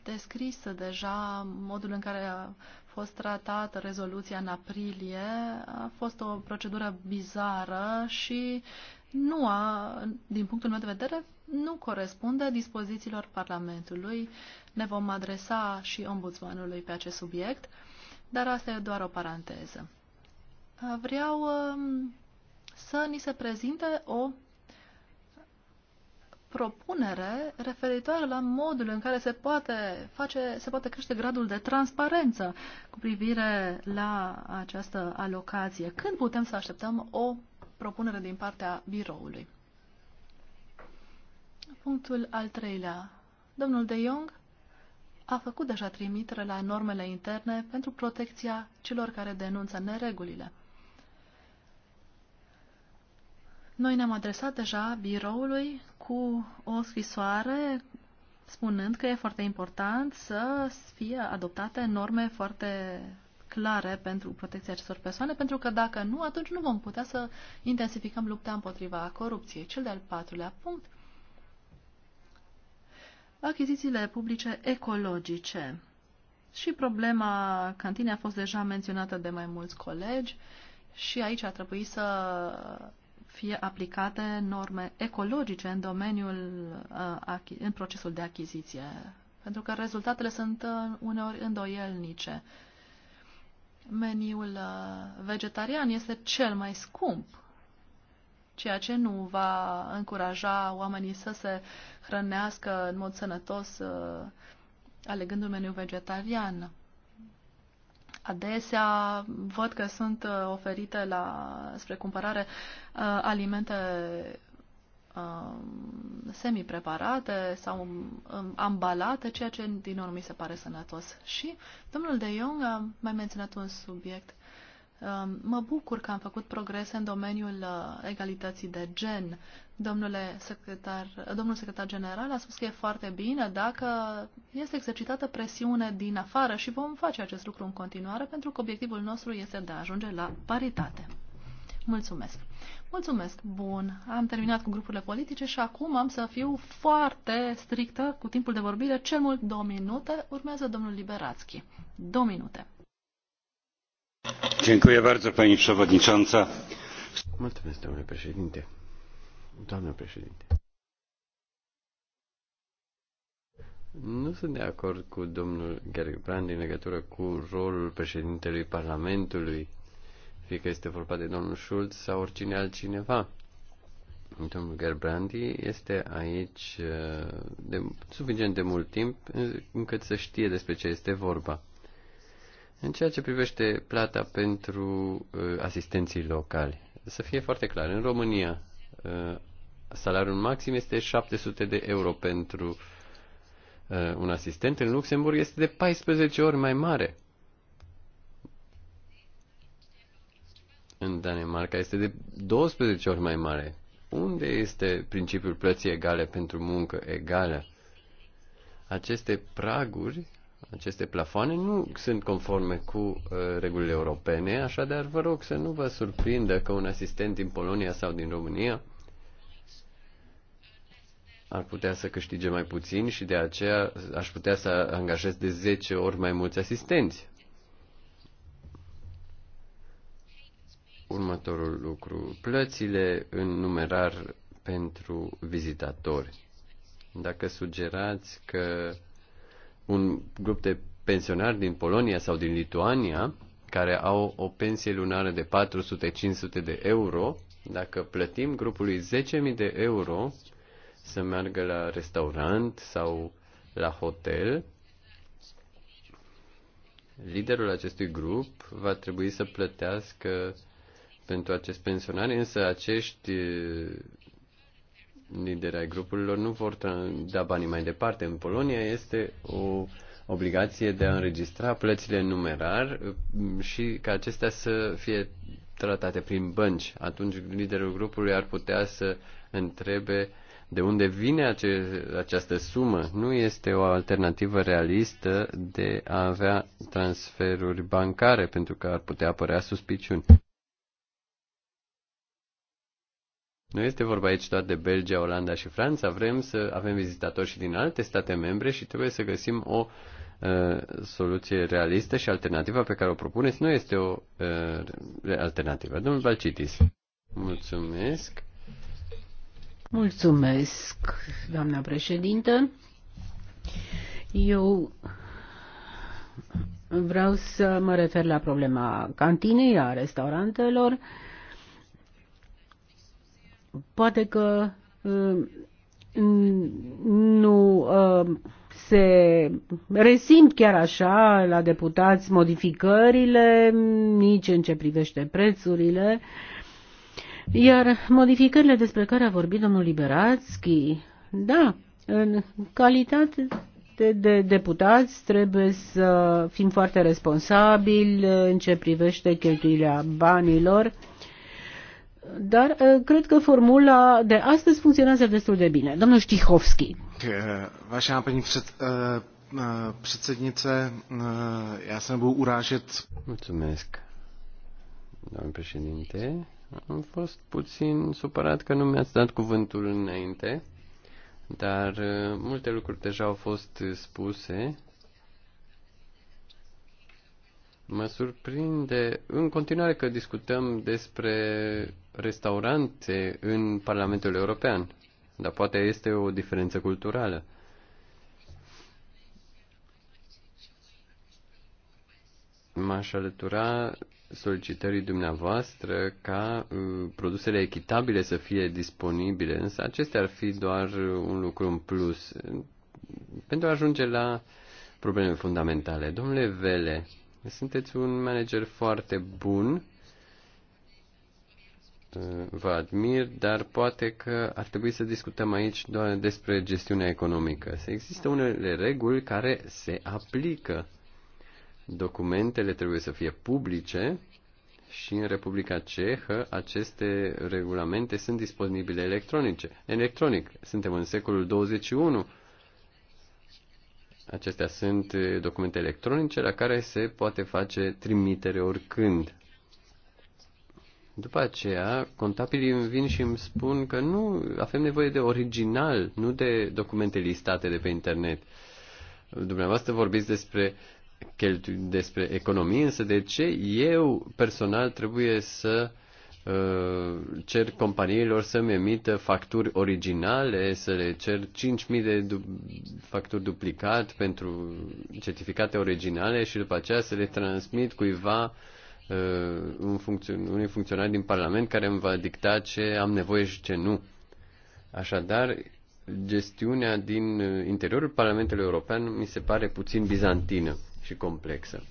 C: descrisă deja modul în care a fost tratată rezoluția în aprilie. A fost o procedură bizară și nu a, din punctul meu de vedere, nu corespunde dispozițiilor Parlamentului. Ne vom adresa și ombudsmanului pe acest subiect, dar asta e doar o paranteză. Vreau um, să ni se prezinte o propunere referitoare la modul în care se poate, face, se poate crește gradul de transparență cu privire la această alocație. Când putem să așteptăm o propunere din partea biroului? Punctul al treilea. Domnul De Jong a făcut deja trimitere la normele interne pentru protecția celor care denunță neregulile. Noi ne-am adresat deja biroului cu o scrisoare spunând că e foarte important să fie adoptate norme foarte clare pentru protecția acestor persoane, pentru că dacă nu, atunci nu vom putea să intensificăm lupta împotriva corupției. Cel de-al patrulea punct, achizițiile publice ecologice. Și problema cantinei a fost deja menționată de mai mulți colegi și aici a trebuit să fie aplicate norme ecologice în domeniul, uh, în procesul de achiziție, pentru că rezultatele sunt uh, uneori îndoielnice. Meniul uh, vegetarian este cel mai scump, ceea ce nu va încuraja oamenii să se hrănească în mod sănătos alegând un meniu vegetarian. Adesea văd că sunt uh, oferite la, spre cumpărare uh, alimente uh, semi-preparate sau um, ambalate, ceea ce din nou mi se pare sănătos. Și domnul De Jong a mai menționat un subiect Um, mă bucur că am făcut progrese în domeniul uh, egalității de gen. Domnule secretar, domnul secretar general a spus că e foarte bine dacă este exercitată presiune din afară și vom face acest lucru în continuare pentru că obiectivul nostru este de a ajunge la paritate. Mulțumesc. Mulțumesc. Bun. Am terminat cu grupurile politice și acum am să fiu foarte strictă cu timpul de vorbire, cel mult două minute. Urmează domnul Liberațchi. Două minute.
B: Mulțumesc, domnule președinte. Doamne președinte. Nu sunt de acord cu domnul Gerbrand în legătură cu rolul președintelui Parlamentului, fie că este vorba de domnul Schulz sau oricine altcineva. Domnul Gerbrandi este aici eh, de suficient de mult timp încât să știe despre ce este vorba. În ceea ce privește plata pentru uh, asistenții locali, să fie foarte clar, în România uh, salariul maxim este 700 de euro pentru uh, un asistent, în Luxemburg este de 14 ori mai mare. În Danemarca este de 12 ori mai mare. Unde este principiul plății egale pentru muncă egală? Aceste praguri aceste plafoane nu sunt conforme cu uh, regulile europene, așadar vă rog să nu vă surprindă că un asistent din Polonia sau din România ar putea să câștige mai puțin și de aceea aș putea să angajez de 10 ori mai mulți asistenți. Următorul lucru, plățile în numerar pentru vizitatori. Dacă sugerați că un grup de pensionari din Polonia sau din Lituania care au o pensie lunară de 400-500 de euro, dacă plătim grupului 10.000 de euro să meargă la restaurant sau la hotel, liderul acestui grup va trebui să plătească pentru acest pensionar. însă acești lideri ai grupurilor nu vor da banii mai departe. În Polonia este o obligație de a înregistra plățile numerar mm, și ca acestea să fie tratate prin bănci. Atunci liderul grupului ar putea să întrebe de unde vine ace- această sumă. Nu este o alternativă realistă de a avea transferuri bancare pentru că ar putea apărea suspiciuni. Nu este vorba aici doar de Belgia, Olanda și Franța, vrem să avem vizitatori și din alte state membre și trebuie să găsim o uh, soluție realistă și alternativa pe care o propuneți nu este o uh, alternativă. Domnul Balcitis, mulțumesc.
A: Mulțumesc, doamna președintă. Eu vreau să mă refer la problema cantinei, a restaurantelor. Uh, poate că uh, nu uh, se resimt chiar așa la deputați modificările, nici în ce privește prețurile. Iar modificările despre care a vorbit domnul Liberațchi, da, în calitate de deputați trebuie să fim foarte responsabili în ce privește cheltuirea banilor dar uh, cred că formula de astăzi funcționează destul de bine. Domnul Štihovski. Vážená paní před, uh, uh, předsednice,
B: já jsem byl urážet. Mulțumesc, doamnă președinte. Am fost puțin supărat că nu mi-ați dat cuvântul înainte, dar multe lucruri deja au fost spuse Mă surprinde în continuare că discutăm despre restaurante în Parlamentul European, dar poate este o diferență culturală. m-aș alătura solicitării dumneavoastră ca uh, produsele echitabile să fie disponibile, însă acestea ar fi doar un lucru în plus pentru a ajunge la probleme fundamentale. Domnule Vele, sunteți un manager foarte bun, vă admir, dar poate că ar trebui să discutăm aici doar despre gestiunea economică. există unele reguli care se aplică. Documentele trebuie să fie publice și în Republica Cehă aceste regulamente sunt disponibile electronice. electronic. Suntem în secolul 21 Acestea sunt documente electronice la care se poate face trimitere oricând. După aceea, contabilii îmi vin și îmi spun că nu, avem nevoie de original, nu de documente listate de pe internet. Dumneavoastră vorbiți despre despre economie, însă de ce eu personal trebuie să uh, Uh, cer companiilor să-mi emită facturi originale, să le cer 5.000 de du- facturi duplicat pentru certificate originale și după aceea să le transmit cuiva uh, un funcțion- unui funcționar din Parlament care îmi va dicta ce am nevoie și ce nu. Așadar, gestiunea din uh, interiorul Parlamentului European mi se pare puțin bizantină și complexă.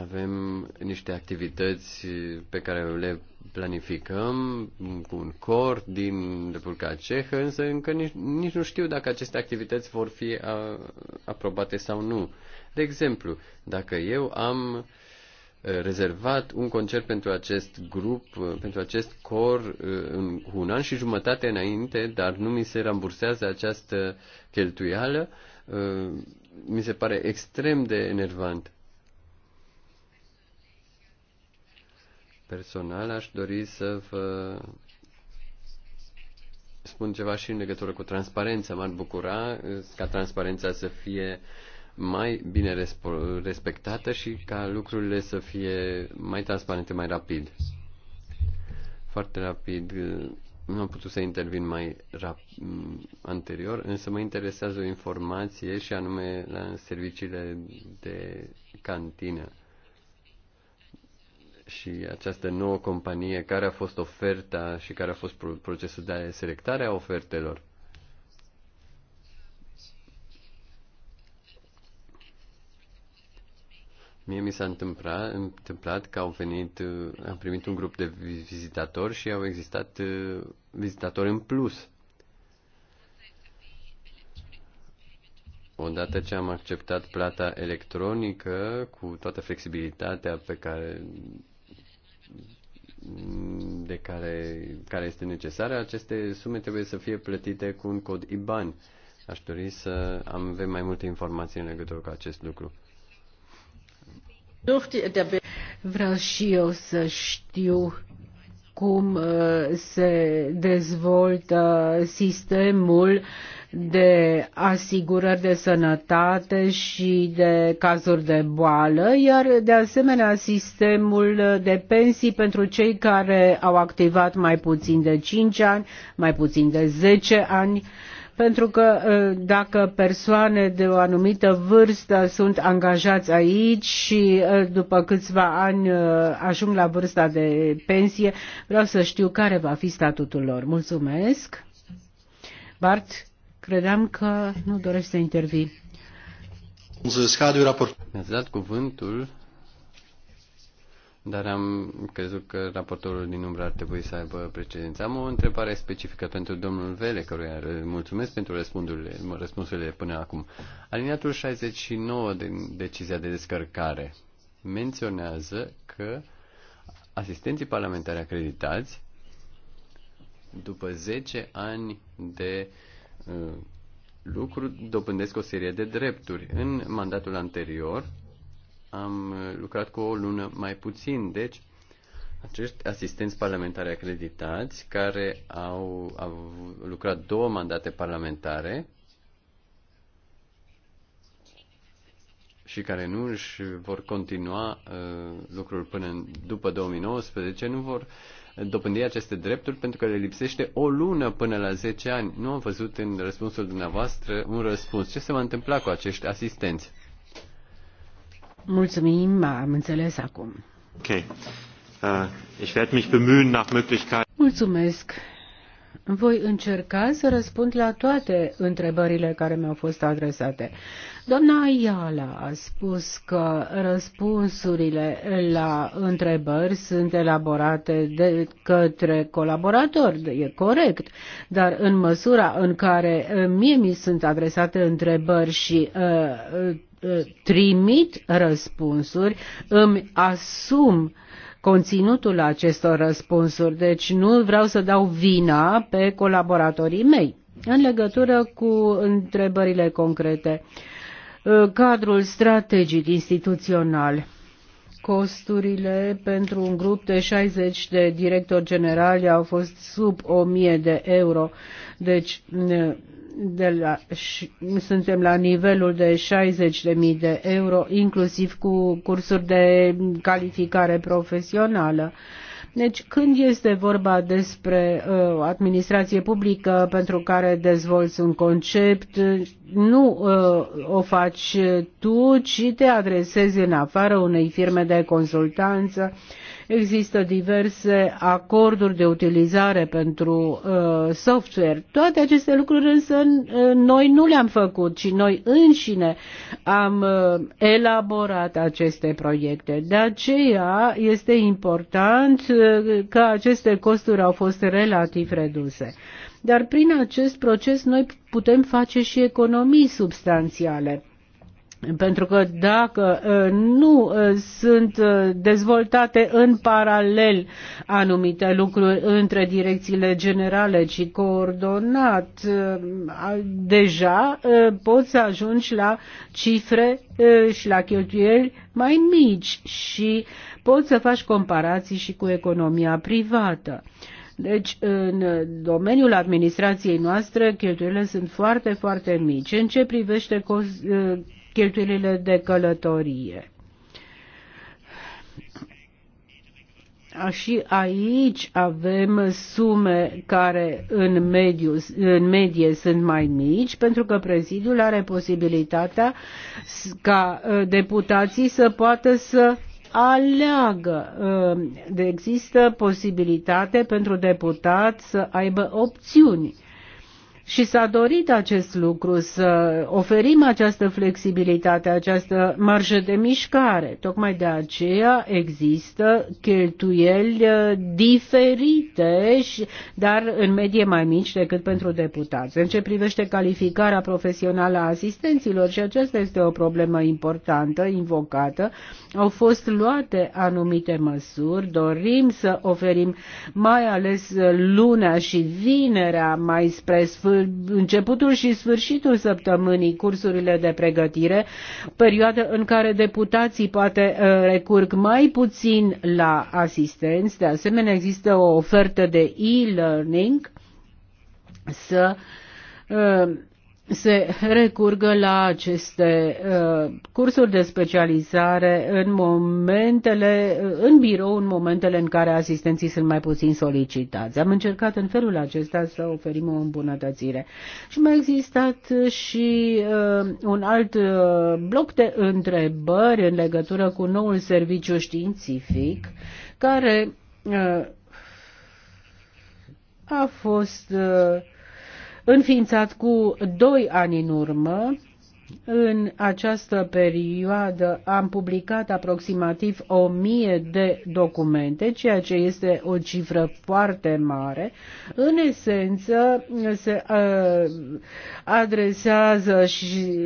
B: Avem niște activități pe care le planificăm cu un cor din Republica Cehă, însă încă nici, nici nu știu dacă aceste activități vor fi a, aprobate sau nu. De exemplu, dacă eu am uh, rezervat un concert pentru acest grup, uh, pentru acest cor uh, în, un an și jumătate înainte, dar nu mi se rambursează această cheltuială, mi se pare extrem de enervant Personal aș dori să vă spun ceva și în legătură cu transparența. M-ar bucura uh, ca transparența să fie mai bine respectată și ca lucrurile să fie mai transparente mai rapid. Foarte rapid. Uh, nu am putut să intervin mai rap- mm, anterior, însă mă interesează o informație și anume la serviciile de cantină și această nouă companie, care a fost oferta și care a fost procesul de selectare a ofertelor? Mie mi s-a întâmplat, întâmplat că au venit, am primit un grup de vizitatori și au existat uh, vizitatori în plus. Odată ce am acceptat plata electronică cu toată flexibilitatea pe care de care, care este necesară, aceste sume trebuie să fie plătite cu un cod IBAN. Aș dori să avem mai multe informații în legătură cu acest lucru.
A: Vreau și eu să știu cum uh, se dezvoltă sistemul uh, de asigurări de sănătate și de cazuri de boală, iar de asemenea sistemul de pensii pentru cei care au activat mai puțin de 5 ani, mai puțin de 10 ani, pentru că ă, dacă persoane de o anumită vârstă sunt angajați aici și ă, după câțiva ani ă, ajung la vârsta de pensie, vreau să știu care va fi statutul lor. Mulțumesc. Bart, Credeam că nu dorești să intervii.
B: Mi-ați dat cuvântul, dar am crezut că raportorul din umbră ar trebui să aibă precedență. Am o întrebare specifică pentru domnul Vele, căruia mulțumesc pentru răspundurile, răspunsurile până acum. Aliniatul 69 din decizia de descărcare menționează că asistenții parlamentari acreditați după 10 ani de uh, Uh, lucru dobândesc o serie de drepturi. În mandatul anterior am uh, lucrat cu o lună mai puțin, deci acești asistenți parlamentari acreditați care au, au lucrat două mandate parlamentare și care nu își vor continua uh, lucrul până în, după 2019 nu vor uh, dobândi aceste drepturi pentru că le lipsește o lună până la 10 ani. Nu am văzut în răspunsul dumneavoastră un răspuns. Ce se va întâmpla cu acești asistenți?
A: Mulțumim, am înțeles acum.
B: Ok. Uh, ich werde mich bemühen nach Möglichkeit.
A: Mulțumesc. Voi încerca să răspund la toate întrebările care mi-au fost adresate. Doamna Ayala a spus că răspunsurile la întrebări sunt elaborate de către colaboratori. E corect, dar în măsura în care eh, mie mi sunt adresate întrebări și uh, uh, trimit răspunsuri, îmi asum uh, conținutul acestor răspunsuri, deci nu vreau să dau vina pe colaboratorii mei. În legătură cu întrebările concrete, uh, cadrul strategic instituțional, costurile pentru un grup de 60 de directori generali au fost sub 1000 de euro, deci uh, de la, suntem la nivelul de 60.000 de euro, inclusiv cu cursuri de calificare profesională. Deci când este vorba despre uh, administrație publică pentru care dezvolți un concept, nu uh, o faci tu, ci te adresezi în afară unei firme de consultanță Există diverse acorduri de utilizare pentru uh, software. Toate aceste lucruri însă uh, noi nu le-am făcut, ci noi înșine am uh, elaborat aceste proiecte. De aceea este important uh, că aceste costuri au fost relativ reduse. Dar prin acest proces noi putem face și economii substanțiale pentru că dacă uh, nu uh, sunt uh, dezvoltate în paralel anumite lucruri între direcțiile generale, ci coordonat, deja poți să ajungi la cifre și la cheltuieli mai mici și poți să faci comparații și cu economia privată. Deci, în domeniul administrației noastre, cheltuielile sunt foarte, foarte mici. În ce privește cheltuielile de călătorie. Și aici avem sume care în, mediu, în medie sunt mai mici, pentru că prezidiul are posibilitatea ca ă, deputații să poată să aleagă. Ă, există posibilitate pentru deputat să aibă opțiuni și s-a dorit acest lucru, să oferim această flexibilitate, această marjă de mișcare. Tocmai de aceea există cheltuieli uh, diferite, dar în medie mai mici decât pentru deputați. În ce privește calificarea profesională a asistenților, și aceasta este o problemă importantă, invocată, au fost luate anumite măsuri, dorim să oferim mai ales lunea și vinerea mai spre sfârșit începutul și sfârșitul săptămânii cursurile de pregătire, perioadă în care deputații poate uh, recurg mai puțin la asistenți. De asemenea, există o ofertă de e-learning să uh, se recurgă la aceste uh, cursuri de specializare în momentele, uh, în birou, în momentele în care asistenții sunt mai puțin solicitați. Am încercat în felul acesta să oferim o îmbunătățire. Și mai existat și uh, un alt uh, bloc de întrebări în legătură cu noul serviciu științific care uh, a fost uh, înființat cu doi ani în urmă. În această perioadă am publicat aproximativ o mie de documente, ceea ce este o cifră foarte mare. În esență, se uh, adresează și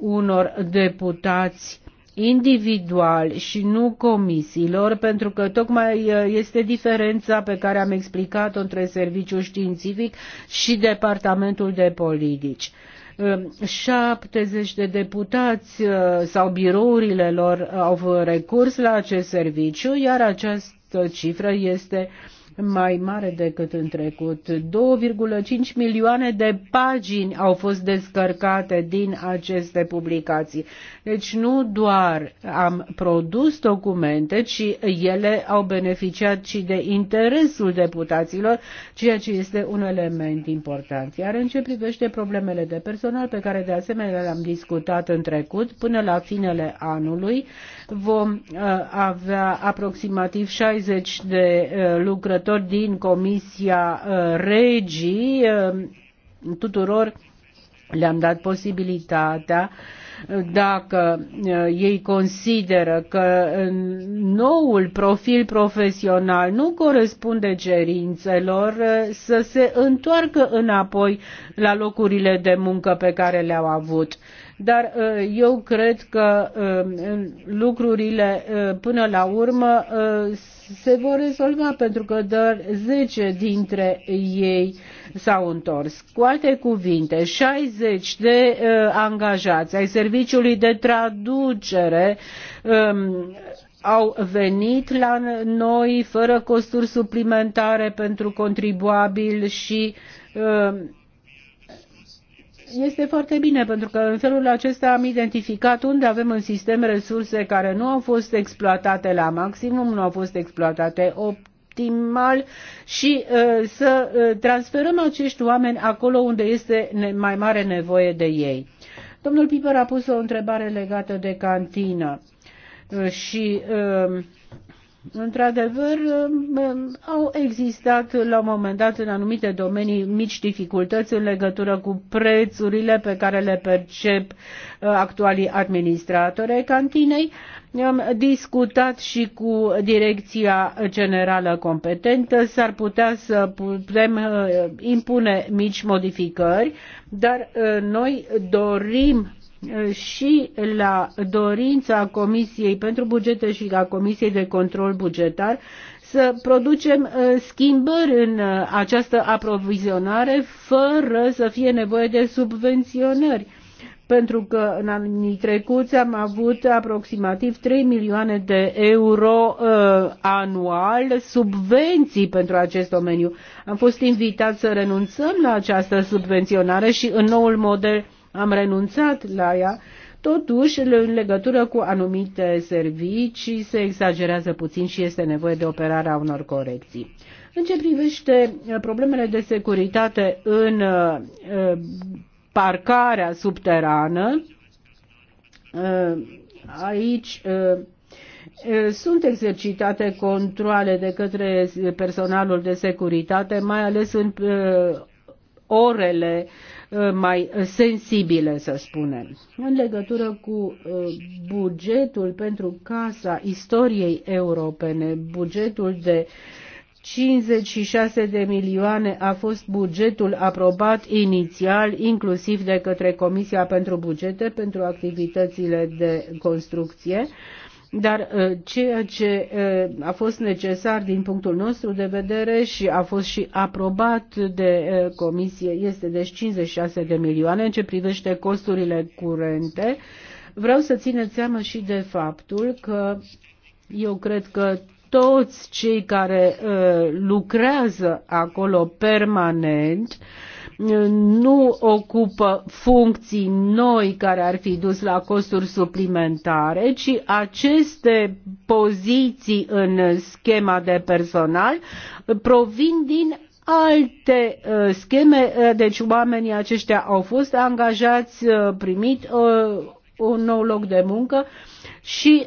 A: unor deputați individual și nu comisiilor, pentru că tocmai uh, este diferența pe care am explicat-o între serviciul științific și departamentul de politici. 70 de deputați uh, sau birourile lor au recurs la acest serviciu, iar această cifră este uh, mai mare decât în trecut. 2,5 milioane de pagini au fost descărcate din aceste publicații. Deci nu doar am produs documente, ci ele au beneficiat și de interesul deputaților, ceea ce este un element important. Iar în ce privește problemele de personal, pe care de asemenea le-am discutat în trecut, până la finele anului, vom uh, avea aproximativ 60 de uh, lucrători din Comisia uh, Regii. Tuturor le-am dat posibilitatea dacă ei consideră că noul profil profesional nu corespunde cerințelor să se întoarcă înapoi la locurile de muncă pe care le-au avut dar uh, eu cred că uh, lucrurile uh, până la urmă se vor rezolva pentru că doar 10 dintre ei s-au întors. Cu alte cuvinte, 60 de angajați ai serviciului de traducere um, au venit la noi fără costuri suplimentare pentru contribuabil și uh, este foarte bine pentru că în felul acesta am identificat unde avem în sistem resurse care nu au fost exploatate la maximum, nu au fost exploatate optimal și uh, să uh, transferăm acești oameni acolo unde este mai mare nevoie de ei. Domnul Piper a pus o întrebare legată de cantină uh, și uh, Într-adevăr, um, au existat la un moment dat în anumite domenii mici dificultăți în legătură cu prețurile pe care le percep uh, actualii administratori ai cantinei. Am discutat și cu direcția generală competentă, s-ar putea să putem uh, impune mici modificări, dar uh, noi dorim și la dorința Comisiei pentru Bugete și la Comisiei de Control Bugetar să producem uh, schimbări în uh, această aprovizionare fără să fie nevoie de subvenționări pentru că în anii trecuți am avut aproximativ 3 milioane de euro uh, anual subvenții pentru acest domeniu. Am fost invitați să renunțăm la această subvenționare și în noul model uh, am renunțat la ea, Totuși, în legătură cu anumite servicii, se exagerează puțin și este nevoie de operarea unor corecții. În ce privește uh, problemele de securitate în uh, uh, parcarea subterană, aici sunt exercitate controle de către personalul de securitate, mai ales în orele uh, Uh, mai sensibile, să spunem. În legătură cu uh, bugetul pentru Casa Istoriei Europene, bugetul de 56 de milioane a fost bugetul aprobat inițial, inclusiv de către Comisia pentru Bugete pentru activitățile de construcție. Dar uh, ceea ce uh, a fost necesar din punctul nostru de vedere și a fost și aprobat de uh, comisie este deci 56 de milioane în ce privește costurile curente. Vreau să țineți seama și de faptul că eu cred că toți cei care lucrează acolo permanent uh, nu ocupă funcții noi care ar fi dus la costuri suplimentare, ci aceste poziții în schema de personal provin din alte uh, scheme, uh, deci oamenii aceștia au fost angajați, uh, primit un nou loc de muncă și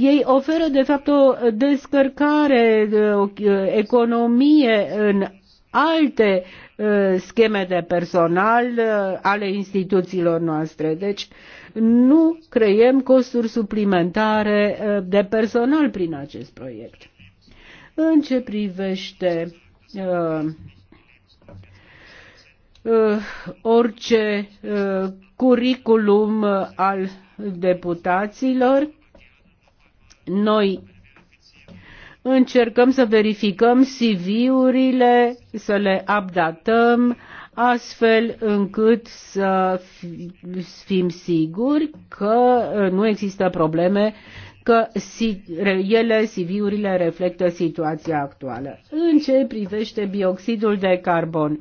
A: ei oferă de fapt o descărcare, o economie în alte uh, scheme de personal uh, ale instituțiilor noastre. Deci nu creiem costuri suplimentare uh, de personal prin acest proiect. În ce privește uh, uh, orice uh, curriculum al deputaților, noi încercăm să verificăm CV-urile, să le updatăm, astfel încât să fim siguri că uh, nu există probleme, că ele, CV-urile, reflectă situația actuală. În ce privește bioxidul de carbon?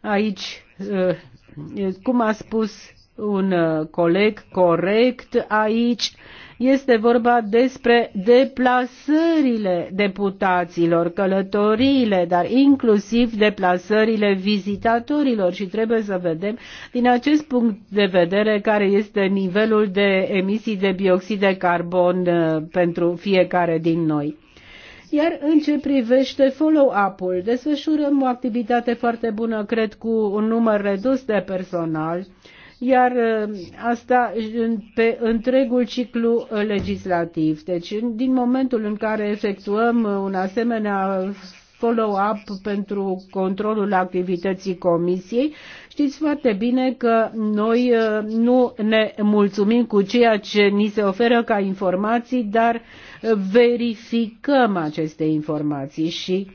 A: Aici, uh, cum a spus un uh, coleg corect, aici este vorba despre deplasările deputaților, călătoriile, dar inclusiv deplasările vizitatorilor și trebuie să vedem din acest punct de vedere care este nivelul de emisii de bioxid de carbon uh, pentru fiecare din noi. Iar în ce privește follow-up-ul, desfășurăm o activitate foarte bună, cred, cu un număr redus de personal iar ă, asta pe întregul ciclu legislativ. Deci, din momentul în care efectuăm ă, un asemenea follow-up pentru controlul activității comisiei. Știți foarte bine că noi ă, nu ne mulțumim cu ceea ce ni se oferă ca informații, dar verificăm aceste informații și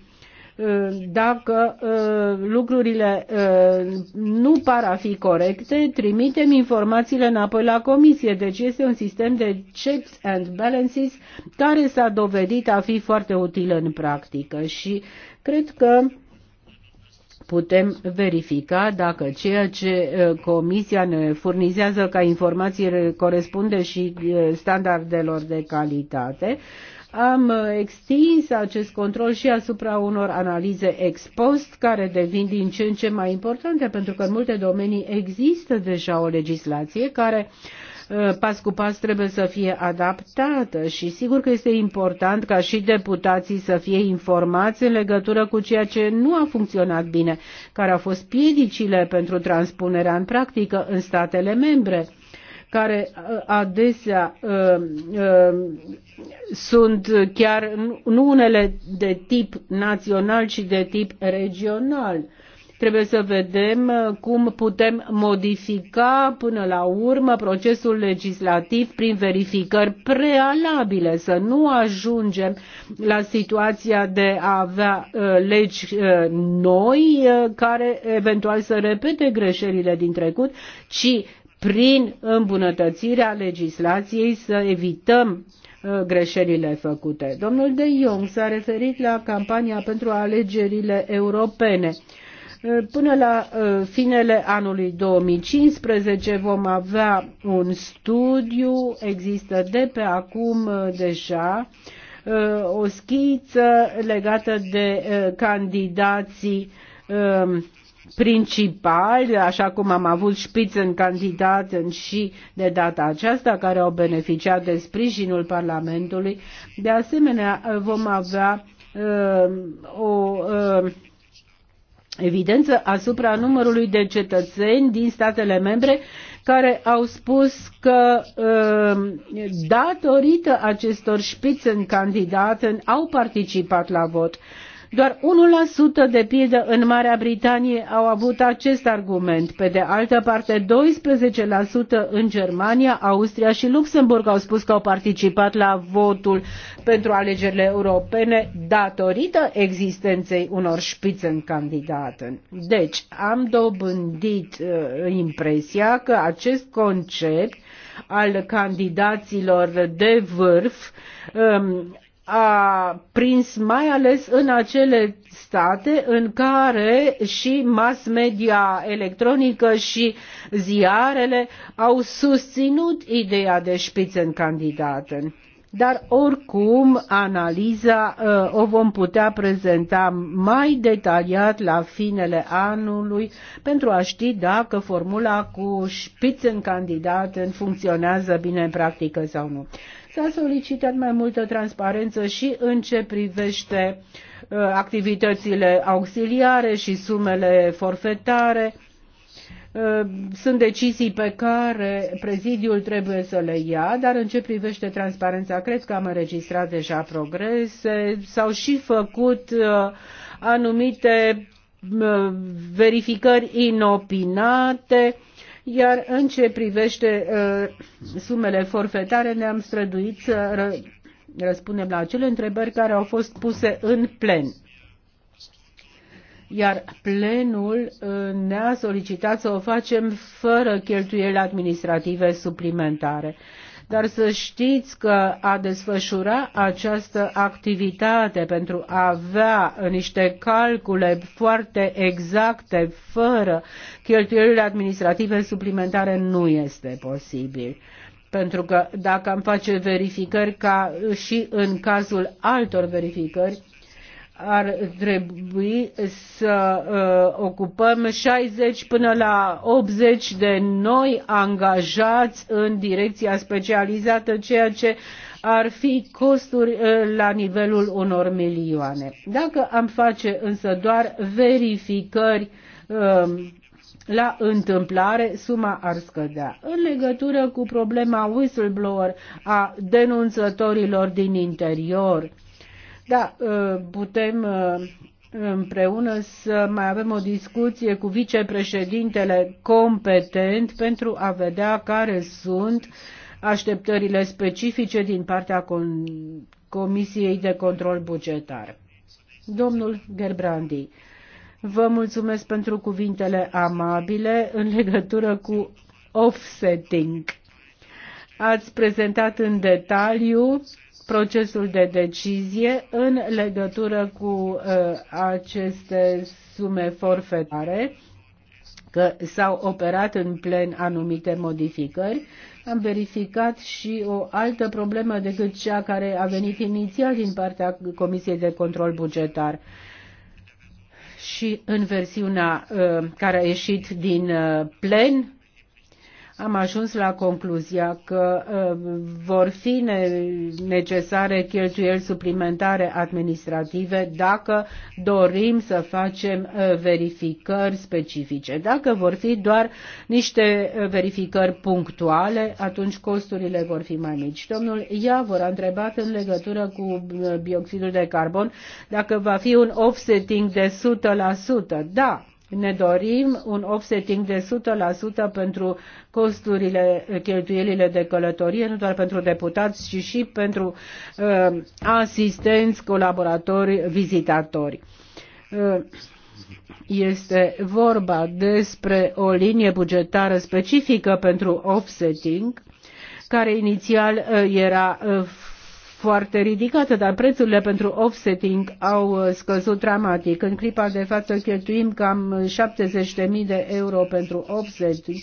A: dacă uh, lucrurile uh, nu par a fi corecte, trimitem informațiile înapoi la comisie. Deci este un sistem de checks and balances care s-a dovedit a fi foarte util în practică și cred că putem verifica dacă ceea ce uh, comisia ne furnizează ca informații corespunde și standardelor de calitate. Am uh, extins acest control și asupra unor analize ex post, care devin din ce în ce mai importante, pentru că în multe domenii există deja o legislație care uh, pas cu pas trebuie să fie adaptată și sigur că este important ca și deputații să fie informați în legătură cu ceea ce nu a funcționat bine, care au fost piedicile pentru transpunerea în practică în statele membre care uh, adesea uh, uh, sunt chiar nu unele de tip național, ci de tip regional. Trebuie să vedem cum putem modifica până la urmă procesul legislativ prin verificări prealabile, să nu ajungem la situația de a avea legi noi care eventual să repete greșelile din trecut, ci prin îmbunătățirea legislației să evităm uh, greșelile făcute. Domnul de Jong s-a referit la campania pentru alegerile europene. Uh, până la uh, finele anului 2015 vom avea un studiu, există de pe acum deja o schiță legată de candidații um, principali, așa cum am avut șpiți în candidat în și de data aceasta, care au beneficiat de sprijinul Parlamentului. De asemenea, vom avea uh, o uh, evidență asupra numărului de cetățeni din statele membre care au spus că uh, datorită acestor șpiți în candidat au participat la vot. Doar 1% de pildă în Marea Britanie au avut acest argument. Pe de altă parte, 12% în Germania, Austria și Luxemburg au spus că au participat la votul pentru alegerile europene datorită existenței unor Spitzenkandidaten. Deci, am dobândit uh, impresia că acest concept al candidaților de vârf um, a prins mai ales în acele state în care și mass media electronică și ziarele au susținut ideea de Spitzenkandidaten. Dar oricum analiza uh, o vom putea prezenta mai detaliat la finele anului pentru a ști dacă formula cu candidat funcționează bine în practică sau nu. S-a solicitat mai multă transparență și în ce privește uh, activitățile auxiliare și sumele forfetare. Uh, sunt decizii pe care prezidiul trebuie să le ia, dar în ce privește transparența, cred că am înregistrat deja progrese, s-au și făcut uh, anumite verificări inopinate, iar în ce privește uh, sumele forfetare, ne-am străduit să răspundem la acele întrebări care au fost puse în plen iar plenul uh, ne-a solicitat să o facem fără cheltuieli administrative suplimentare. Dar să știți că a desfășura această activitate pentru a avea niște calcule foarte exacte, fără cheltuielile administrative suplimentare, nu este posibil pentru că dacă am face verificări ca și în cazul altor verificări, ar trebui să uh, ocupăm 60 până la 80 de noi angajați în direcția specializată, ceea ce ar fi costuri uh, la nivelul unor milioane. Dacă am face însă doar verificări uh, la întâmplare, suma ar scădea. În legătură cu problema whistleblower a denunțătorilor din interior, uh, da, uh, putem uh, împreună să mai avem o discuție cu vicepreședintele competent pentru a vedea care sunt așteptările specifice din partea Comisiei de Control Bugetar. Domnul Gerbrandi, vă mulțumesc pentru cuvintele amabile în legătură cu offsetting. Ați prezentat în detaliu procesul de decizie în legătură cu uh, aceste sume forfetare că s-au operat în plen anumite modificări. Am verificat și o altă problemă decât cea care a venit inițial din partea Comisiei de Control Bugetar și în versiunea uh, care a ieșit din uh, plen am ajuns la concluzia că uh, vor fi necesare cheltuieli suplimentare administrative dacă dorim să facem uh, verificări specifice. Dacă vor fi doar niște uh, verificări punctuale, atunci costurile vor fi mai mici. Domnul vor a întrebat în legătură cu bioxidul de carbon dacă va fi un offsetting de 100%. Da, ne dorim un offsetting de 100% pentru costurile, cheltuielile de călătorie, nu doar pentru deputați, ci și pentru uh, asistenți, colaboratori, vizitatori. Uh, este vorba despre o linie bugetară specifică pentru offsetting, care inițial uh, era uh, foarte ridicată, dar prețurile pentru offsetting au uh, scăzut dramatic. În clipa de față cheltuim cam 70.000 de euro pentru offsetting.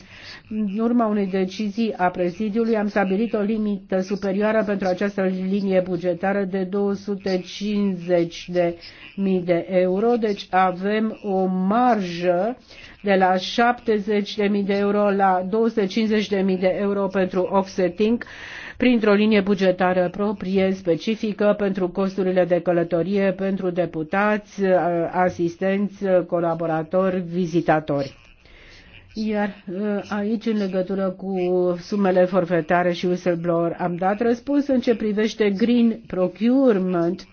A: În urma unei decizii a prezidiului am stabilit o limită superioară pentru această linie bugetară de 250.000 de de euro, deci avem o marjă de la 70.000 de euro la 250.000 de euro pentru offsetting printr-o linie bugetară proprie, specifică pentru costurile de călătorie pentru deputați, asistenți, colaboratori, vizitatori. Iar aici, în legătură cu sumele forfetare și whistleblower, am dat răspuns în ce privește green procurement.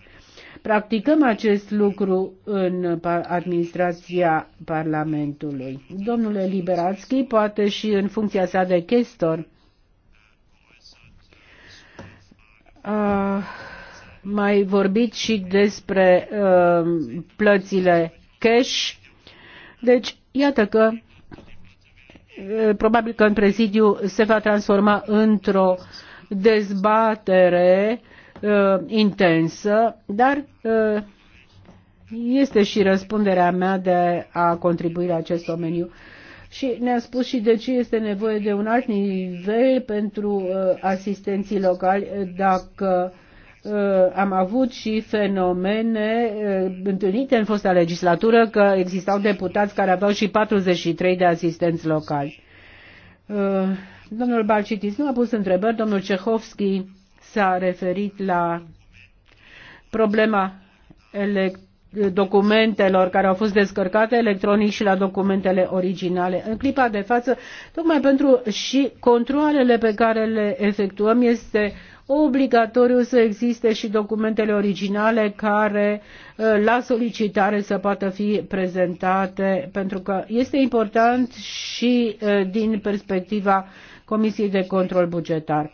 A: Practicăm acest lucru în administrația Parlamentului. Domnule Liberatski, poate și în funcția sa de chestor, mai vorbit și despre uh, plățile cash. Deci, iată că probabil că în prezidiu se va transforma într-o dezbatere uh, intensă, dar uh, este și răspunderea mea de a contribui la acest omeniu. Uh, și ne-a spus și de ce este nevoie de un alt nivel pentru uh, asistenții locali uh, dacă uh, am avut și fenomene uh, întâlnite în fosta legislatură că existau deputați care aveau și 43 de asistenți locali. Uh, domnul Balcitis nu a pus întrebări, domnul Cehovski s-a referit la problema elect documentelor care au fost descărcate electronic și la documentele originale. În clipa de față, tocmai pentru și controlele pe care le efectuăm, este obligatoriu să existe și documentele originale care uh, la solicitare să poată fi prezentate, pentru că este important și uh, din perspectiva Comisiei de Control Bugetar.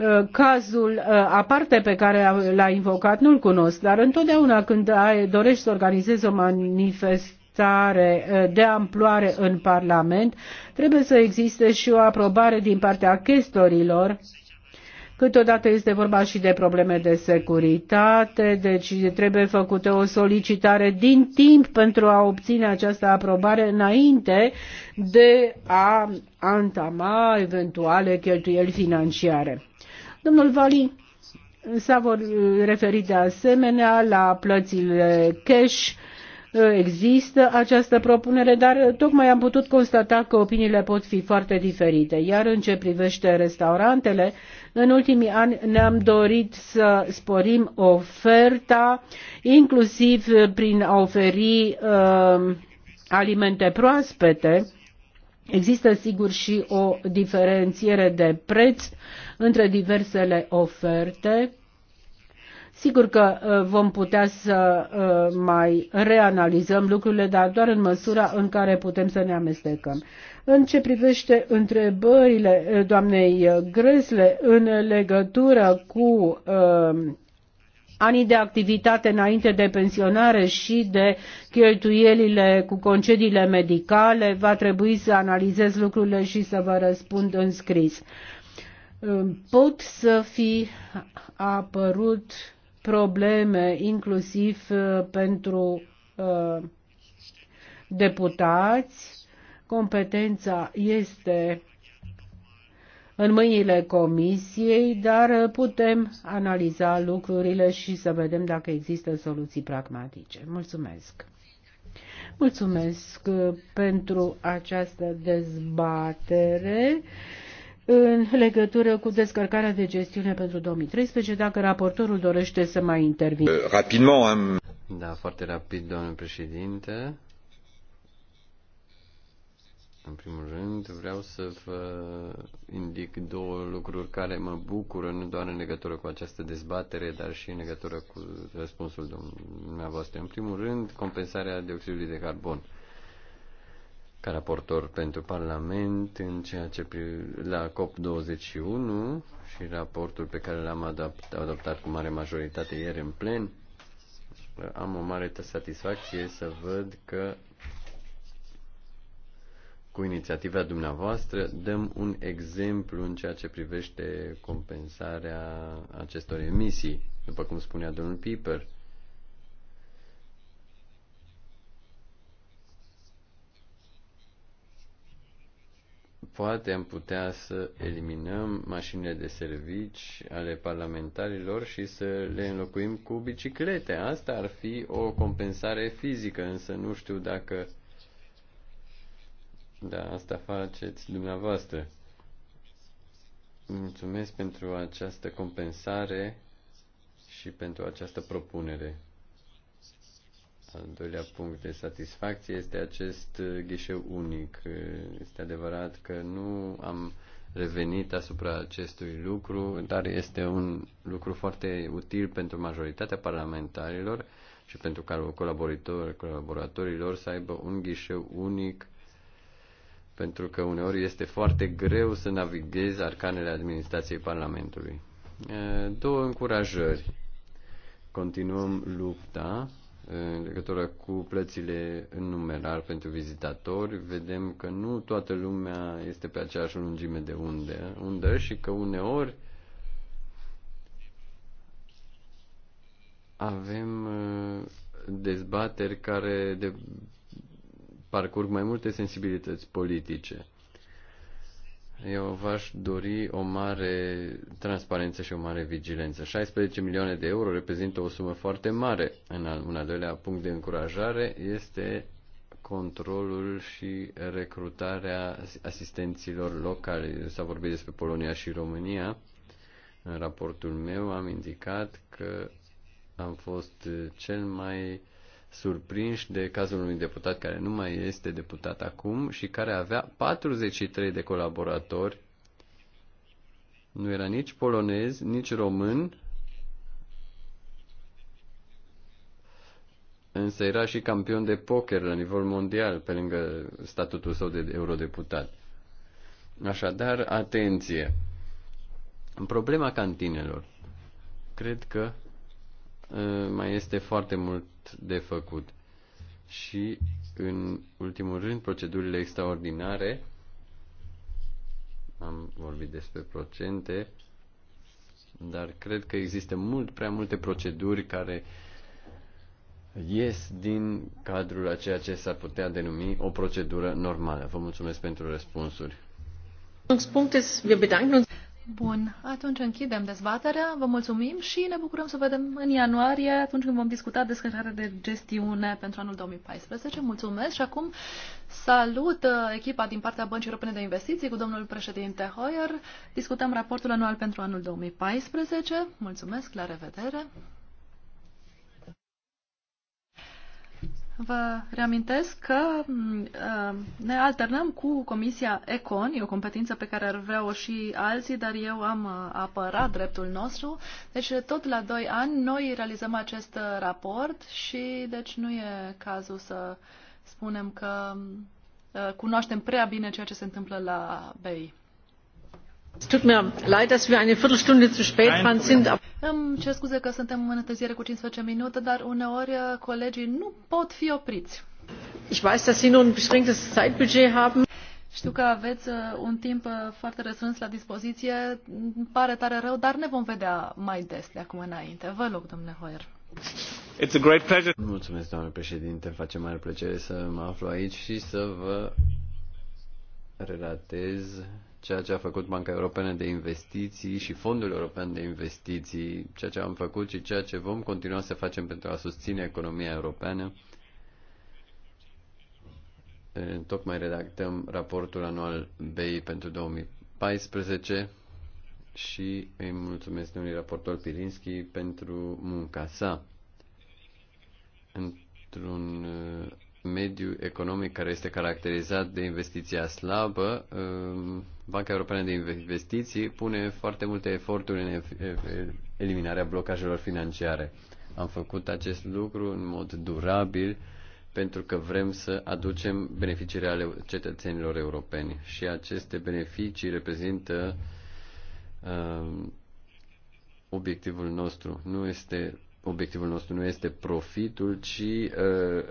A: Uh, cazul uh, aparte pe care l-a invocat nu-l cunosc, dar întotdeauna când dorești să organizezi o manifestare, manifestare uh, de amploare în Parlament, trebuie să existe și o aprobare din partea chestorilor. Câteodată este vorba și de probleme de securitate, deci trebuie făcută o solicitare din timp pentru a obține această aprobare înainte de a antama eventuale cheltuieli financiare. Domnul Vali s-a uh, referit de asemenea la plățile cash. Uh, există această propunere, dar uh, tocmai am putut constata că opiniile pot fi foarte diferite. Iar în ce privește restaurantele, în ultimii ani ne-am dorit să sporim oferta, inclusiv prin a oferi uh, alimente proaspete. Există sigur și o diferențiere de preț între diversele oferte. Sigur că uh, vom putea să uh, mai reanalizăm lucrurile, dar doar în măsura în care putem să ne amestecăm. În ce privește întrebările uh, doamnei Gresle în legătură cu anii de activitate înainte de pensionare și de cheltuielile cu concediile medicale, va trebui să analizez lucrurile și să vă răspund în scris pot să fi apărut probleme inclusiv uh, pentru uh, deputați. Competența este în mâinile comisiei, dar uh, putem analiza lucrurile și să vedem dacă există soluții pragmatice. Mulțumesc! Mulțumesc pentru această dezbatere în legătură cu descărcarea de gestiune pentru 2013, dacă raportorul dorește să mai intervină. Uh,
B: rapidement, am... Da, foarte rapid, domnule președinte. În primul rând, vreau să vă indic două lucruri care mă bucură, nu doar în legătură cu această dezbatere, dar și în legătură cu răspunsul dumneavoastră. În primul rând, compensarea dioxidului de carbon. Uh, ca raportor pentru Parlament în ceea ce la COP21 și raportul pe care l-am adoptat cu mare majoritate ieri în plen, am o mare satisfacție să văd că cu inițiativa dumneavoastră dăm un exemplu în ceea ce privește compensarea acestor emisii, după cum spunea domnul Piper poate am putea să eliminăm mașinile de servici ale parlamentarilor și să le înlocuim cu biciclete. Asta ar fi o compensare fizică, însă nu știu dacă da, asta faceți dumneavoastră. Mulțumesc pentru această compensare și pentru această propunere. Al doilea punct de satisfacție este acest uh, ghișeu unic. Este adevărat că nu am revenit asupra acestui lucru, dar este un lucru foarte util pentru majoritatea parlamentarilor și pentru ca lor să aibă un ghișeu unic pentru că uneori este foarte greu să navighezi arcanele administrației Parlamentului. Uh, două încurajări. Continuăm lupta în legătură cu plățile în numerar pentru vizitatori, vedem că nu toată lumea este pe aceeași lungime de unde, undă și că uneori avem uh, dezbateri care de parcurg mai multe sensibilități politice. Eu v-aș dori o mare transparență și o mare vigilență. 16 milioane de euro reprezintă o sumă foarte mare. În al, un al doilea punct de încurajare este controlul și recrutarea asistenților locali. S-a vorbit despre Polonia și România. În raportul meu am indicat că am fost cel mai uh, surprinși de cazul unui deputat care nu mai este deputat acum și care avea 43 de colaboratori. Nu era nici polonez, nici român, însă era și campion de poker la nivel mondial, pe lângă statutul său de eurodeputat. Așadar, atenție! În problema cantinelor, cred că uh, mai este foarte mult de făcut. Și, în ultimul rând, procedurile extraordinare. Am vorbit despre procente, dar cred că există mult prea multe proceduri care ies din cadrul a ceea ce s-ar putea denumi o procedură normală. Vă mulțumesc pentru răspunsuri.
C: Bun, atunci închidem dezbaterea, vă mulțumim și ne bucurăm să vedem în ianuarie, atunci când vom discuta descărcarea de gestiune pentru anul 2014. Mulțumesc și acum salut uh, echipa din partea Băncii Europene de Investiții cu domnul președinte Hoyer. Discutăm raportul anual pentru anul 2014. Mulțumesc, la revedere! Vă reamintesc că uh, ne alternăm cu Comisia ECON, e o competență pe care ar vrea o și alții, dar eu am uh, apărat dreptul nostru. Deci tot la doi ani noi realizăm acest uh, raport și deci nu e cazul să spunem că cunoaștem prea bine ceea ce se întâmplă la BEI. Îmi cer scuze că suntem în întârziere cu 15 minute, dar uneori uh, colegii nu pot fi opriți.
A: Ich weiß, dass Sie nur ein beschränktes Zeitbudget haben.
C: Știu că aveți uh, un timp uh, foarte restrâns la dispoziție. Îmi pare tare rău, dar ne vom vedea mai des de acum înainte. Vă rog, domnule Hoyer.
B: It's a great pleasure. Mulțumesc, doamnă președinte. face mare plăcere să mă aflu aici și să vă relatez ceea ce a făcut Banca Europeană de Investiții și Fondul European de Investiții, ceea ce am făcut și ceea ce vom continua să facem pentru a susține economia europeană. Tocmai redactăm raportul anual BEI pentru 2014 și îi mulțumesc domnului raportor Pirinski pentru munca sa într-un mediu economic care este caracterizat de investiția slabă, Banca Europeană de Investiții pune foarte multe eforturi în eliminarea blocajelor financiare. Am făcut acest lucru în mod durabil pentru că vrem să aducem beneficiile ale cetățenilor europeni și aceste beneficii reprezintă uh, obiectivul nostru. Nu este obiectivul nostru nu este profitul, ci uh,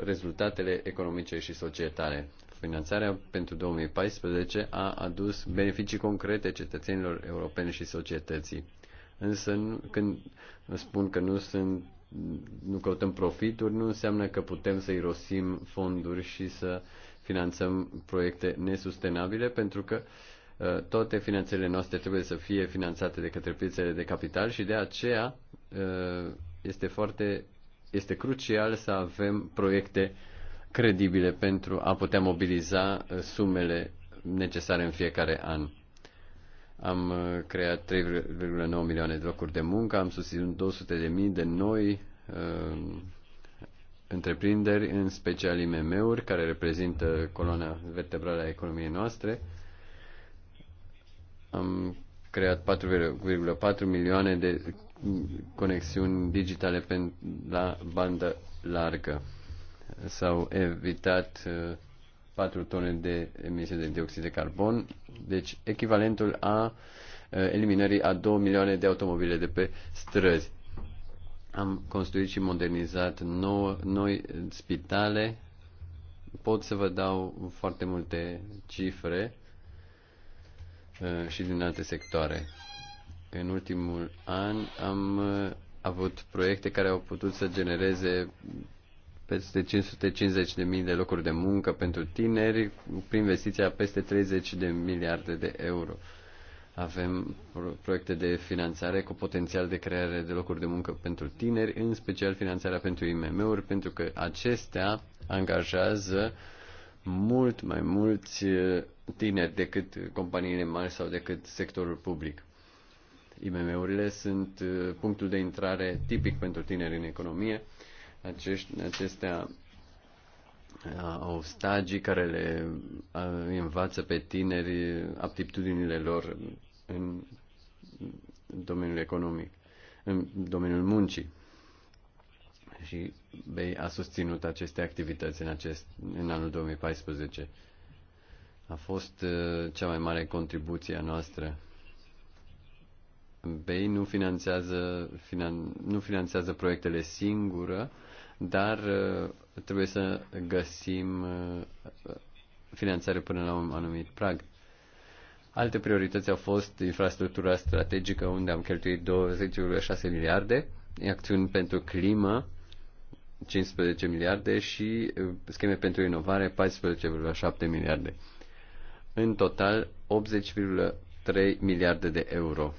B: rezultatele economice și societale. Finanțarea pentru 2014 a adus beneficii concrete cetățenilor europeni și societății. Însă când spun că nu sunt nu căutăm profituri, nu înseamnă că putem să irosim fonduri și să finanțăm proiecte nesustenabile, pentru că ă, toate finanțele noastre trebuie să fie finanțate de către piețele de capital și de aceea ă, este foarte este crucial să avem proiecte uh, credibile pentru a putea mobiliza uh, sumele necesare în fiecare an. Am uh, creat 3,9 milioane de locuri de muncă, am susținut 200.000 de noi uh, întreprinderi, în special IMM-uri, care reprezintă coloana vertebrală a economiei noastre. Am creat 4,4 milioane de conexiuni digitale la bandă largă s-au evitat 4 uh, tone de emisie de dioxid de carbon, deci echivalentul a uh, eliminării a 2 milioane de automobile de pe străzi. Am construit și modernizat nou noi spitale. Pot să vă dau foarte multe cifre uh, și din alte sectoare. În ultimul an am avut proiecte care au putut să genereze peste 550.000 de locuri de muncă pentru tineri, prin investiția peste 30 de miliarde de euro. Avem proiecte de finanțare cu potențial de creare de locuri de muncă pentru tineri, în special finanțarea pentru IMM-uri, pentru că acestea angajează mult mai mulți uh, tineri decât companiile mari sau decât sectorul public. IMM-urile sunt uh, punctul de intrare tipic pentru tineri în economie acești, acestea uh, au stagii care le uh, învață pe tineri aptitudinile lor în domeniul economic, în domeniul muncii. Și BEI a susținut aceste activități în, acest, în anul 2014. A fost uh, cea mai mare contribuție a noastră. BEI nu finanțează, finan, nu finanțează proiectele singură, uh, dar uh, trebuie să găsim uh, finanțare până la un anumit prag. Alte priorități au fost infrastructura strategică, unde am cheltuit 20,6 miliarde, acțiuni pentru climă, 15 miliarde și uh, scheme pentru inovare 14,7 miliarde. În total 80,3 miliarde de euro.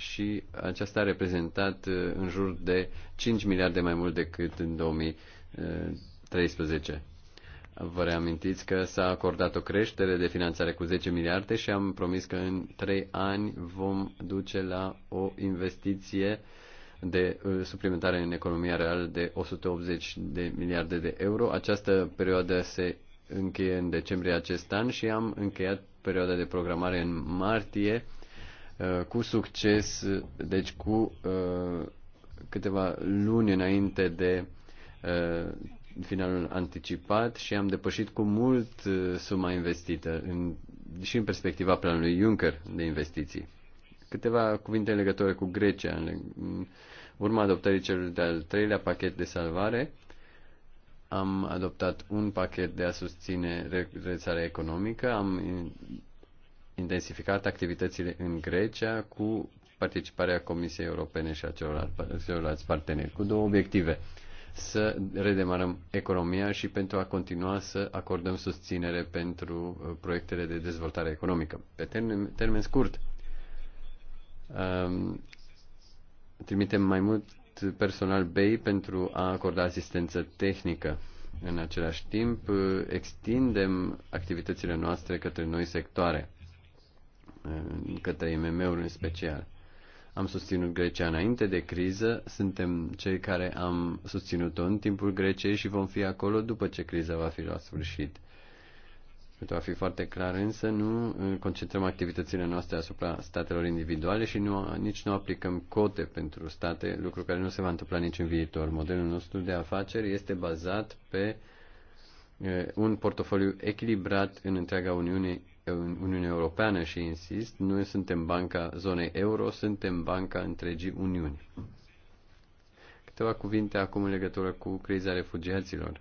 B: și aceasta a reprezentat uh, în jur de 5 miliarde mai mult decât în 2013. Uh, Vă reamintiți că s-a acordat o creștere de finanțare cu 10 miliarde și am promis că în 3 ani vom duce la o investiție de uh, suplimentare în economia reală de 180 de miliarde de euro. Această perioadă se încheie în decembrie acest an și am încheiat perioada de programare în martie Uh, cu succes, deci cu uh, câteva luni înainte de uh, finalul anticipat și am depășit cu mult suma investită în, și în perspectiva planului Juncker de investiții. Câteva cuvinte în legătură cu Grecia. În urma adoptării celui de-al treilea pachet de salvare, am adoptat un pachet de a susține rețarea economică, am intensificat activitățile în Grecia cu participarea Comisiei Europene și a celorlalți parteneri, cu două obiective. Să redemarăm economia și pentru a continua să acordăm susținere pentru uh, proiectele de dezvoltare economică. Pe termen, termen scurt, um, trimitem mai mult personal BEI pentru a acorda asistență tehnică. În același timp, uh, extindem activitățile noastre către noi sectoare către IMM-uri în special. Am susținut Grecia înainte de criză, suntem cei care am susținut-o în timpul Greciei și vom fi acolo după ce criza va fi la sfârșit. Pentru a fi foarte clar, însă, nu concentrăm activitățile noastre asupra statelor individuale și nu, nici nu aplicăm cote pentru state, lucru care nu se va întâmpla nici în viitor. Modelul nostru de afaceri este bazat pe un portofoliu echilibrat în întreaga Uniune Uniunii Europeană și insist, noi suntem banca zonei euro, suntem banca întregii Uniuni. Câteva cuvinte acum în legătură cu criza refugiaților.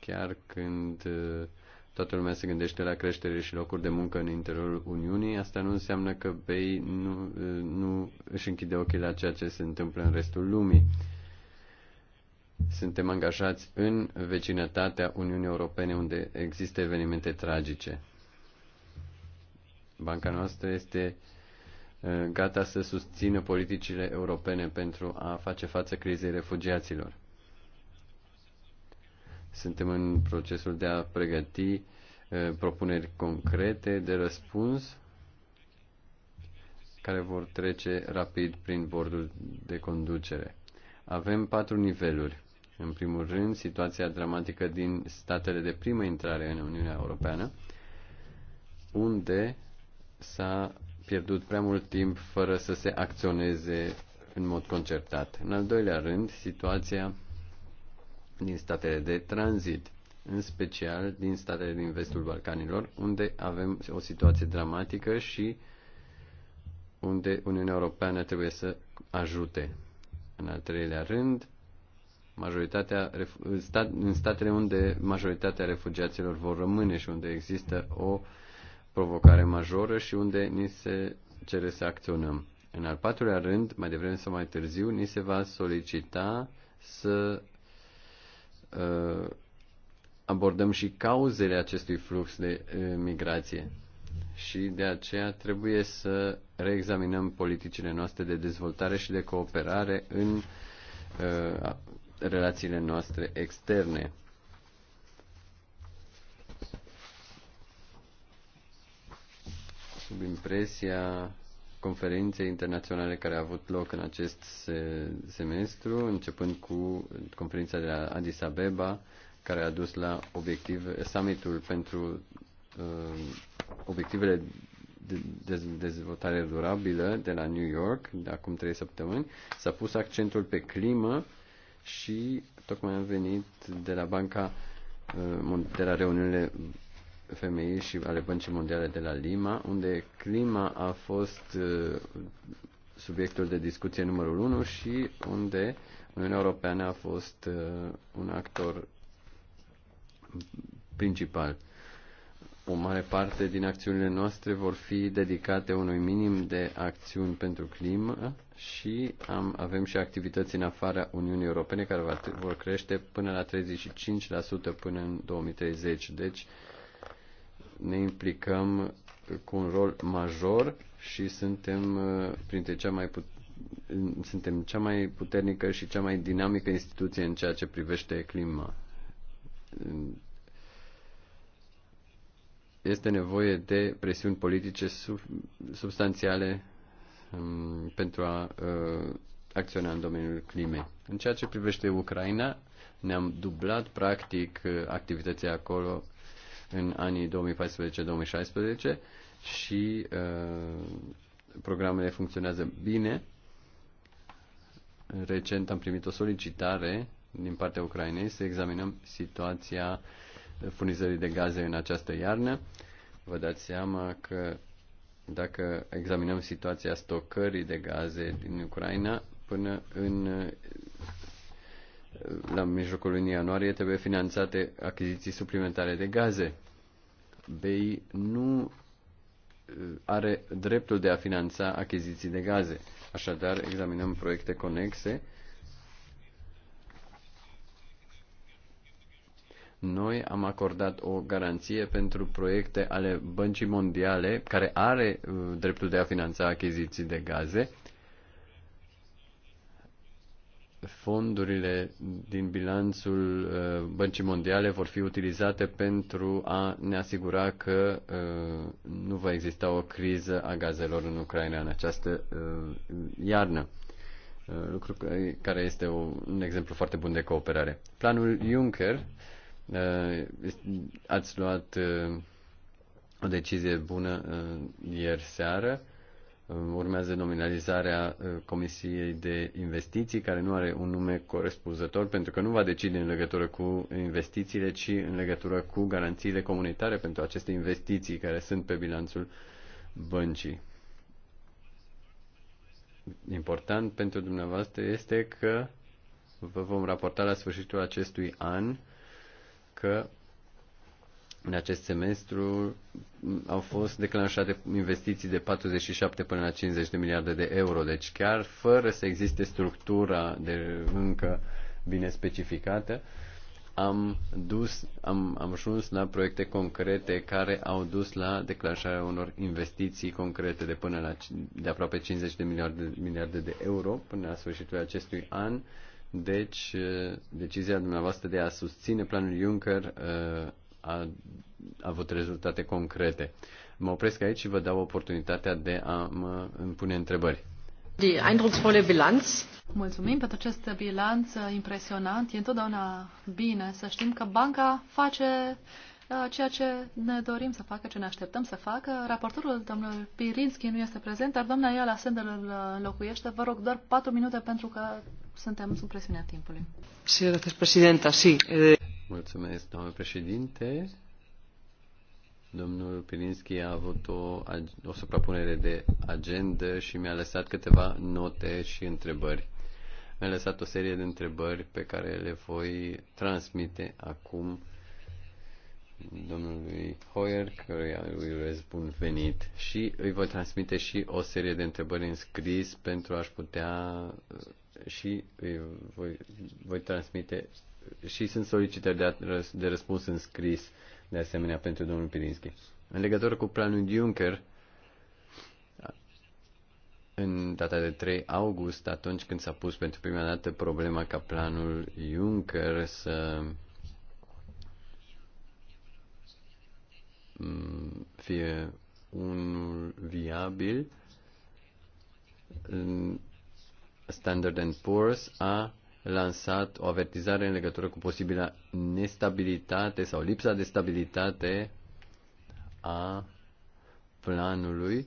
B: Chiar când uh, toată lumea se gândește la creștere și locuri de muncă în interiorul Uniunii, asta nu înseamnă că BEI nu, uh, nu își închide ochii la ceea ce se întâmplă în restul lumii suntem angajați în vecinătatea Uniunii Europene unde există evenimente tragice. Banca noastră este uh, gata să susțină politicile europene pentru a face față crizei refugiaților. Suntem în procesul de a pregăti uh, propuneri concrete de răspuns care vor trece rapid prin bordul de conducere. Avem patru niveluri. În primul rând, situația dramatică din statele de primă intrare în Uniunea Europeană, unde s-a pierdut prea mult timp fără să se acționeze în mod concertat. În al doilea rând, situația din statele de tranzit, în special din statele din vestul Balcanilor, unde avem o situație dramatică și unde Uniunea Europeană trebuie să ajute. În al treilea rând, majoritatea, în statele unde majoritatea refugiaților vor rămâne și unde există o uh, provocare majoră și unde ni se cere să acționăm. În al patrulea rând, mai devreme sau mai târziu, ni se va solicita să uh, abordăm și cauzele acestui flux de uh, migrație. Și de aceea trebuie să reexaminăm politicile noastre de dezvoltare și de cooperare în uh, relațiile noastre externe. sub impresia conferinței internaționale care a avut loc în acest semestru, începând cu conferința de la Addis Abeba, care a dus la obiectiv summitul pentru uh, obiectivele de dez, dezvoltare durabilă de la New York, de acum trei săptămâni, s-a pus accentul pe climă și tocmai am venit de la banca uh, de la reuniunile FMI și ale Băncii Mondiale de la Lima, unde clima a fost uh, subiectul de discuție numărul 1 și unde Uniunea Europeană a fost uh, un actor principal. O mare parte din acțiunile noastre vor fi dedicate unui minim de acțiuni pentru climă și am, avem și activități în afara Uniunii Europene care va, vor crește până la 35% până în 2030. Deci, ne implicăm cu un rol major și suntem uh, printre cea mai put- suntem cea mai puternică și cea mai dinamică instituție în ceea ce privește clima. Este nevoie de presiuni politice substanțiale um, pentru a uh, acționa în domeniul climei. În ceea ce privește Ucraina, ne-am dublat practic uh, activitățile acolo în anii 2014-2016 și uh, programele funcționează bine. Recent am primit o solicitare din partea Ucrainei să examinăm situația furnizării de gaze în această iarnă. Vă dați seama că dacă examinăm situația stocării de gaze din Ucraina, până în la mijlocul lunii ianuarie trebuie finanțate achiziții suplimentare de gaze. BEI nu uh, are dreptul de a finanța achiziții de gaze. Așadar, examinăm proiecte conexe. Noi am acordat o garanție pentru proiecte ale Băncii Mondiale, care are uh, dreptul de a finanța achiziții de gaze fondurile din bilanțul uh, Băncii Mondiale vor fi utilizate pentru a ne asigura că uh, nu va exista o criză a gazelor în Ucraina în această uh, iarnă. Lucru care este un exemplu foarte bun de cooperare. Planul Juncker, ați luat o decizie bună ieri seară Urmează nominalizarea uh, Comisiei de Investiții, care nu are un nume corespunzător, pentru că nu va decide în legătură cu investițiile, ci în legătură cu garanțiile comunitare pentru aceste investiții care sunt pe bilanțul băncii. Important pentru dumneavoastră este că vă vom raporta la sfârșitul acestui an că în acest semestru au fost declanșate investiții de 47 până la 50 de miliarde de euro, deci chiar fără să existe structura de încă bine specificată, am, dus, am, am ajuns la proiecte concrete care au dus la declanșarea unor investiții concrete de până la de aproape 50 de miliarde, miliarde de euro până la sfârșitul acestui an. Deci, eh, decizia dumneavoastră de a susține planul Juncker eh, a avut rezultate concrete. Mă opresc aici și vă dau oportunitatea de a mă pune întrebări. Die eindrucksvolle
C: Mulțumim pentru acest bilanț impresionant. E întotdeauna bine să știm că banca face uh, ceea ce ne dorim să facă, ce ne așteptăm să facă. Raportorul domnul Pirinski nu este prezent, dar doamna Iala Sender îl înlocuiește. Vă rog doar patru minute pentru că suntem sub presiunea timpului. Sí, gracias,
B: presidenta. Sí. Eh, Mulțumesc, domnule președinte. Domnul Pilinski a avut o, o suprapunere de agendă și mi-a lăsat câteva note și întrebări. Mi-a lăsat o serie de întrebări pe care le voi transmite acum domnului Hoyer, căruia îi urez bun venit și îi voi transmite și o serie de întrebări în scris pentru a-și putea și îi voi, voi transmite și sunt solicitări de, de răspuns în scris, de asemenea, pentru domnul Pirinski. În legătură cu planul Juncker, în data de 3 august, atunci când s-a pus pentru prima dată problema ca planul Juncker să mm, fie unul viabil, Standard Poor's a lansat o avertizare în legătură cu posibila nestabilitate sau lipsa de stabilitate a planului.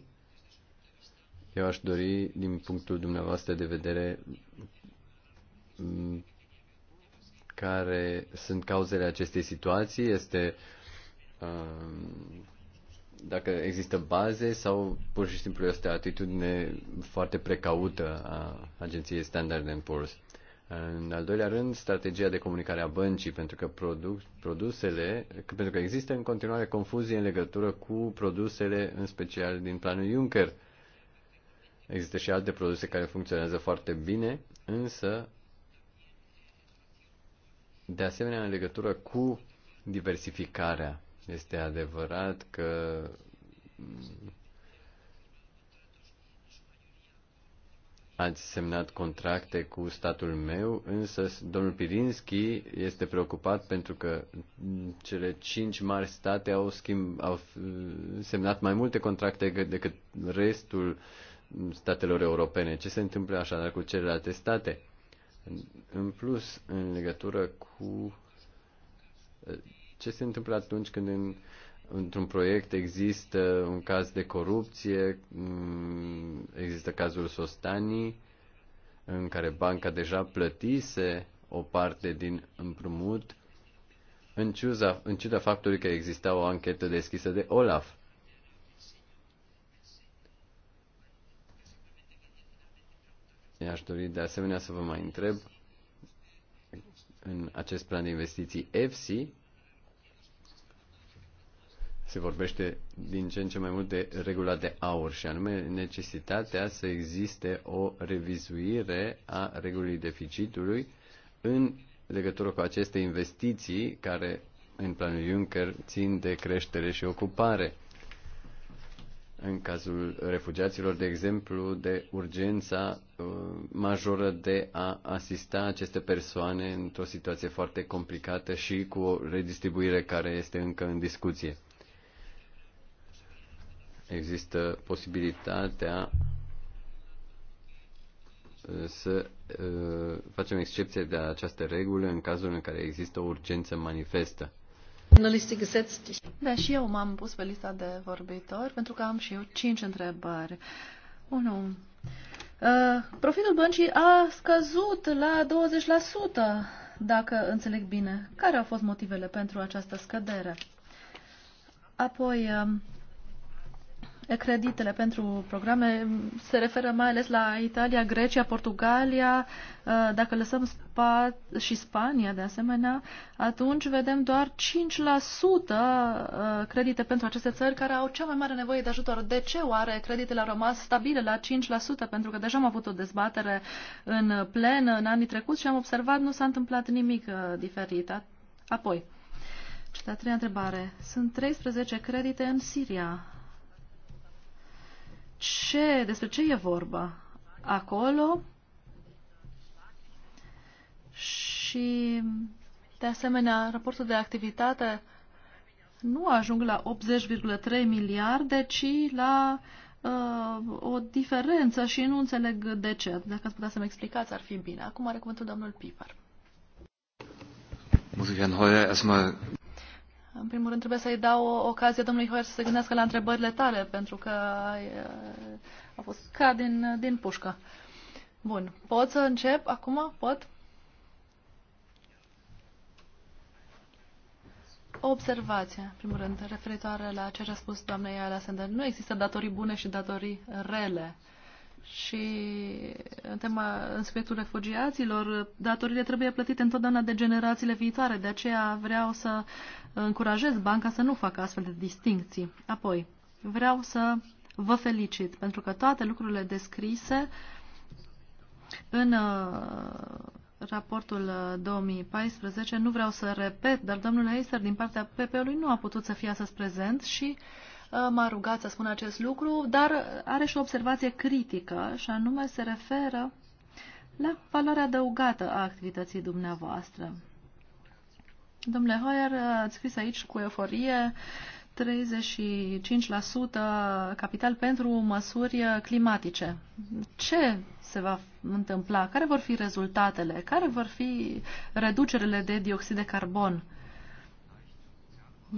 B: Eu aș dori, din punctul dumneavoastră de vedere, care sunt cauzele acestei situații, este um, dacă există baze sau pur și simplu este o atitudine foarte precaută a agenției Standard Poor's. În al doilea rând, strategia de comunicare a băncii, pentru că produc, produsele, pentru că există în continuare confuzie în legătură cu produsele, în special din planul Juncker. Există și alte produse care funcționează foarte bine, însă, de asemenea, în legătură cu diversificarea. Este adevărat că ați semnat contracte cu statul meu, însă domnul Pirinski este preocupat pentru că cele cinci mari state au, schimb, au semnat mai multe contracte decât restul statelor europene. Ce se întâmplă așadar cu celelalte state? În plus, în legătură cu ce se întâmplă atunci când în într-un proiect există un caz de corupție, mm, există cazul Sostani, în care banca deja plătise o parte din împrumut, în ciuda, în ciuda faptului că exista o anchetă deschisă de Olaf. Aș dori de asemenea să vă mai întreb în acest plan de investiții EFSI, se vorbește din ce în ce mai mult de regula de aur și anume necesitatea să existe o revizuire a regulii deficitului în legătură cu aceste investiții care în planul Juncker țin de creștere și ocupare. În cazul refugiaților, de exemplu, de urgența uh, majoră de a asista aceste persoane într-o situație foarte complicată și cu o redistribuire care este încă în discuție există posibilitatea uh, să uh, facem excepție de această regulă în cazul în care există o urgență manifestă.
C: Da, și eu m-am pus pe lista de vorbitori pentru că am și eu cinci întrebări. Unu. Uh, profitul băncii a scăzut la 20%, dacă înțeleg bine. Care au fost motivele pentru această scădere? Apoi, uh, creditele pentru programe se referă mai ales la Italia, Grecia, Portugalia, uh, dacă lăsăm spa- și Spania de asemenea, atunci vedem doar 5% uh, credite pentru aceste țări care au cea mai mare nevoie de ajutor. De ce oare creditele au rămas stabile la 5%? Pentru că deja am avut o dezbatere în plen în anii trecuți și am observat nu s-a întâmplat nimic uh, diferit. Apoi, și a treia întrebare. Sunt 13 credite în Siria ce, despre ce e vorba acolo și, de asemenea, raportul de activitate nu ajung la 80,3 miliarde, ci la uh, o diferență și nu înțeleg de ce. Dacă ați putea să-mi explicați, ar fi bine. Acum are cuvântul domnul Piper.
B: Muss ich Herrn Heuer erstmal
C: în primul rând trebuie să-i dau o ocazie domnului Hoyer să se gândească la întrebările tale, pentru că a fost ca din, din pușcă. Bun, pot să încep acum? Pot? O observație, în primul rând, referitoare la ce a spus doamna Iala Sender. Nu există datorii bune și datorii rele. Uh, și în tema în subiectul refugiaților, datorile trebuie plătite întotdeauna de generațiile viitoare, de aceea vreau să încurajez banca să nu facă astfel de distincții. Apoi, vreau să vă felicit pentru că toate lucrurile descrise în uh, raportul 2014, uh, nu vreau să repet, dar domnul Heister din partea PP-ului nu a putut să fie astăzi prezent și uh, Uh, m-a rugat să spun acest lucru, dar are și o observație critică și anume se referă la valoarea adăugată a activității dumneavoastră. Domnule Hoyer, ați scris aici cu euforie 35% capital pentru măsuri climatice. Ce se va întâmpla? Care vor fi rezultatele? Care vor fi reducerile de dioxid de carbon?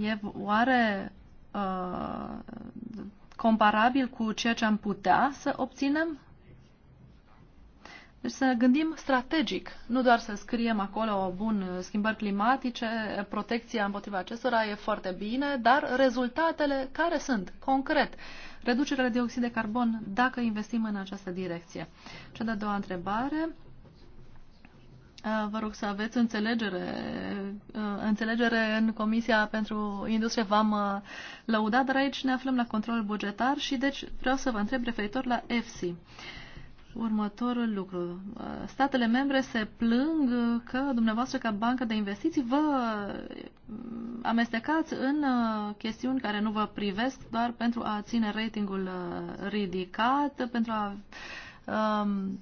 C: E oare Uh, comparabil cu ceea ce am putea să obținem? Deci să ne gândim strategic, nu doar să scriem acolo, oh, bun, schimbări climatice, protecția împotriva acestora e foarte bine, dar rezultatele care sunt, concret? Reducerea de oxid de carbon dacă investim în această direcție. Cea de-a doua întrebare, Uh, vă rog să aveți înțelegere, uh, înțelegere în Comisia pentru Industrie. V-am uh, lăudat, dar aici ne aflăm la control bugetar și deci vreau să vă întreb referitor la EFSI. Următorul lucru. Statele membre se plâng că dumneavoastră ca bancă de investiții vă amestecați în chestiuni care nu vă privesc doar pentru a ține ratingul ridicat, pentru a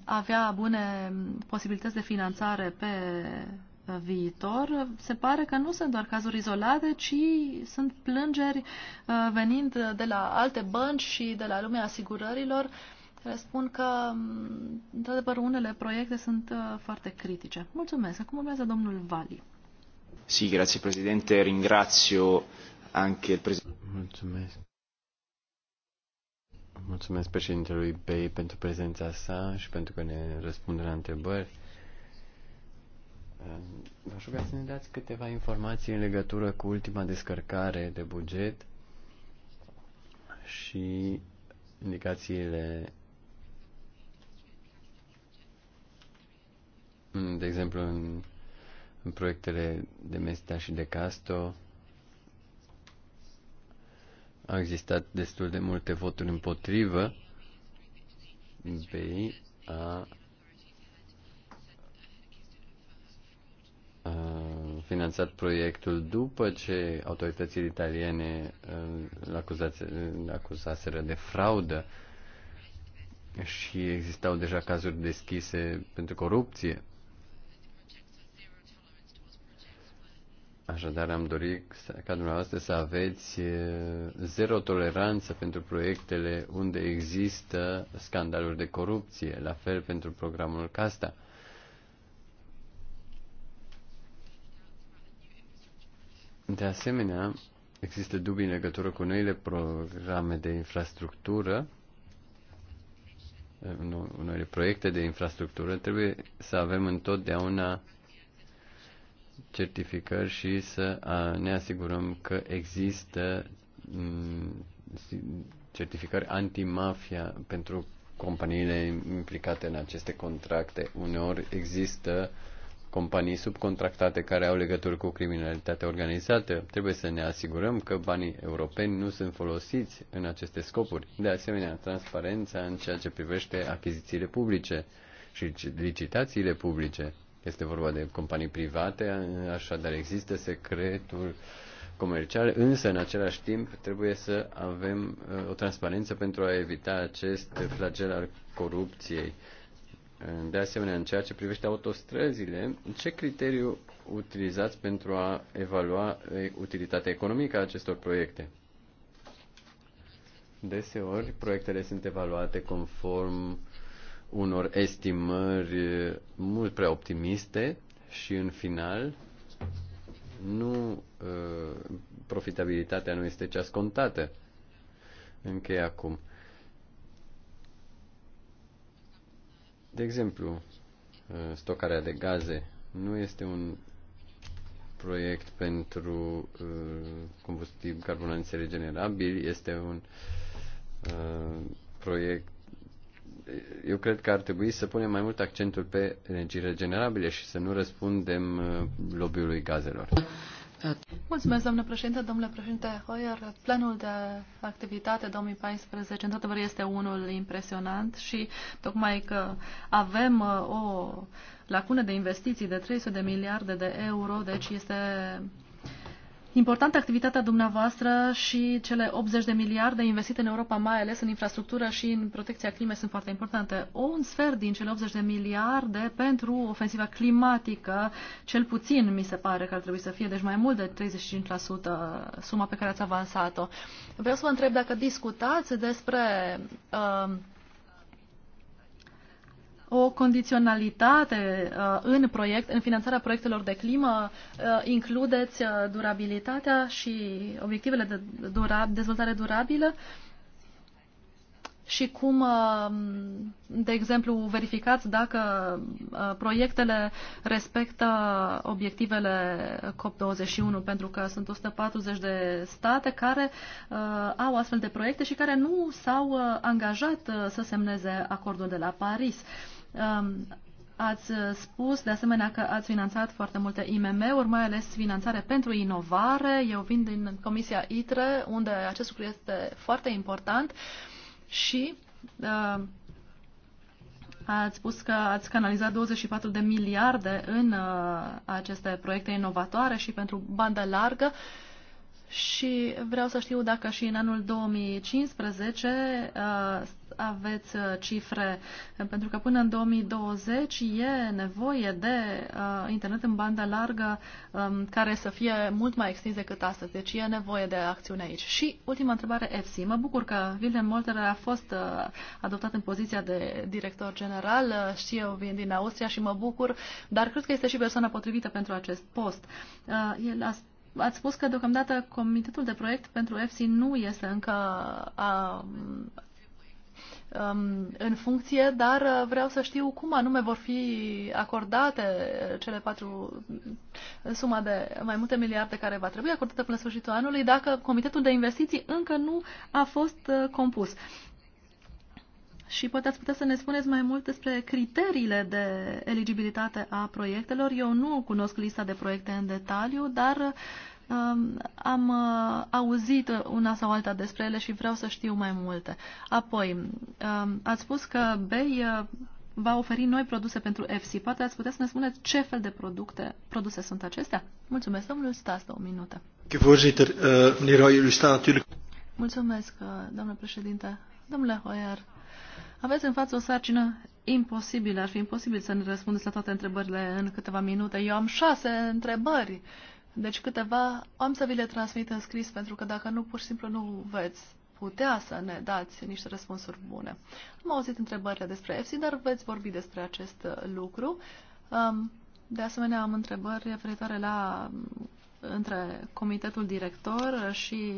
C: avea bune posibilități de finanțare pe viitor. Se pare că nu sunt doar cazuri izolate, ci sunt plângeri uh, venind de la alte bănci și de la lumea asigurărilor care spun că, um, într-adevăr, unele proiecte sunt uh, foarte critice. Mulțumesc. Acum urmează domnul Vali.
B: Sì, grazie Presidente, ringrazio anche il Presidente. Mulțumesc. Mulțumesc președintelui Bey pentru prezența sa și pentru că ne răspunde la întrebări. V-aș ruga să ne dați câteva informații în legătură cu ultima descărcare de buget și indicațiile de exemplu în, în proiectele de Mestea și de Casto au existat destul de multe voturi împotrivă. B a, a finanțat proiectul după ce autoritățile italiene uh, îl acuzaseră de fraudă și existau deja cazuri deschise pentru corupție. Așadar, am dorit ca dumneavoastră să aveți zero toleranță pentru proiectele unde există scandaluri de corupție, la fel pentru programul CASTA. De asemenea, există dubii în legătură cu noile programe de infrastructură, noile proiecte de infrastructură. Trebuie să avem întotdeauna certificări și să ne asigurăm că există certificări antimafia pentru companiile implicate în aceste contracte. Uneori există companii subcontractate care au legături cu criminalitatea organizată. Trebuie să ne asigurăm că banii europeni nu sunt folosiți în aceste scopuri. De asemenea, transparența în ceea ce privește achizițiile publice și licitațiile publice este vorba de companii private, așadar există secretul comercial, însă în același timp trebuie să avem uh, o transparență pentru a evita acest flagel al corupției. De asemenea, în ceea ce privește autostrăzile, ce criteriu utilizați pentru a evalua uh, utilitatea economică a acestor proiecte? Deseori, proiectele sunt evaluate conform unor estimări mult prea optimiste și în final nu uh, profitabilitatea nu este cea scontată. Închei acum. De exemplu, uh, stocarea de gaze nu este un proiect pentru uh, combustibil carbonanțe regenerabil, este un proiect eu cred că ar trebui să punem mai mult accentul pe energii regenerabile și să nu răspundem uh, lobby-ului gazelor.
C: Mulțumesc, domnule președinte. Domnule președinte Hoyer, planul de activitate 2014 într-adevăr este unul impresionant și tocmai că avem uh, o lacună de investiții de 300 de miliarde de euro, deci este Importantă activitatea dumneavoastră și cele 80 de miliarde investite în Europa, mai ales în infrastructură și în protecția climei, sunt foarte importante. O un sfert din cele 80 de miliarde pentru ofensiva climatică, cel puțin mi se pare că ar trebui să fie, deci mai mult de 35% suma pe care ați avansat-o. Vreau să vă întreb dacă discutați despre uh, o condiționalitate uh, în proiect, în finanțarea proiectelor de climă, uh, includeți uh, durabilitatea și obiectivele de dura, dezvoltare durabilă și cum, de exemplu, verificați dacă proiectele respectă obiectivele COP21, pentru că sunt 140 de state care au astfel de proiecte și care nu s-au angajat să semneze acordul de la Paris. Um, ați uh, spus, de asemenea, că ați finanțat foarte multe IMM-uri, mai ales finanțare pentru inovare. Eu vin din Comisia ITRE, unde acest lucru este foarte important și uh, ați spus că ați canalizat 24 de miliarde în uh, aceste proiecte inovatoare și pentru bandă largă. Și vreau să știu dacă și în anul 2015 uh, aveți uh, cifre, pentru că până în 2020 e nevoie de uh, internet în bandă largă um, care să fie mult mai extins decât astăzi. Deci e nevoie de acțiune aici. Și ultima întrebare, EFSI. Mă bucur că Wilhelm Molter a fost uh, adoptat în poziția de director general. Știu, eu vin din Austria și mă bucur, dar cred că este și persoana potrivită pentru acest post. El a ați spus că deocamdată comitetul de proiect pentru EFSI nu este încă a, um, în funcție, dar uh, vreau să știu cum anume vor fi acordate uh, cele patru uh, suma de mai multe miliarde care va trebui acordată până la sfârșitul anului, dacă Comitetul de Investiții încă nu a fost compus. Și poate ați putea să ne spuneți mai mult despre criteriile de eligibilitate a proiectelor. Eu nu cunosc lista de proiecte în detaliu, dar am uh, auzit una sau alta despre ele și vreau să știu mai multe. Apoi, um, ați spus că BEI uh, va oferi noi produse pentru FC. Poate ați putea să ne spuneți ce fel de producte, produse sunt acestea? Mulțumesc, domnul Stas, două minute. Eh, Mulțumesc, uh, domnule președinte. Domnule Hoyer. aveți în față o sarcină imposibilă. Ar fi imposibil să ne răspundeți la toate întrebările în câteva minute. Eu am șase întrebări deci câteva am să vi le transmit în scris, pentru că dacă nu, pur și simplu nu veți putea să ne dați niște răspunsuri bune. Am auzit întrebările despre EFSI, dar veți vorbi despre acest lucru. De asemenea, am întrebări referitoare la între comitetul director și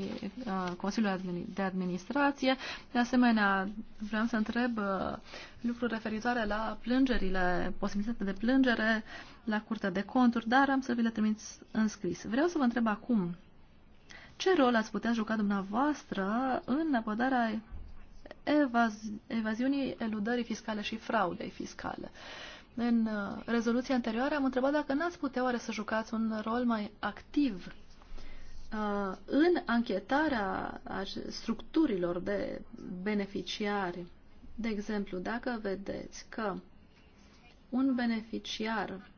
C: uh, Consiliul de Administrație. De asemenea, vreau să întreb uh, lucruri referitoare la plângerile, posibilitatea de plângere la Curtea de Conturi, dar am să vi le trimit în scris. Vreau să vă întreb acum, ce rol ați putea juca dumneavoastră în apădarea evaz evaziunii, eludării fiscale și fraudei fiscale? Uh, în uh, rezoluția anterioară am întrebat dacă n-ați putea oare să jucați un rol mai activ uh, în anchetarea structurilor de beneficiari. De exemplu, dacă vedeți că un beneficiar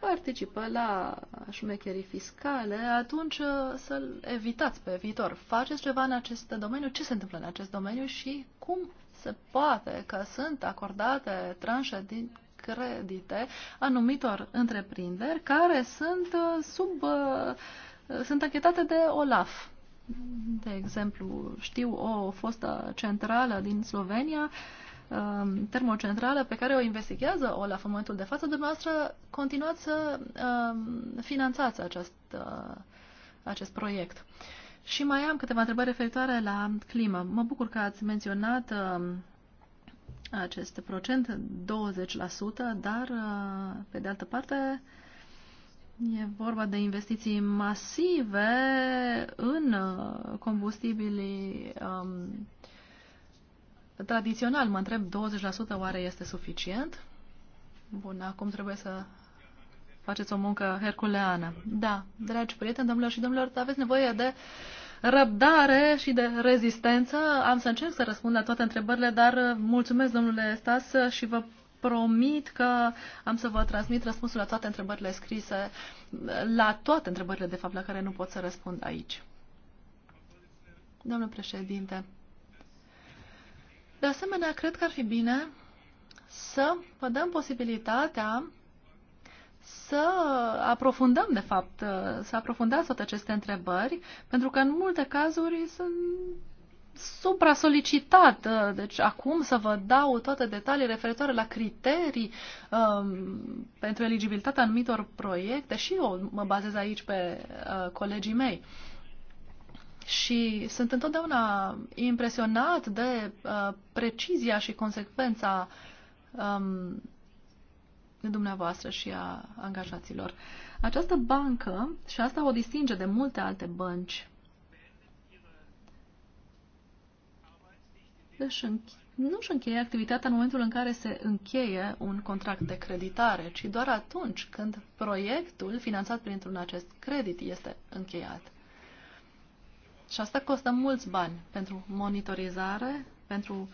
C: participă la șmecherii fiscale, atunci uh, să-l evitați pe viitor. Faceți ceva în acest domeniu, ce se întâmplă în acest domeniu și cum se poate că sunt acordate tranșe din credite anumitor întreprinderi care sunt uh, sub uh, sunt achetate de OLAF. De exemplu, știu o fostă centrală din Slovenia um, termocentrală pe care o investigează Olaf. în momentul de față, dumneavoastră continuați să um, finanțați acest, uh, acest proiect. Și mai am câteva întrebări referitoare la climă. Mă bucur că ați menționat um, acest procent, 20%, dar, uh, pe de altă parte, e vorba de investiții masive în uh, combustibilii um, tradițional. Mă întreb, 20% oare este suficient? Bun, acum trebuie să faceți o muncă herculeană. Da, dragi prieteni, domnilor și domnilor, aveți nevoie de răbdare și de rezistență. Am să încerc să răspund la toate întrebările, dar uh, mulțumesc, domnule Stas, și vă promit că am să vă transmit răspunsul la toate întrebările scrise, uh, la toate întrebările, de fapt, la care nu pot să răspund aici. Domnule președinte, de asemenea, cred că ar fi bine să vă dăm posibilitatea să aprofundăm, de fapt, uh, să aprofundați toate aceste întrebări, pentru că în multe cazuri sunt supra-solicitat. Uh, deci acum să vă dau toate detaliile referitoare la criterii um, pentru eligibilitatea anumitor proiecte și eu mă bazez aici pe uh, colegii mei. Și sunt întotdeauna impresionat de uh, precizia și consecvența um, dumneavoastră și a angajaților. Această bancă, și asta o distinge de multe alte bănci, își nu își încheie activitatea în momentul în care se încheie un contract de creditare, ci doar atunci când proiectul finanțat printr-un acest credit este încheiat. Și asta costă mulți bani pentru monitorizare, pentru uh,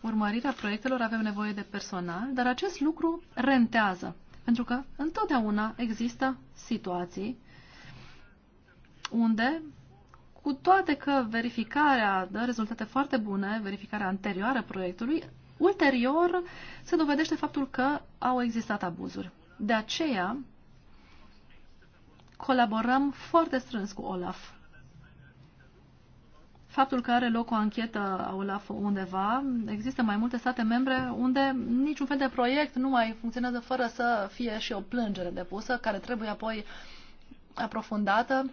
C: urmărirea proiectelor avem nevoie de personal, dar acest lucru rentează, pentru că întotdeauna există situații unde, cu toate că verificarea dă rezultate foarte bune, verificarea anterioară proiectului, ulterior se dovedește faptul că au existat abuzuri. De aceea, colaborăm foarte strâns cu OLAF faptul că are loc o anchetă a OLAF undeva, există mai multe state membre unde niciun fel de proiect nu mai funcționează fără să fie și o plângere depusă, care trebuie apoi aprofundată.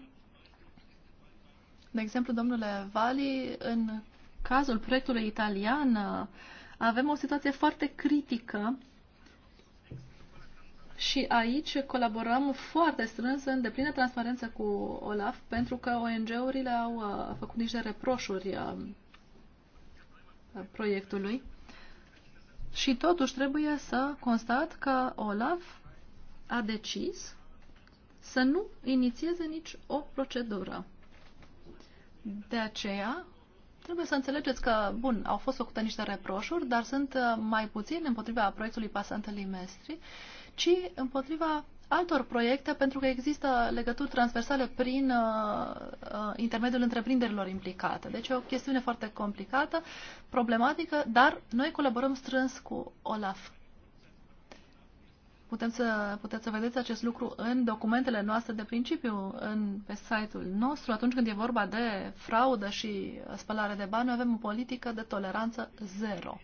C: De exemplu, domnule Vali, în cazul proiectului italian avem o situație foarte critică și aici colaborăm foarte strâns, în deplină transparență cu OLAF, pentru că ONG-urile au uh, făcut niște reproșuri uh, proiectului. Și totuși trebuie să constat că OLAF a decis să nu inițieze nici o procedură. De aceea, trebuie să înțelegeți că, bun, au fost făcute niște reproșuri, dar sunt uh, mai puțini împotriva proiectului Pasantele Mestri ci împotriva altor proiecte pentru că există legături transversale prin uh, uh, intermediul întreprinderilor implicate. Deci e o chestiune foarte complicată, problematică, dar noi colaborăm strâns cu OLAF. Putem să, puteți să vedeți acest lucru în documentele noastre de principiu, în, pe site-ul nostru. Atunci când e vorba de fraudă și spălare de bani, noi avem o politică de toleranță zero.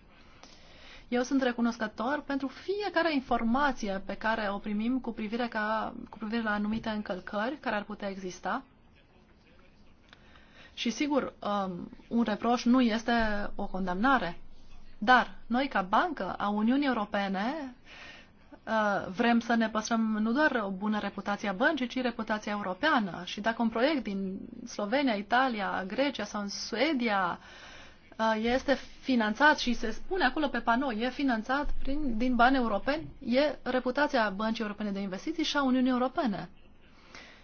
C: Eu sunt recunoscător pentru fiecare informație pe care o primim cu privire, ca, cu privire la anumite încălcări care ar putea exista. Și sigur, um, un reproș nu este o condamnare. Dar noi, ca bancă a Uniunii Europene, uh, vrem să ne păstrăm nu doar o bună reputație a băncii, ci reputația europeană. Și dacă un proiect din Slovenia, Italia, Grecia sau în Suedia uh, Uh, este finanțat și se spune acolo pe panou, e finanțat prin, din bani europeni, e reputația Băncii Europene de Investiții și a Uniunii Europene.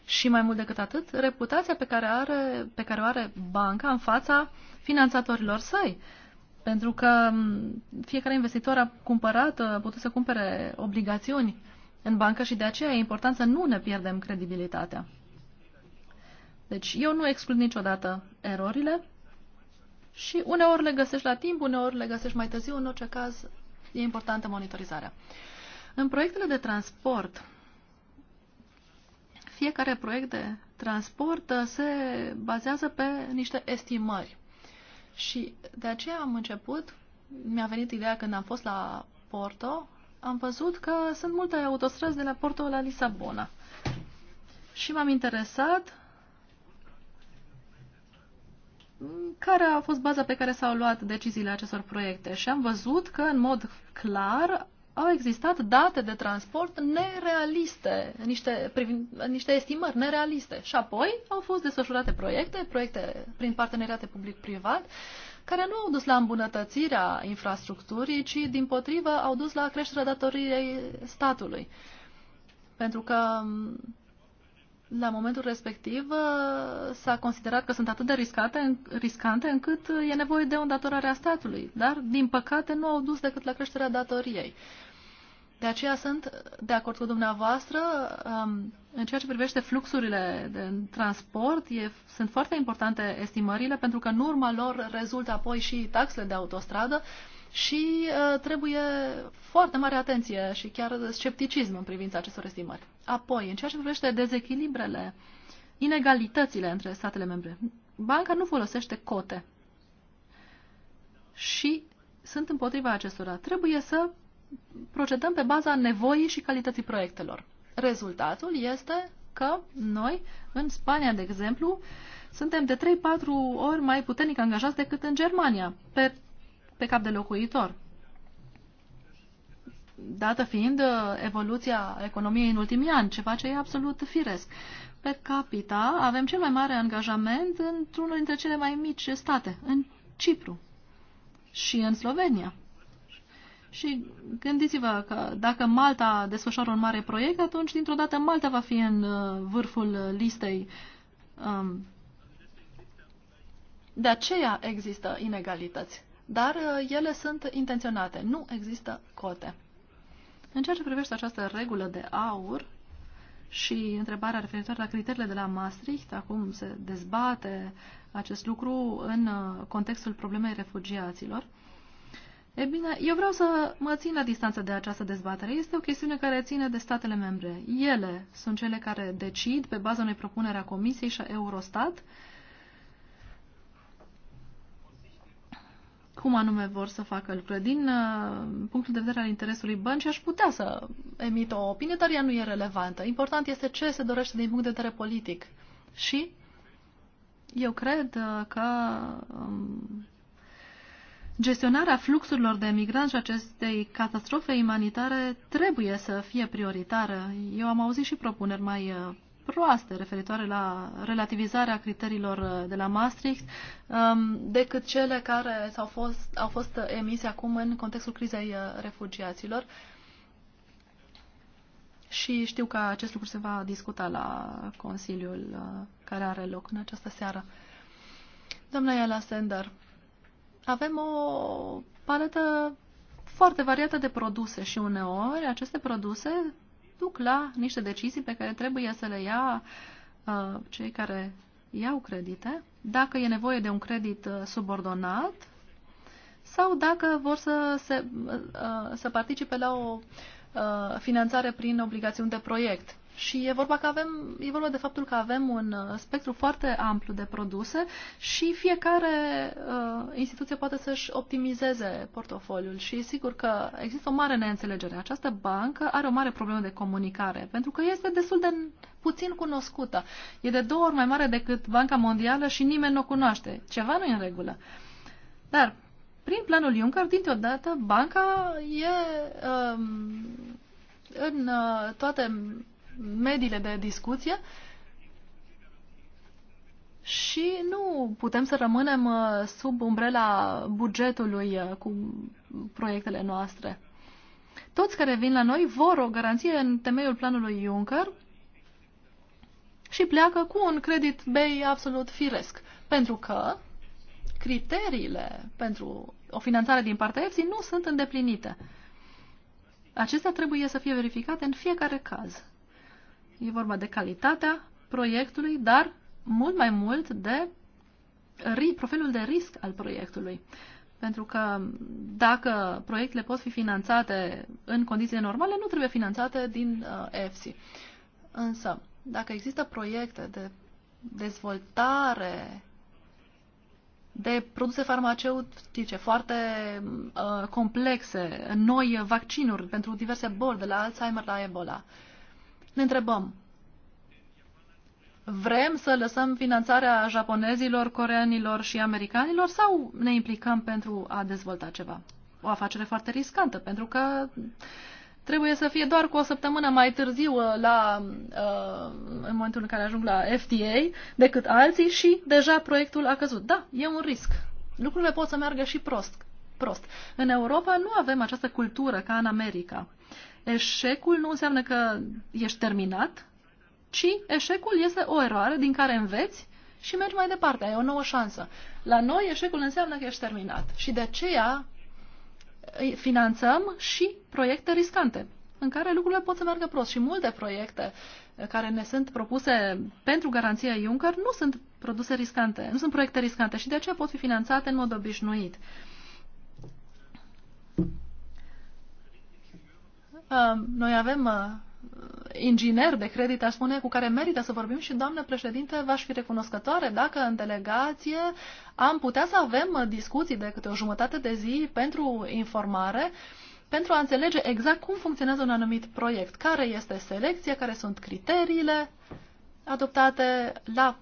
C: Și mai mult decât atât, reputația pe care, are, pe care o are banca în fața finanțatorilor săi. Pentru că fiecare investitor a cumpărat, a putut să cumpere obligațiuni în bancă și de aceea e important să nu ne pierdem credibilitatea. Deci eu nu exclud niciodată erorile, și uneori le găsești la timp, uneori le găsești mai târziu, în orice caz e importantă monitorizarea. În proiectele de transport, fiecare proiect de transport uh, se bazează pe niște estimări. Și de aceea am început, mi-a venit ideea când am fost la Porto, am văzut că sunt multe autostrăzi de la Porto la Lisabona. Și m-am interesat care a fost baza pe care s-au luat deciziile acestor proiecte și am văzut că, în mod clar, au existat date de transport nerealiste, niște, privind, niște estimări nerealiste. Și apoi au fost desfășurate proiecte, proiecte prin parteneriate public-privat, care nu au dus la îmbunătățirea infrastructurii, ci, din potrivă, au dus la creșterea datoriei statului. Pentru că la momentul respectiv uh, s-a considerat că sunt atât de riscate, riscante încât uh, e nevoie de o îndatorare a statului, dar din păcate nu au dus decât la creșterea datoriei. De aceea sunt de acord cu dumneavoastră. Um, în ceea ce privește fluxurile de transport, e, sunt foarte importante estimările, pentru că în urma lor rezultă apoi și taxele de autostradă și uh, trebuie foarte mare atenție și chiar scepticism în privința acestor estimări. Apoi, în ceea ce privește dezechilibrele, inegalitățile între statele membre, banca nu folosește cote și sunt împotriva acestora. Trebuie să procedăm pe baza nevoii și calității proiectelor. Rezultatul este că noi, în Spania, de exemplu, suntem de 3-4 ori mai puternic angajați decât în Germania, pe pe cap de locuitor. Dată fiind uh, evoluția economiei în ultimii ani, ceva ce e absolut firesc. Per capita avem cel mai mare angajament într-unul dintre cele mai mici state, în Cipru și în Slovenia. Și gândiți-vă că dacă Malta desfășoară un mare proiect, atunci dintr-o dată Malta va fi în uh, vârful listei. Um, de aceea există inegalități dar uh, ele sunt intenționate. Nu există cote. În ceea ce privește această regulă de aur și întrebarea referitoare la criteriile de la Maastricht, acum se dezbate acest lucru în uh, contextul problemei refugiaților, E bine, eu vreau să mă țin la distanță de această dezbatere. Este o chestiune care ține de statele membre. Ele sunt cele care decid pe baza unei propunere a Comisiei și a Eurostat cum anume vor să facă lucrurile. Din uh, punctul de vedere al interesului băncii, aș putea să emit o opinie, dar ea nu e relevantă. Important este ce se dorește din punct de vedere politic. Și eu cred uh, că um, gestionarea fluxurilor de migranți și acestei catastrofe umanitare trebuie să fie prioritară. Eu am auzit și propuneri mai uh, proaste referitoare la relativizarea criteriilor uh, de la Maastricht um, decât cele care -au fost, au fost emise acum în contextul crizei uh, refugiaților. Și știu că acest lucru se va discuta la Consiliul uh, care are loc în această seară. Doamna Iala Sender, avem o paletă foarte variată de produse și uneori aceste produse duc la niște decizii pe care trebuie să le ia uh, cei care iau credite, dacă e nevoie de un credit uh, subordonat sau dacă vor să, se, uh, să participe la o uh, finanțare prin obligațiuni de proiect. Și e vorba, că avem, e vorba de faptul că avem un uh, spectru foarte amplu de produse și fiecare uh, instituție poate să-și optimizeze portofoliul. Și sigur că există o mare neînțelegere. Această bancă are o mare problemă de comunicare, pentru că este destul de puțin cunoscută. E de două ori mai mare decât Banca Mondială și nimeni nu o cunoaște. Ceva nu e în regulă. Dar, prin planul Juncker, dintr-o dată, banca e um, în uh, toate mediile de discuție și nu putem să rămânem uh, sub umbrela bugetului uh, cu proiectele noastre. Toți care vin la noi vor o garanție în temeiul planului Juncker și pleacă cu un credit BEI absolut firesc, pentru că criteriile pentru o finanțare din partea EFSI nu sunt îndeplinite. Acestea trebuie să fie verificate în fiecare caz. E vorba de calitatea proiectului, dar mult mai mult de profilul de risc al proiectului. Pentru că dacă proiectele pot fi finanțate în condiții normale, nu trebuie finanțate din uh, EFSI. Însă, dacă există proiecte de dezvoltare de produse farmaceutice foarte uh, complexe, noi vaccinuri pentru diverse boli, de la Alzheimer la Ebola, uh, ne întrebăm, vrem să lăsăm finanțarea japonezilor, coreanilor și americanilor sau ne implicăm pentru a dezvolta ceva? O afacere foarte riscantă, pentru că trebuie să fie doar cu o săptămână mai târziu uh, la, uh, în momentul în care ajung la FDA decât alții și deja proiectul a căzut. Da, e un risc. Lucrurile pot să meargă și prost. prost. În Europa nu avem această cultură ca în America Eșecul nu înseamnă că ești terminat, ci eșecul este o eroare din care înveți și mergi mai departe, ai o nouă șansă. La noi eșecul înseamnă că ești terminat și de aceea finanțăm și proiecte riscante în care lucrurile pot să meargă prost și multe proiecte uh, care ne sunt propuse pentru garanția Juncker nu sunt produse riscante, nu sunt proiecte riscante și de aceea pot fi finanțate în mod obișnuit. Um, noi avem uh, inginer de credit, aș spune, cu care merită să vorbim și, doamnă președinte, v-aș fi recunoscătoare dacă în delegație am putea să avem uh, discuții de câte o jumătate de zi pentru informare, pentru a înțelege exact cum funcționează un anumit proiect, care este selecția, care sunt criteriile adoptate la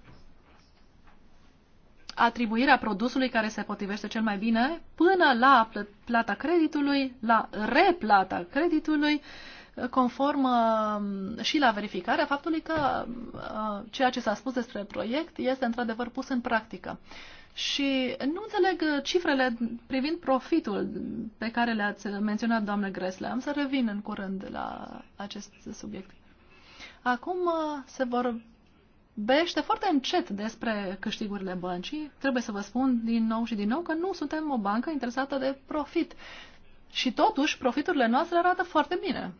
C: atribuirea produsului care se potrivește cel mai bine până la plata creditului, la replata creditului, conform um, și la verificarea faptului că uh, ceea ce s-a spus despre proiect este într-adevăr pus în practică. Și nu înțeleg cifrele privind profitul pe care le-ați menționat, doamnă Gresle. Am să revin în curând la acest subiect. Acum uh, se vor vorbește foarte încet despre câștigurile băncii. Trebuie să vă spun din nou și din nou că nu suntem o bancă interesată de profit. Și totuși, profiturile noastre arată foarte bine.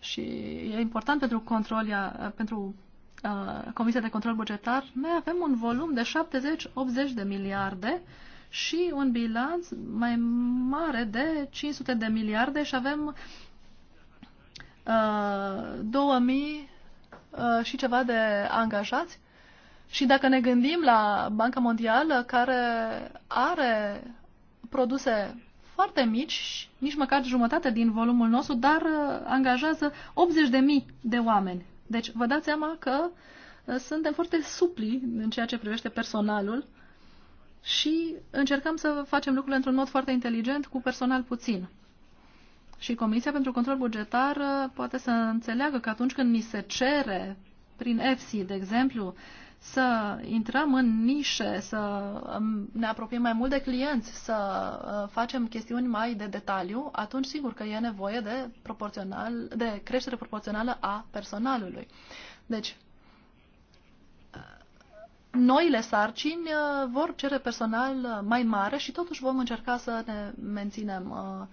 C: Și e important pentru, controlia, pentru uh, Comisia de Control Bugetar, noi avem un volum de 70-80 de miliarde și un bilanț mai mare de 500 de miliarde și avem uh, 2000 uh, uh, și ceva de angajați. Și dacă ne gândim la Banca Mondială, care are produse foarte mici, nici măcar jumătate din volumul nostru, dar uh, angajează 80.000 de oameni. Deci vă dați seama că suntem foarte supli în ceea ce privește personalul și încercăm să facem lucrurile într-un mod foarte inteligent cu personal puțin. Și Comisia pentru Control Bugetar uh, poate să înțeleagă că atunci când ni se cere, prin EFSI, de exemplu, să intrăm în nișe, să um, ne apropiem mai mult de clienți, să uh, facem chestiuni mai de detaliu, atunci sigur că e nevoie de, proporțional, de creștere proporțională a personalului. Deci, uh, noile sarcini vor cere personal mai mare și totuși vom încerca să ne menținem uh,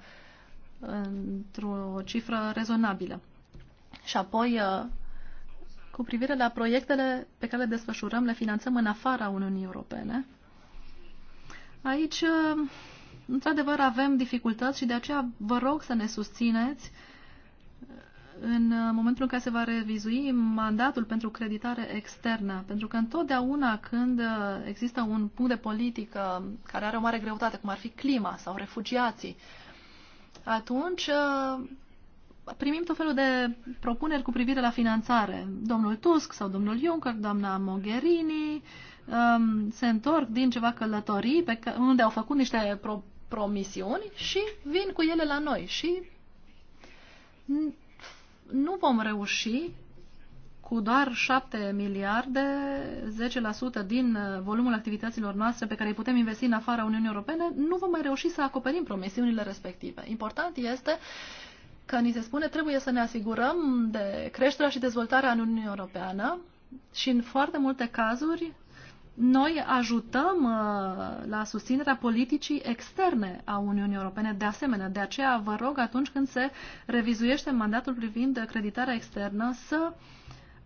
C: într-o cifră rezonabilă. Și apoi, uh, cu privire la proiectele pe care le desfășurăm, le finanțăm în afara Uniunii Europene. Aici, uh, într-adevăr, avem dificultăți și de aceea vă rog să ne susțineți uh, în momentul în care se va revizui mandatul pentru creditare externă, pentru că întotdeauna când există un punct de politică care are o mare greutate, cum ar fi clima sau refugiații, atunci ă, primim tot felul de propuneri cu privire la finanțare. Domnul Tusk sau domnul Juncker, doamna Mogherini ă, se întorc din ceva călătorii pe că, unde au făcut niște pro, promisiuni și vin cu ele la noi și nu vom reuși cu doar 7 miliarde, 10% din uh, volumul activităților noastre pe care îi putem investi în afara Uniunii Europene, nu vom mai reuși să acoperim promisiunile respective. Important este că ni se spune trebuie să ne asigurăm de creșterea și dezvoltarea în Uniunea Europeană și în foarte multe cazuri noi ajutăm uh, la susținerea politicii externe a Uniunii Europene de asemenea. De aceea vă rog atunci când se revizuiește mandatul privind creditarea externă să uh,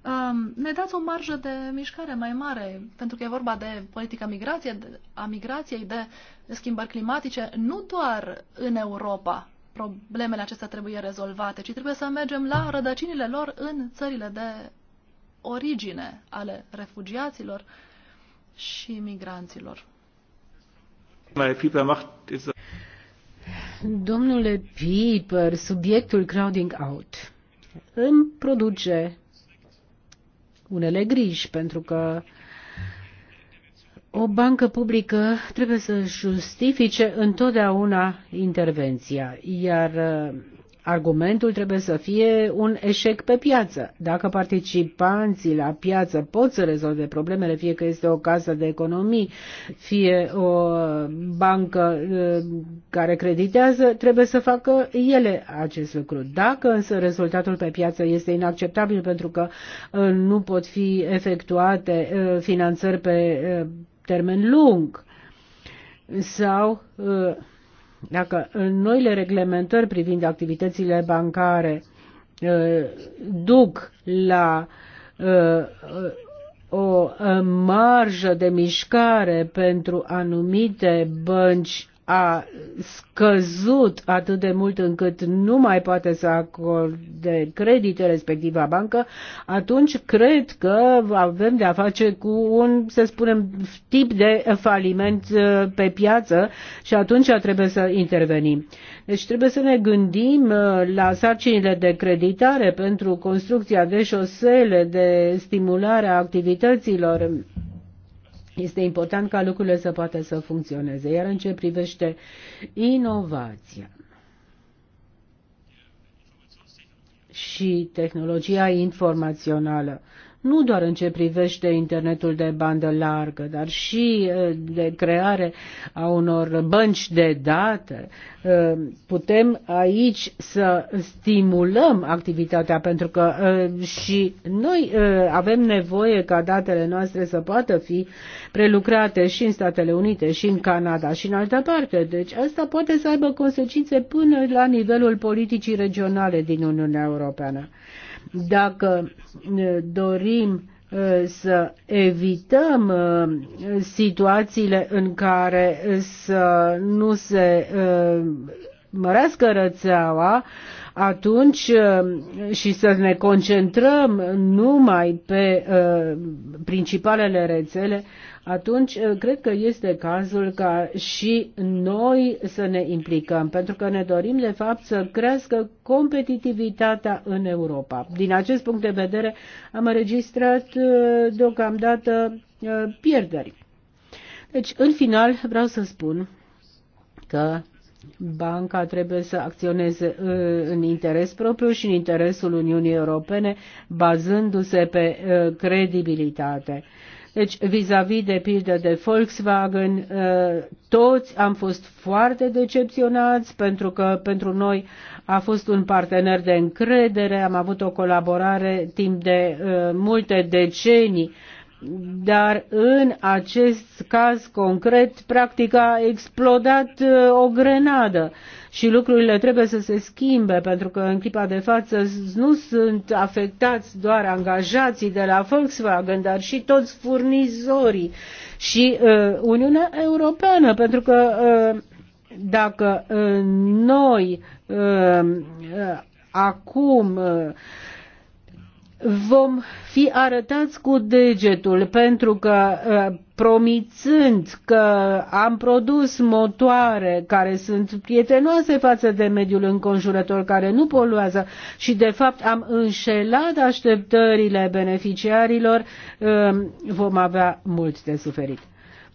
C: Um, ne dați o marjă de mișcare mai mare, pentru că e vorba de politica migrație, a migrației, de schimbări climatice, nu doar în Europa problemele acestea trebuie rezolvate, ci trebuie să mergem la rădăcinile lor în țările de origine ale refugiaților
A: și migranților. Domnule Piper, subiectul crowding out îmi produce unele griji, pentru că o bancă publică trebuie să justifice întotdeauna intervenția, iar argumentul trebuie să fie un eșec pe piață. Dacă participanții la piață pot să rezolve problemele, fie că este o casă de economii, fie o bancă uh, care creditează, trebuie să facă ele acest lucru. Dacă însă rezultatul pe piață este inacceptabil pentru că uh, nu pot fi efectuate uh, finanțări pe termen lung sau dacă noile reglementări privind activitățile bancare uh, duc la uh, o uh, marjă de mișcare pentru anumite bănci a scăzut atât de mult încât nu mai poate să acorde credite respectiva bancă, atunci cred că avem de a face cu un, să spunem, tip de faliment uh, pe piață și atunci trebuie să intervenim. Deci trebuie să ne gândim uh, la sarcinile de creditare pentru construcția de șosele, de stimularea activităților este important ca lucrurile să poată să funcționeze. Iar în ce privește inovația și tehnologia informațională, nu doar în ce privește internetul de bandă largă, dar și uh, de creare a unor bănci de date. Uh, putem aici să stimulăm activitatea pentru că uh, și noi avem nevoie ca datele noastre să poată fi prelucrate și în Statele Unite, și în Canada, și în altă parte. Deci asta poate să aibă consecințe până la nivelul politicii regionale din Uniunea Europeană. Dacă dorim să evităm situațiile în care să nu se mărească rățeaua, atunci și să ne concentrăm numai pe principalele rețele, atunci eh, cred că este cazul ca și noi să ne implicăm, pentru că ne dorim, de fapt, să crească competitivitatea în Europa. Din acest punct de vedere, am înregistrat eh, deocamdată eh, pierderi. Deci, în final, vreau să spun că banca trebuie să acționeze în interes propriu și în interesul Uniunii Europene, bazându-se pe credibilitate. Deci, vis-a-vis -vis de pildă de Volkswagen, uh, toți am fost foarte decepționați pentru că pentru noi a fost un partener de încredere, am avut o colaborare timp de uh, multe decenii dar în acest caz concret practic a explodat uh, o grenadă și lucrurile trebuie să se schimbe, pentru că în clipa de față nu sunt afectați doar angajații de la Volkswagen, dar și toți furnizorii și uh, Uniunea Europeană, pentru că uh, dacă uh, noi uh, uh acum uh, vom fi arătați cu degetul pentru că ă, promițând că am produs motoare care sunt prietenoase față de mediul înconjurător, care nu poluează și de fapt am înșelat așteptările beneficiarilor, ă, vom avea mult de suferit.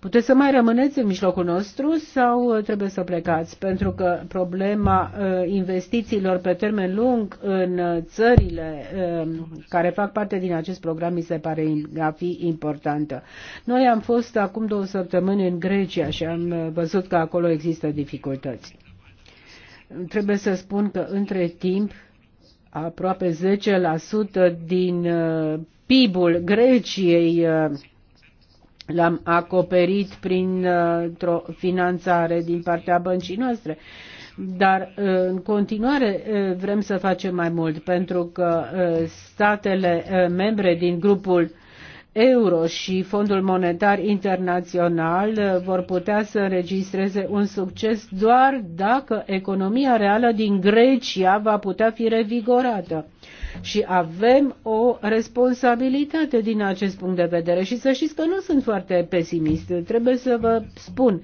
A: Puteți să mai rămâneți în mijlocul nostru sau uh, trebuie să plecați? Pentru că problema uh, investițiilor pe termen lung în uh, țările um, care fac parte din acest program mi se pare a fi importantă. Noi am fost acum două săptămâni în Grecia și am văzut că acolo există dificultăți. Trebuie să spun că între timp aproape 10% din PIB-ul Greciei l-am acoperit prin uh, o finanțare din partea băncii noastre. Dar uh, în continuare uh, vrem să facem mai mult pentru că statele membre din grupul euro și Fondul Monetar Internațional vor putea să înregistreze un succes doar dacă economia reală din Grecia va putea fi revigorată și avem o responsabilitate din acest punct de vedere și să știți că nu sunt foarte pesimist, trebuie să vă spun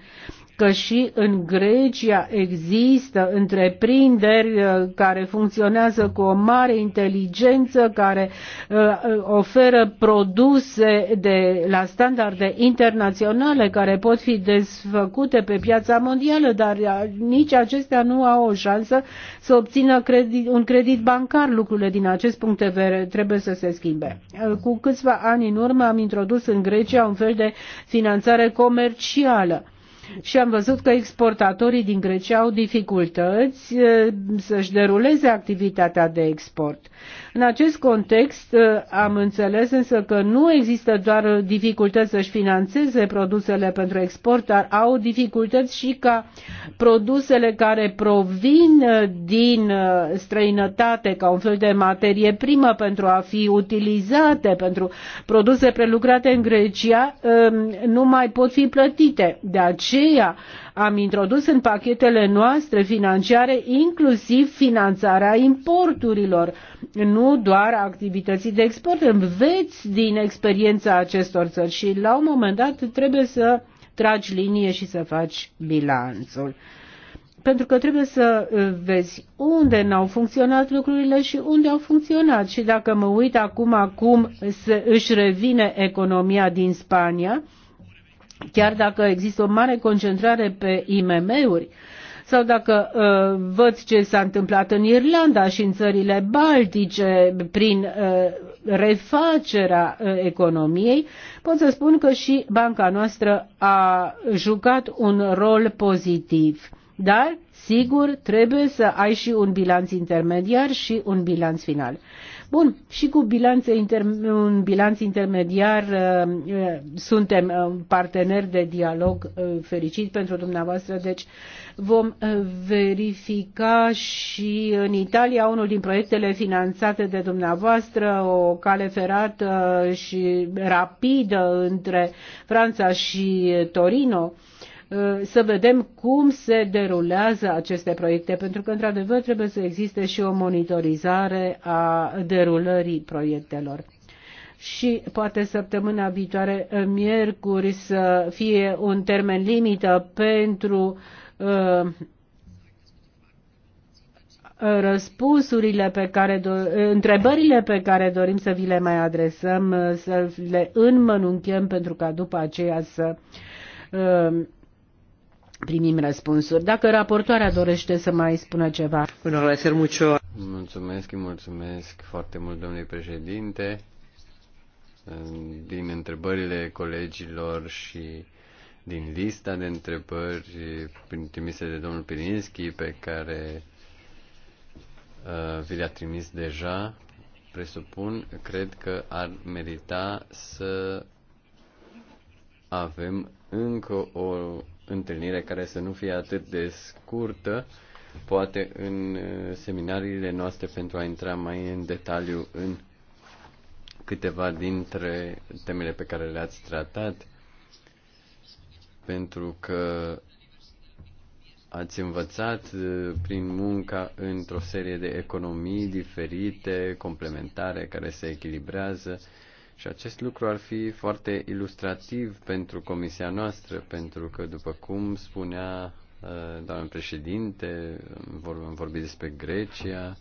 A: că și în Grecia există întreprinderi uh, care funcționează cu o mare inteligență, care uh, uh, oferă produse de, la standarde internaționale care pot fi desfăcute pe piața mondială, dar nici acestea nu au o șansă să obțină credit, un credit bancar. Lucrurile din acest punct de vedere trebuie să se schimbe. Cu câțiva ani în urmă am introdus în Grecia un fel de finanțare comercială și am văzut că exportatorii din Grecia au dificultăți eh, să-și deruleze activitatea de export. În acest context eh, am înțeles însă că nu există doar dificultăți să-și financeze produsele pentru export, dar au dificultăți și ca produsele care provin eh, din străinătate ca un fel de materie primă pentru a fi utilizate pentru produse prelucrate în Grecia nu mai pot fi plătite. De aceea aceea am introdus în pachetele noastre financiare inclusiv finanțarea importurilor, nu doar activității de export. Înveți din experiența acestor țări și la un moment dat trebuie să tragi linie și să faci bilanțul pentru că trebuie să uh, vezi unde n-au funcționat lucrurile și unde au funcționat. Și dacă mă uit acum cum se, își revine economia din Spania, chiar dacă există o mare concentrare pe IMM-uri, sau dacă uh, văd ce s-a întâmplat în Irlanda și în țările baltice prin uh, refacerea uh, economiei, pot să spun că și banca noastră a jucat un rol pozitiv. Dar, sigur, trebuie să ai și un bilanț intermediar și un bilanț final. Bun, și cu bilanțe inter, un bilanț intermediar uh, uh, suntem uh, parteneri de dialog fericit pentru dumneavoastră, deci vom verifica și în Italia unul din proiectele finanțate de dumneavoastră, o cale ferată și rapidă între Franța și Torino Uh, să vedem cum se derulează aceste proiecte, pentru că, într-adevăr, trebuie să existe și o monitorizare a derulării proiectelor și poate săptămâna viitoare, uh, miercuri, să fie un termen limită pentru uh, răspunsurile pe care, do- întrebările pe care dorim să vi le mai adresăm, să le înmănunchem pentru ca după aceea să uh, primim răspunsuri. Dacă raportoarea dorește să mai spună ceva.
B: Mulțumesc, mulțumesc foarte mult, domnule președinte. Din întrebările colegilor și din lista de întrebări trimise de domnul Pirinski, pe care uh, vi le-a trimis deja, presupun, cred că ar merita să avem încă o întâlnire care să nu fie atât de scurtă, poate în uh, seminariile noastre pentru a intra mai în detaliu în câteva dintre temele pe care le-ați tratat, pentru că ați învățat uh, prin munca într-o serie de economii diferite, complementare, care se echilibrează și acest lucru ar fi foarte ilustrativ pentru comisia noastră, pentru că, după cum spunea uh, doamnă președinte, am vorbit despre Grecia,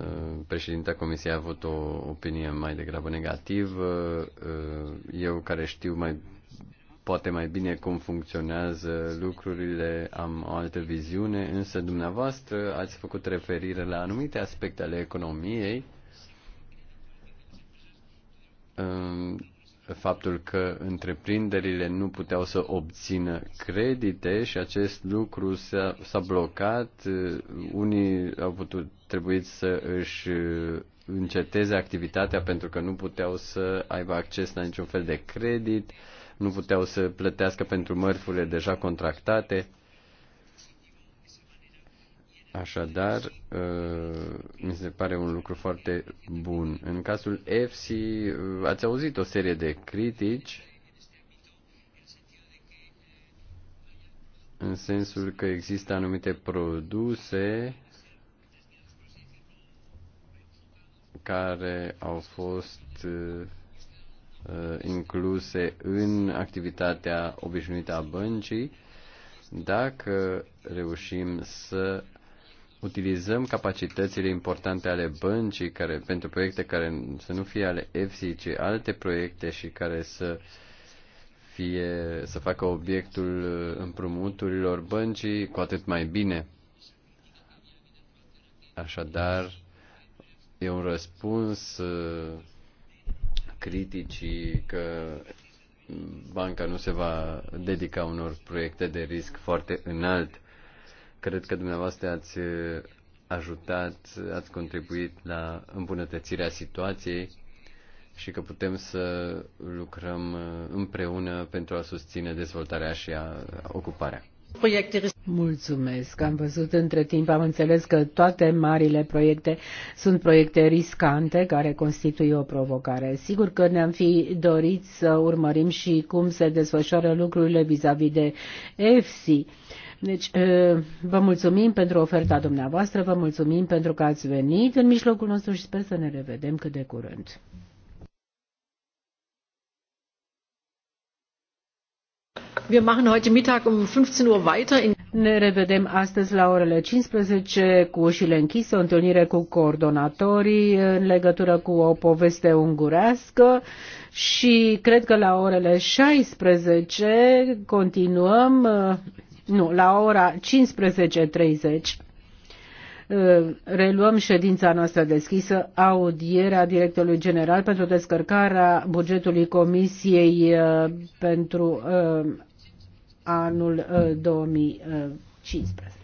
B: uh, președinta comisiei a avut o opinie mai degrabă negativă, uh, eu care știu mai poate mai bine cum funcționează lucrurile, am o altă viziune, însă dumneavoastră ați făcut referire la anumite aspecte ale economiei Um, faptul că întreprinderile nu puteau să obțină credite și acest lucru s-a, s-a blocat. Uh, unii au putut trebuit să își înceteze activitatea pentru că nu puteau să aibă acces la niciun fel de credit, nu puteau să plătească pentru mărfurile deja contractate. Așadar, uh, mi se pare un lucru foarte bun. În cazul EFSI, uh, ați auzit o serie de critici în sensul că există anumite produse care au fost uh, incluse în activitatea obișnuită a băncii dacă reușim să utilizăm capacitățile importante ale băncii care, pentru proiecte care să nu fie ale EFSI, ci alte proiecte și care să fie, să facă obiectul împrumuturilor băncii, cu atât mai bine. Așadar, e un răspuns uh, criticii că banca nu se va dedica unor proiecte de risc foarte înalt Cred că dumneavoastră ați uh, ajutat, ați contribuit la îmbunătățirea situației și că putem să lucrăm uh, împreună pentru a susține dezvoltarea și a ocuparea.
A: Mulțumesc. Am văzut între timp, am înțeles că toate marile proiecte sunt proiecte riscante care constituie o provocare. Sigur că ne-am fi dorit să urmărim și cum se desfășoară lucrurile vis-a-vis -vis de EFSI deci, uh, vă mulțumim pentru oferta dumneavoastră, vă mulțumim pentru că ați venit în mijlocul nostru și sper să ne revedem cât de curând. Wir machen heute Mittag um 15 Uhr weiter in ne revedem astăzi la orele 15 cu ușile închise, o întâlnire cu coordonatorii în legătură cu o poveste ungurească și cred că la orele 16 continuăm uh, nu, la ora 15.30 uh, reluăm ședința noastră deschisă, audierea directorului general pentru descărcarea bugetului Comisiei uh, pentru uh, anul 2015.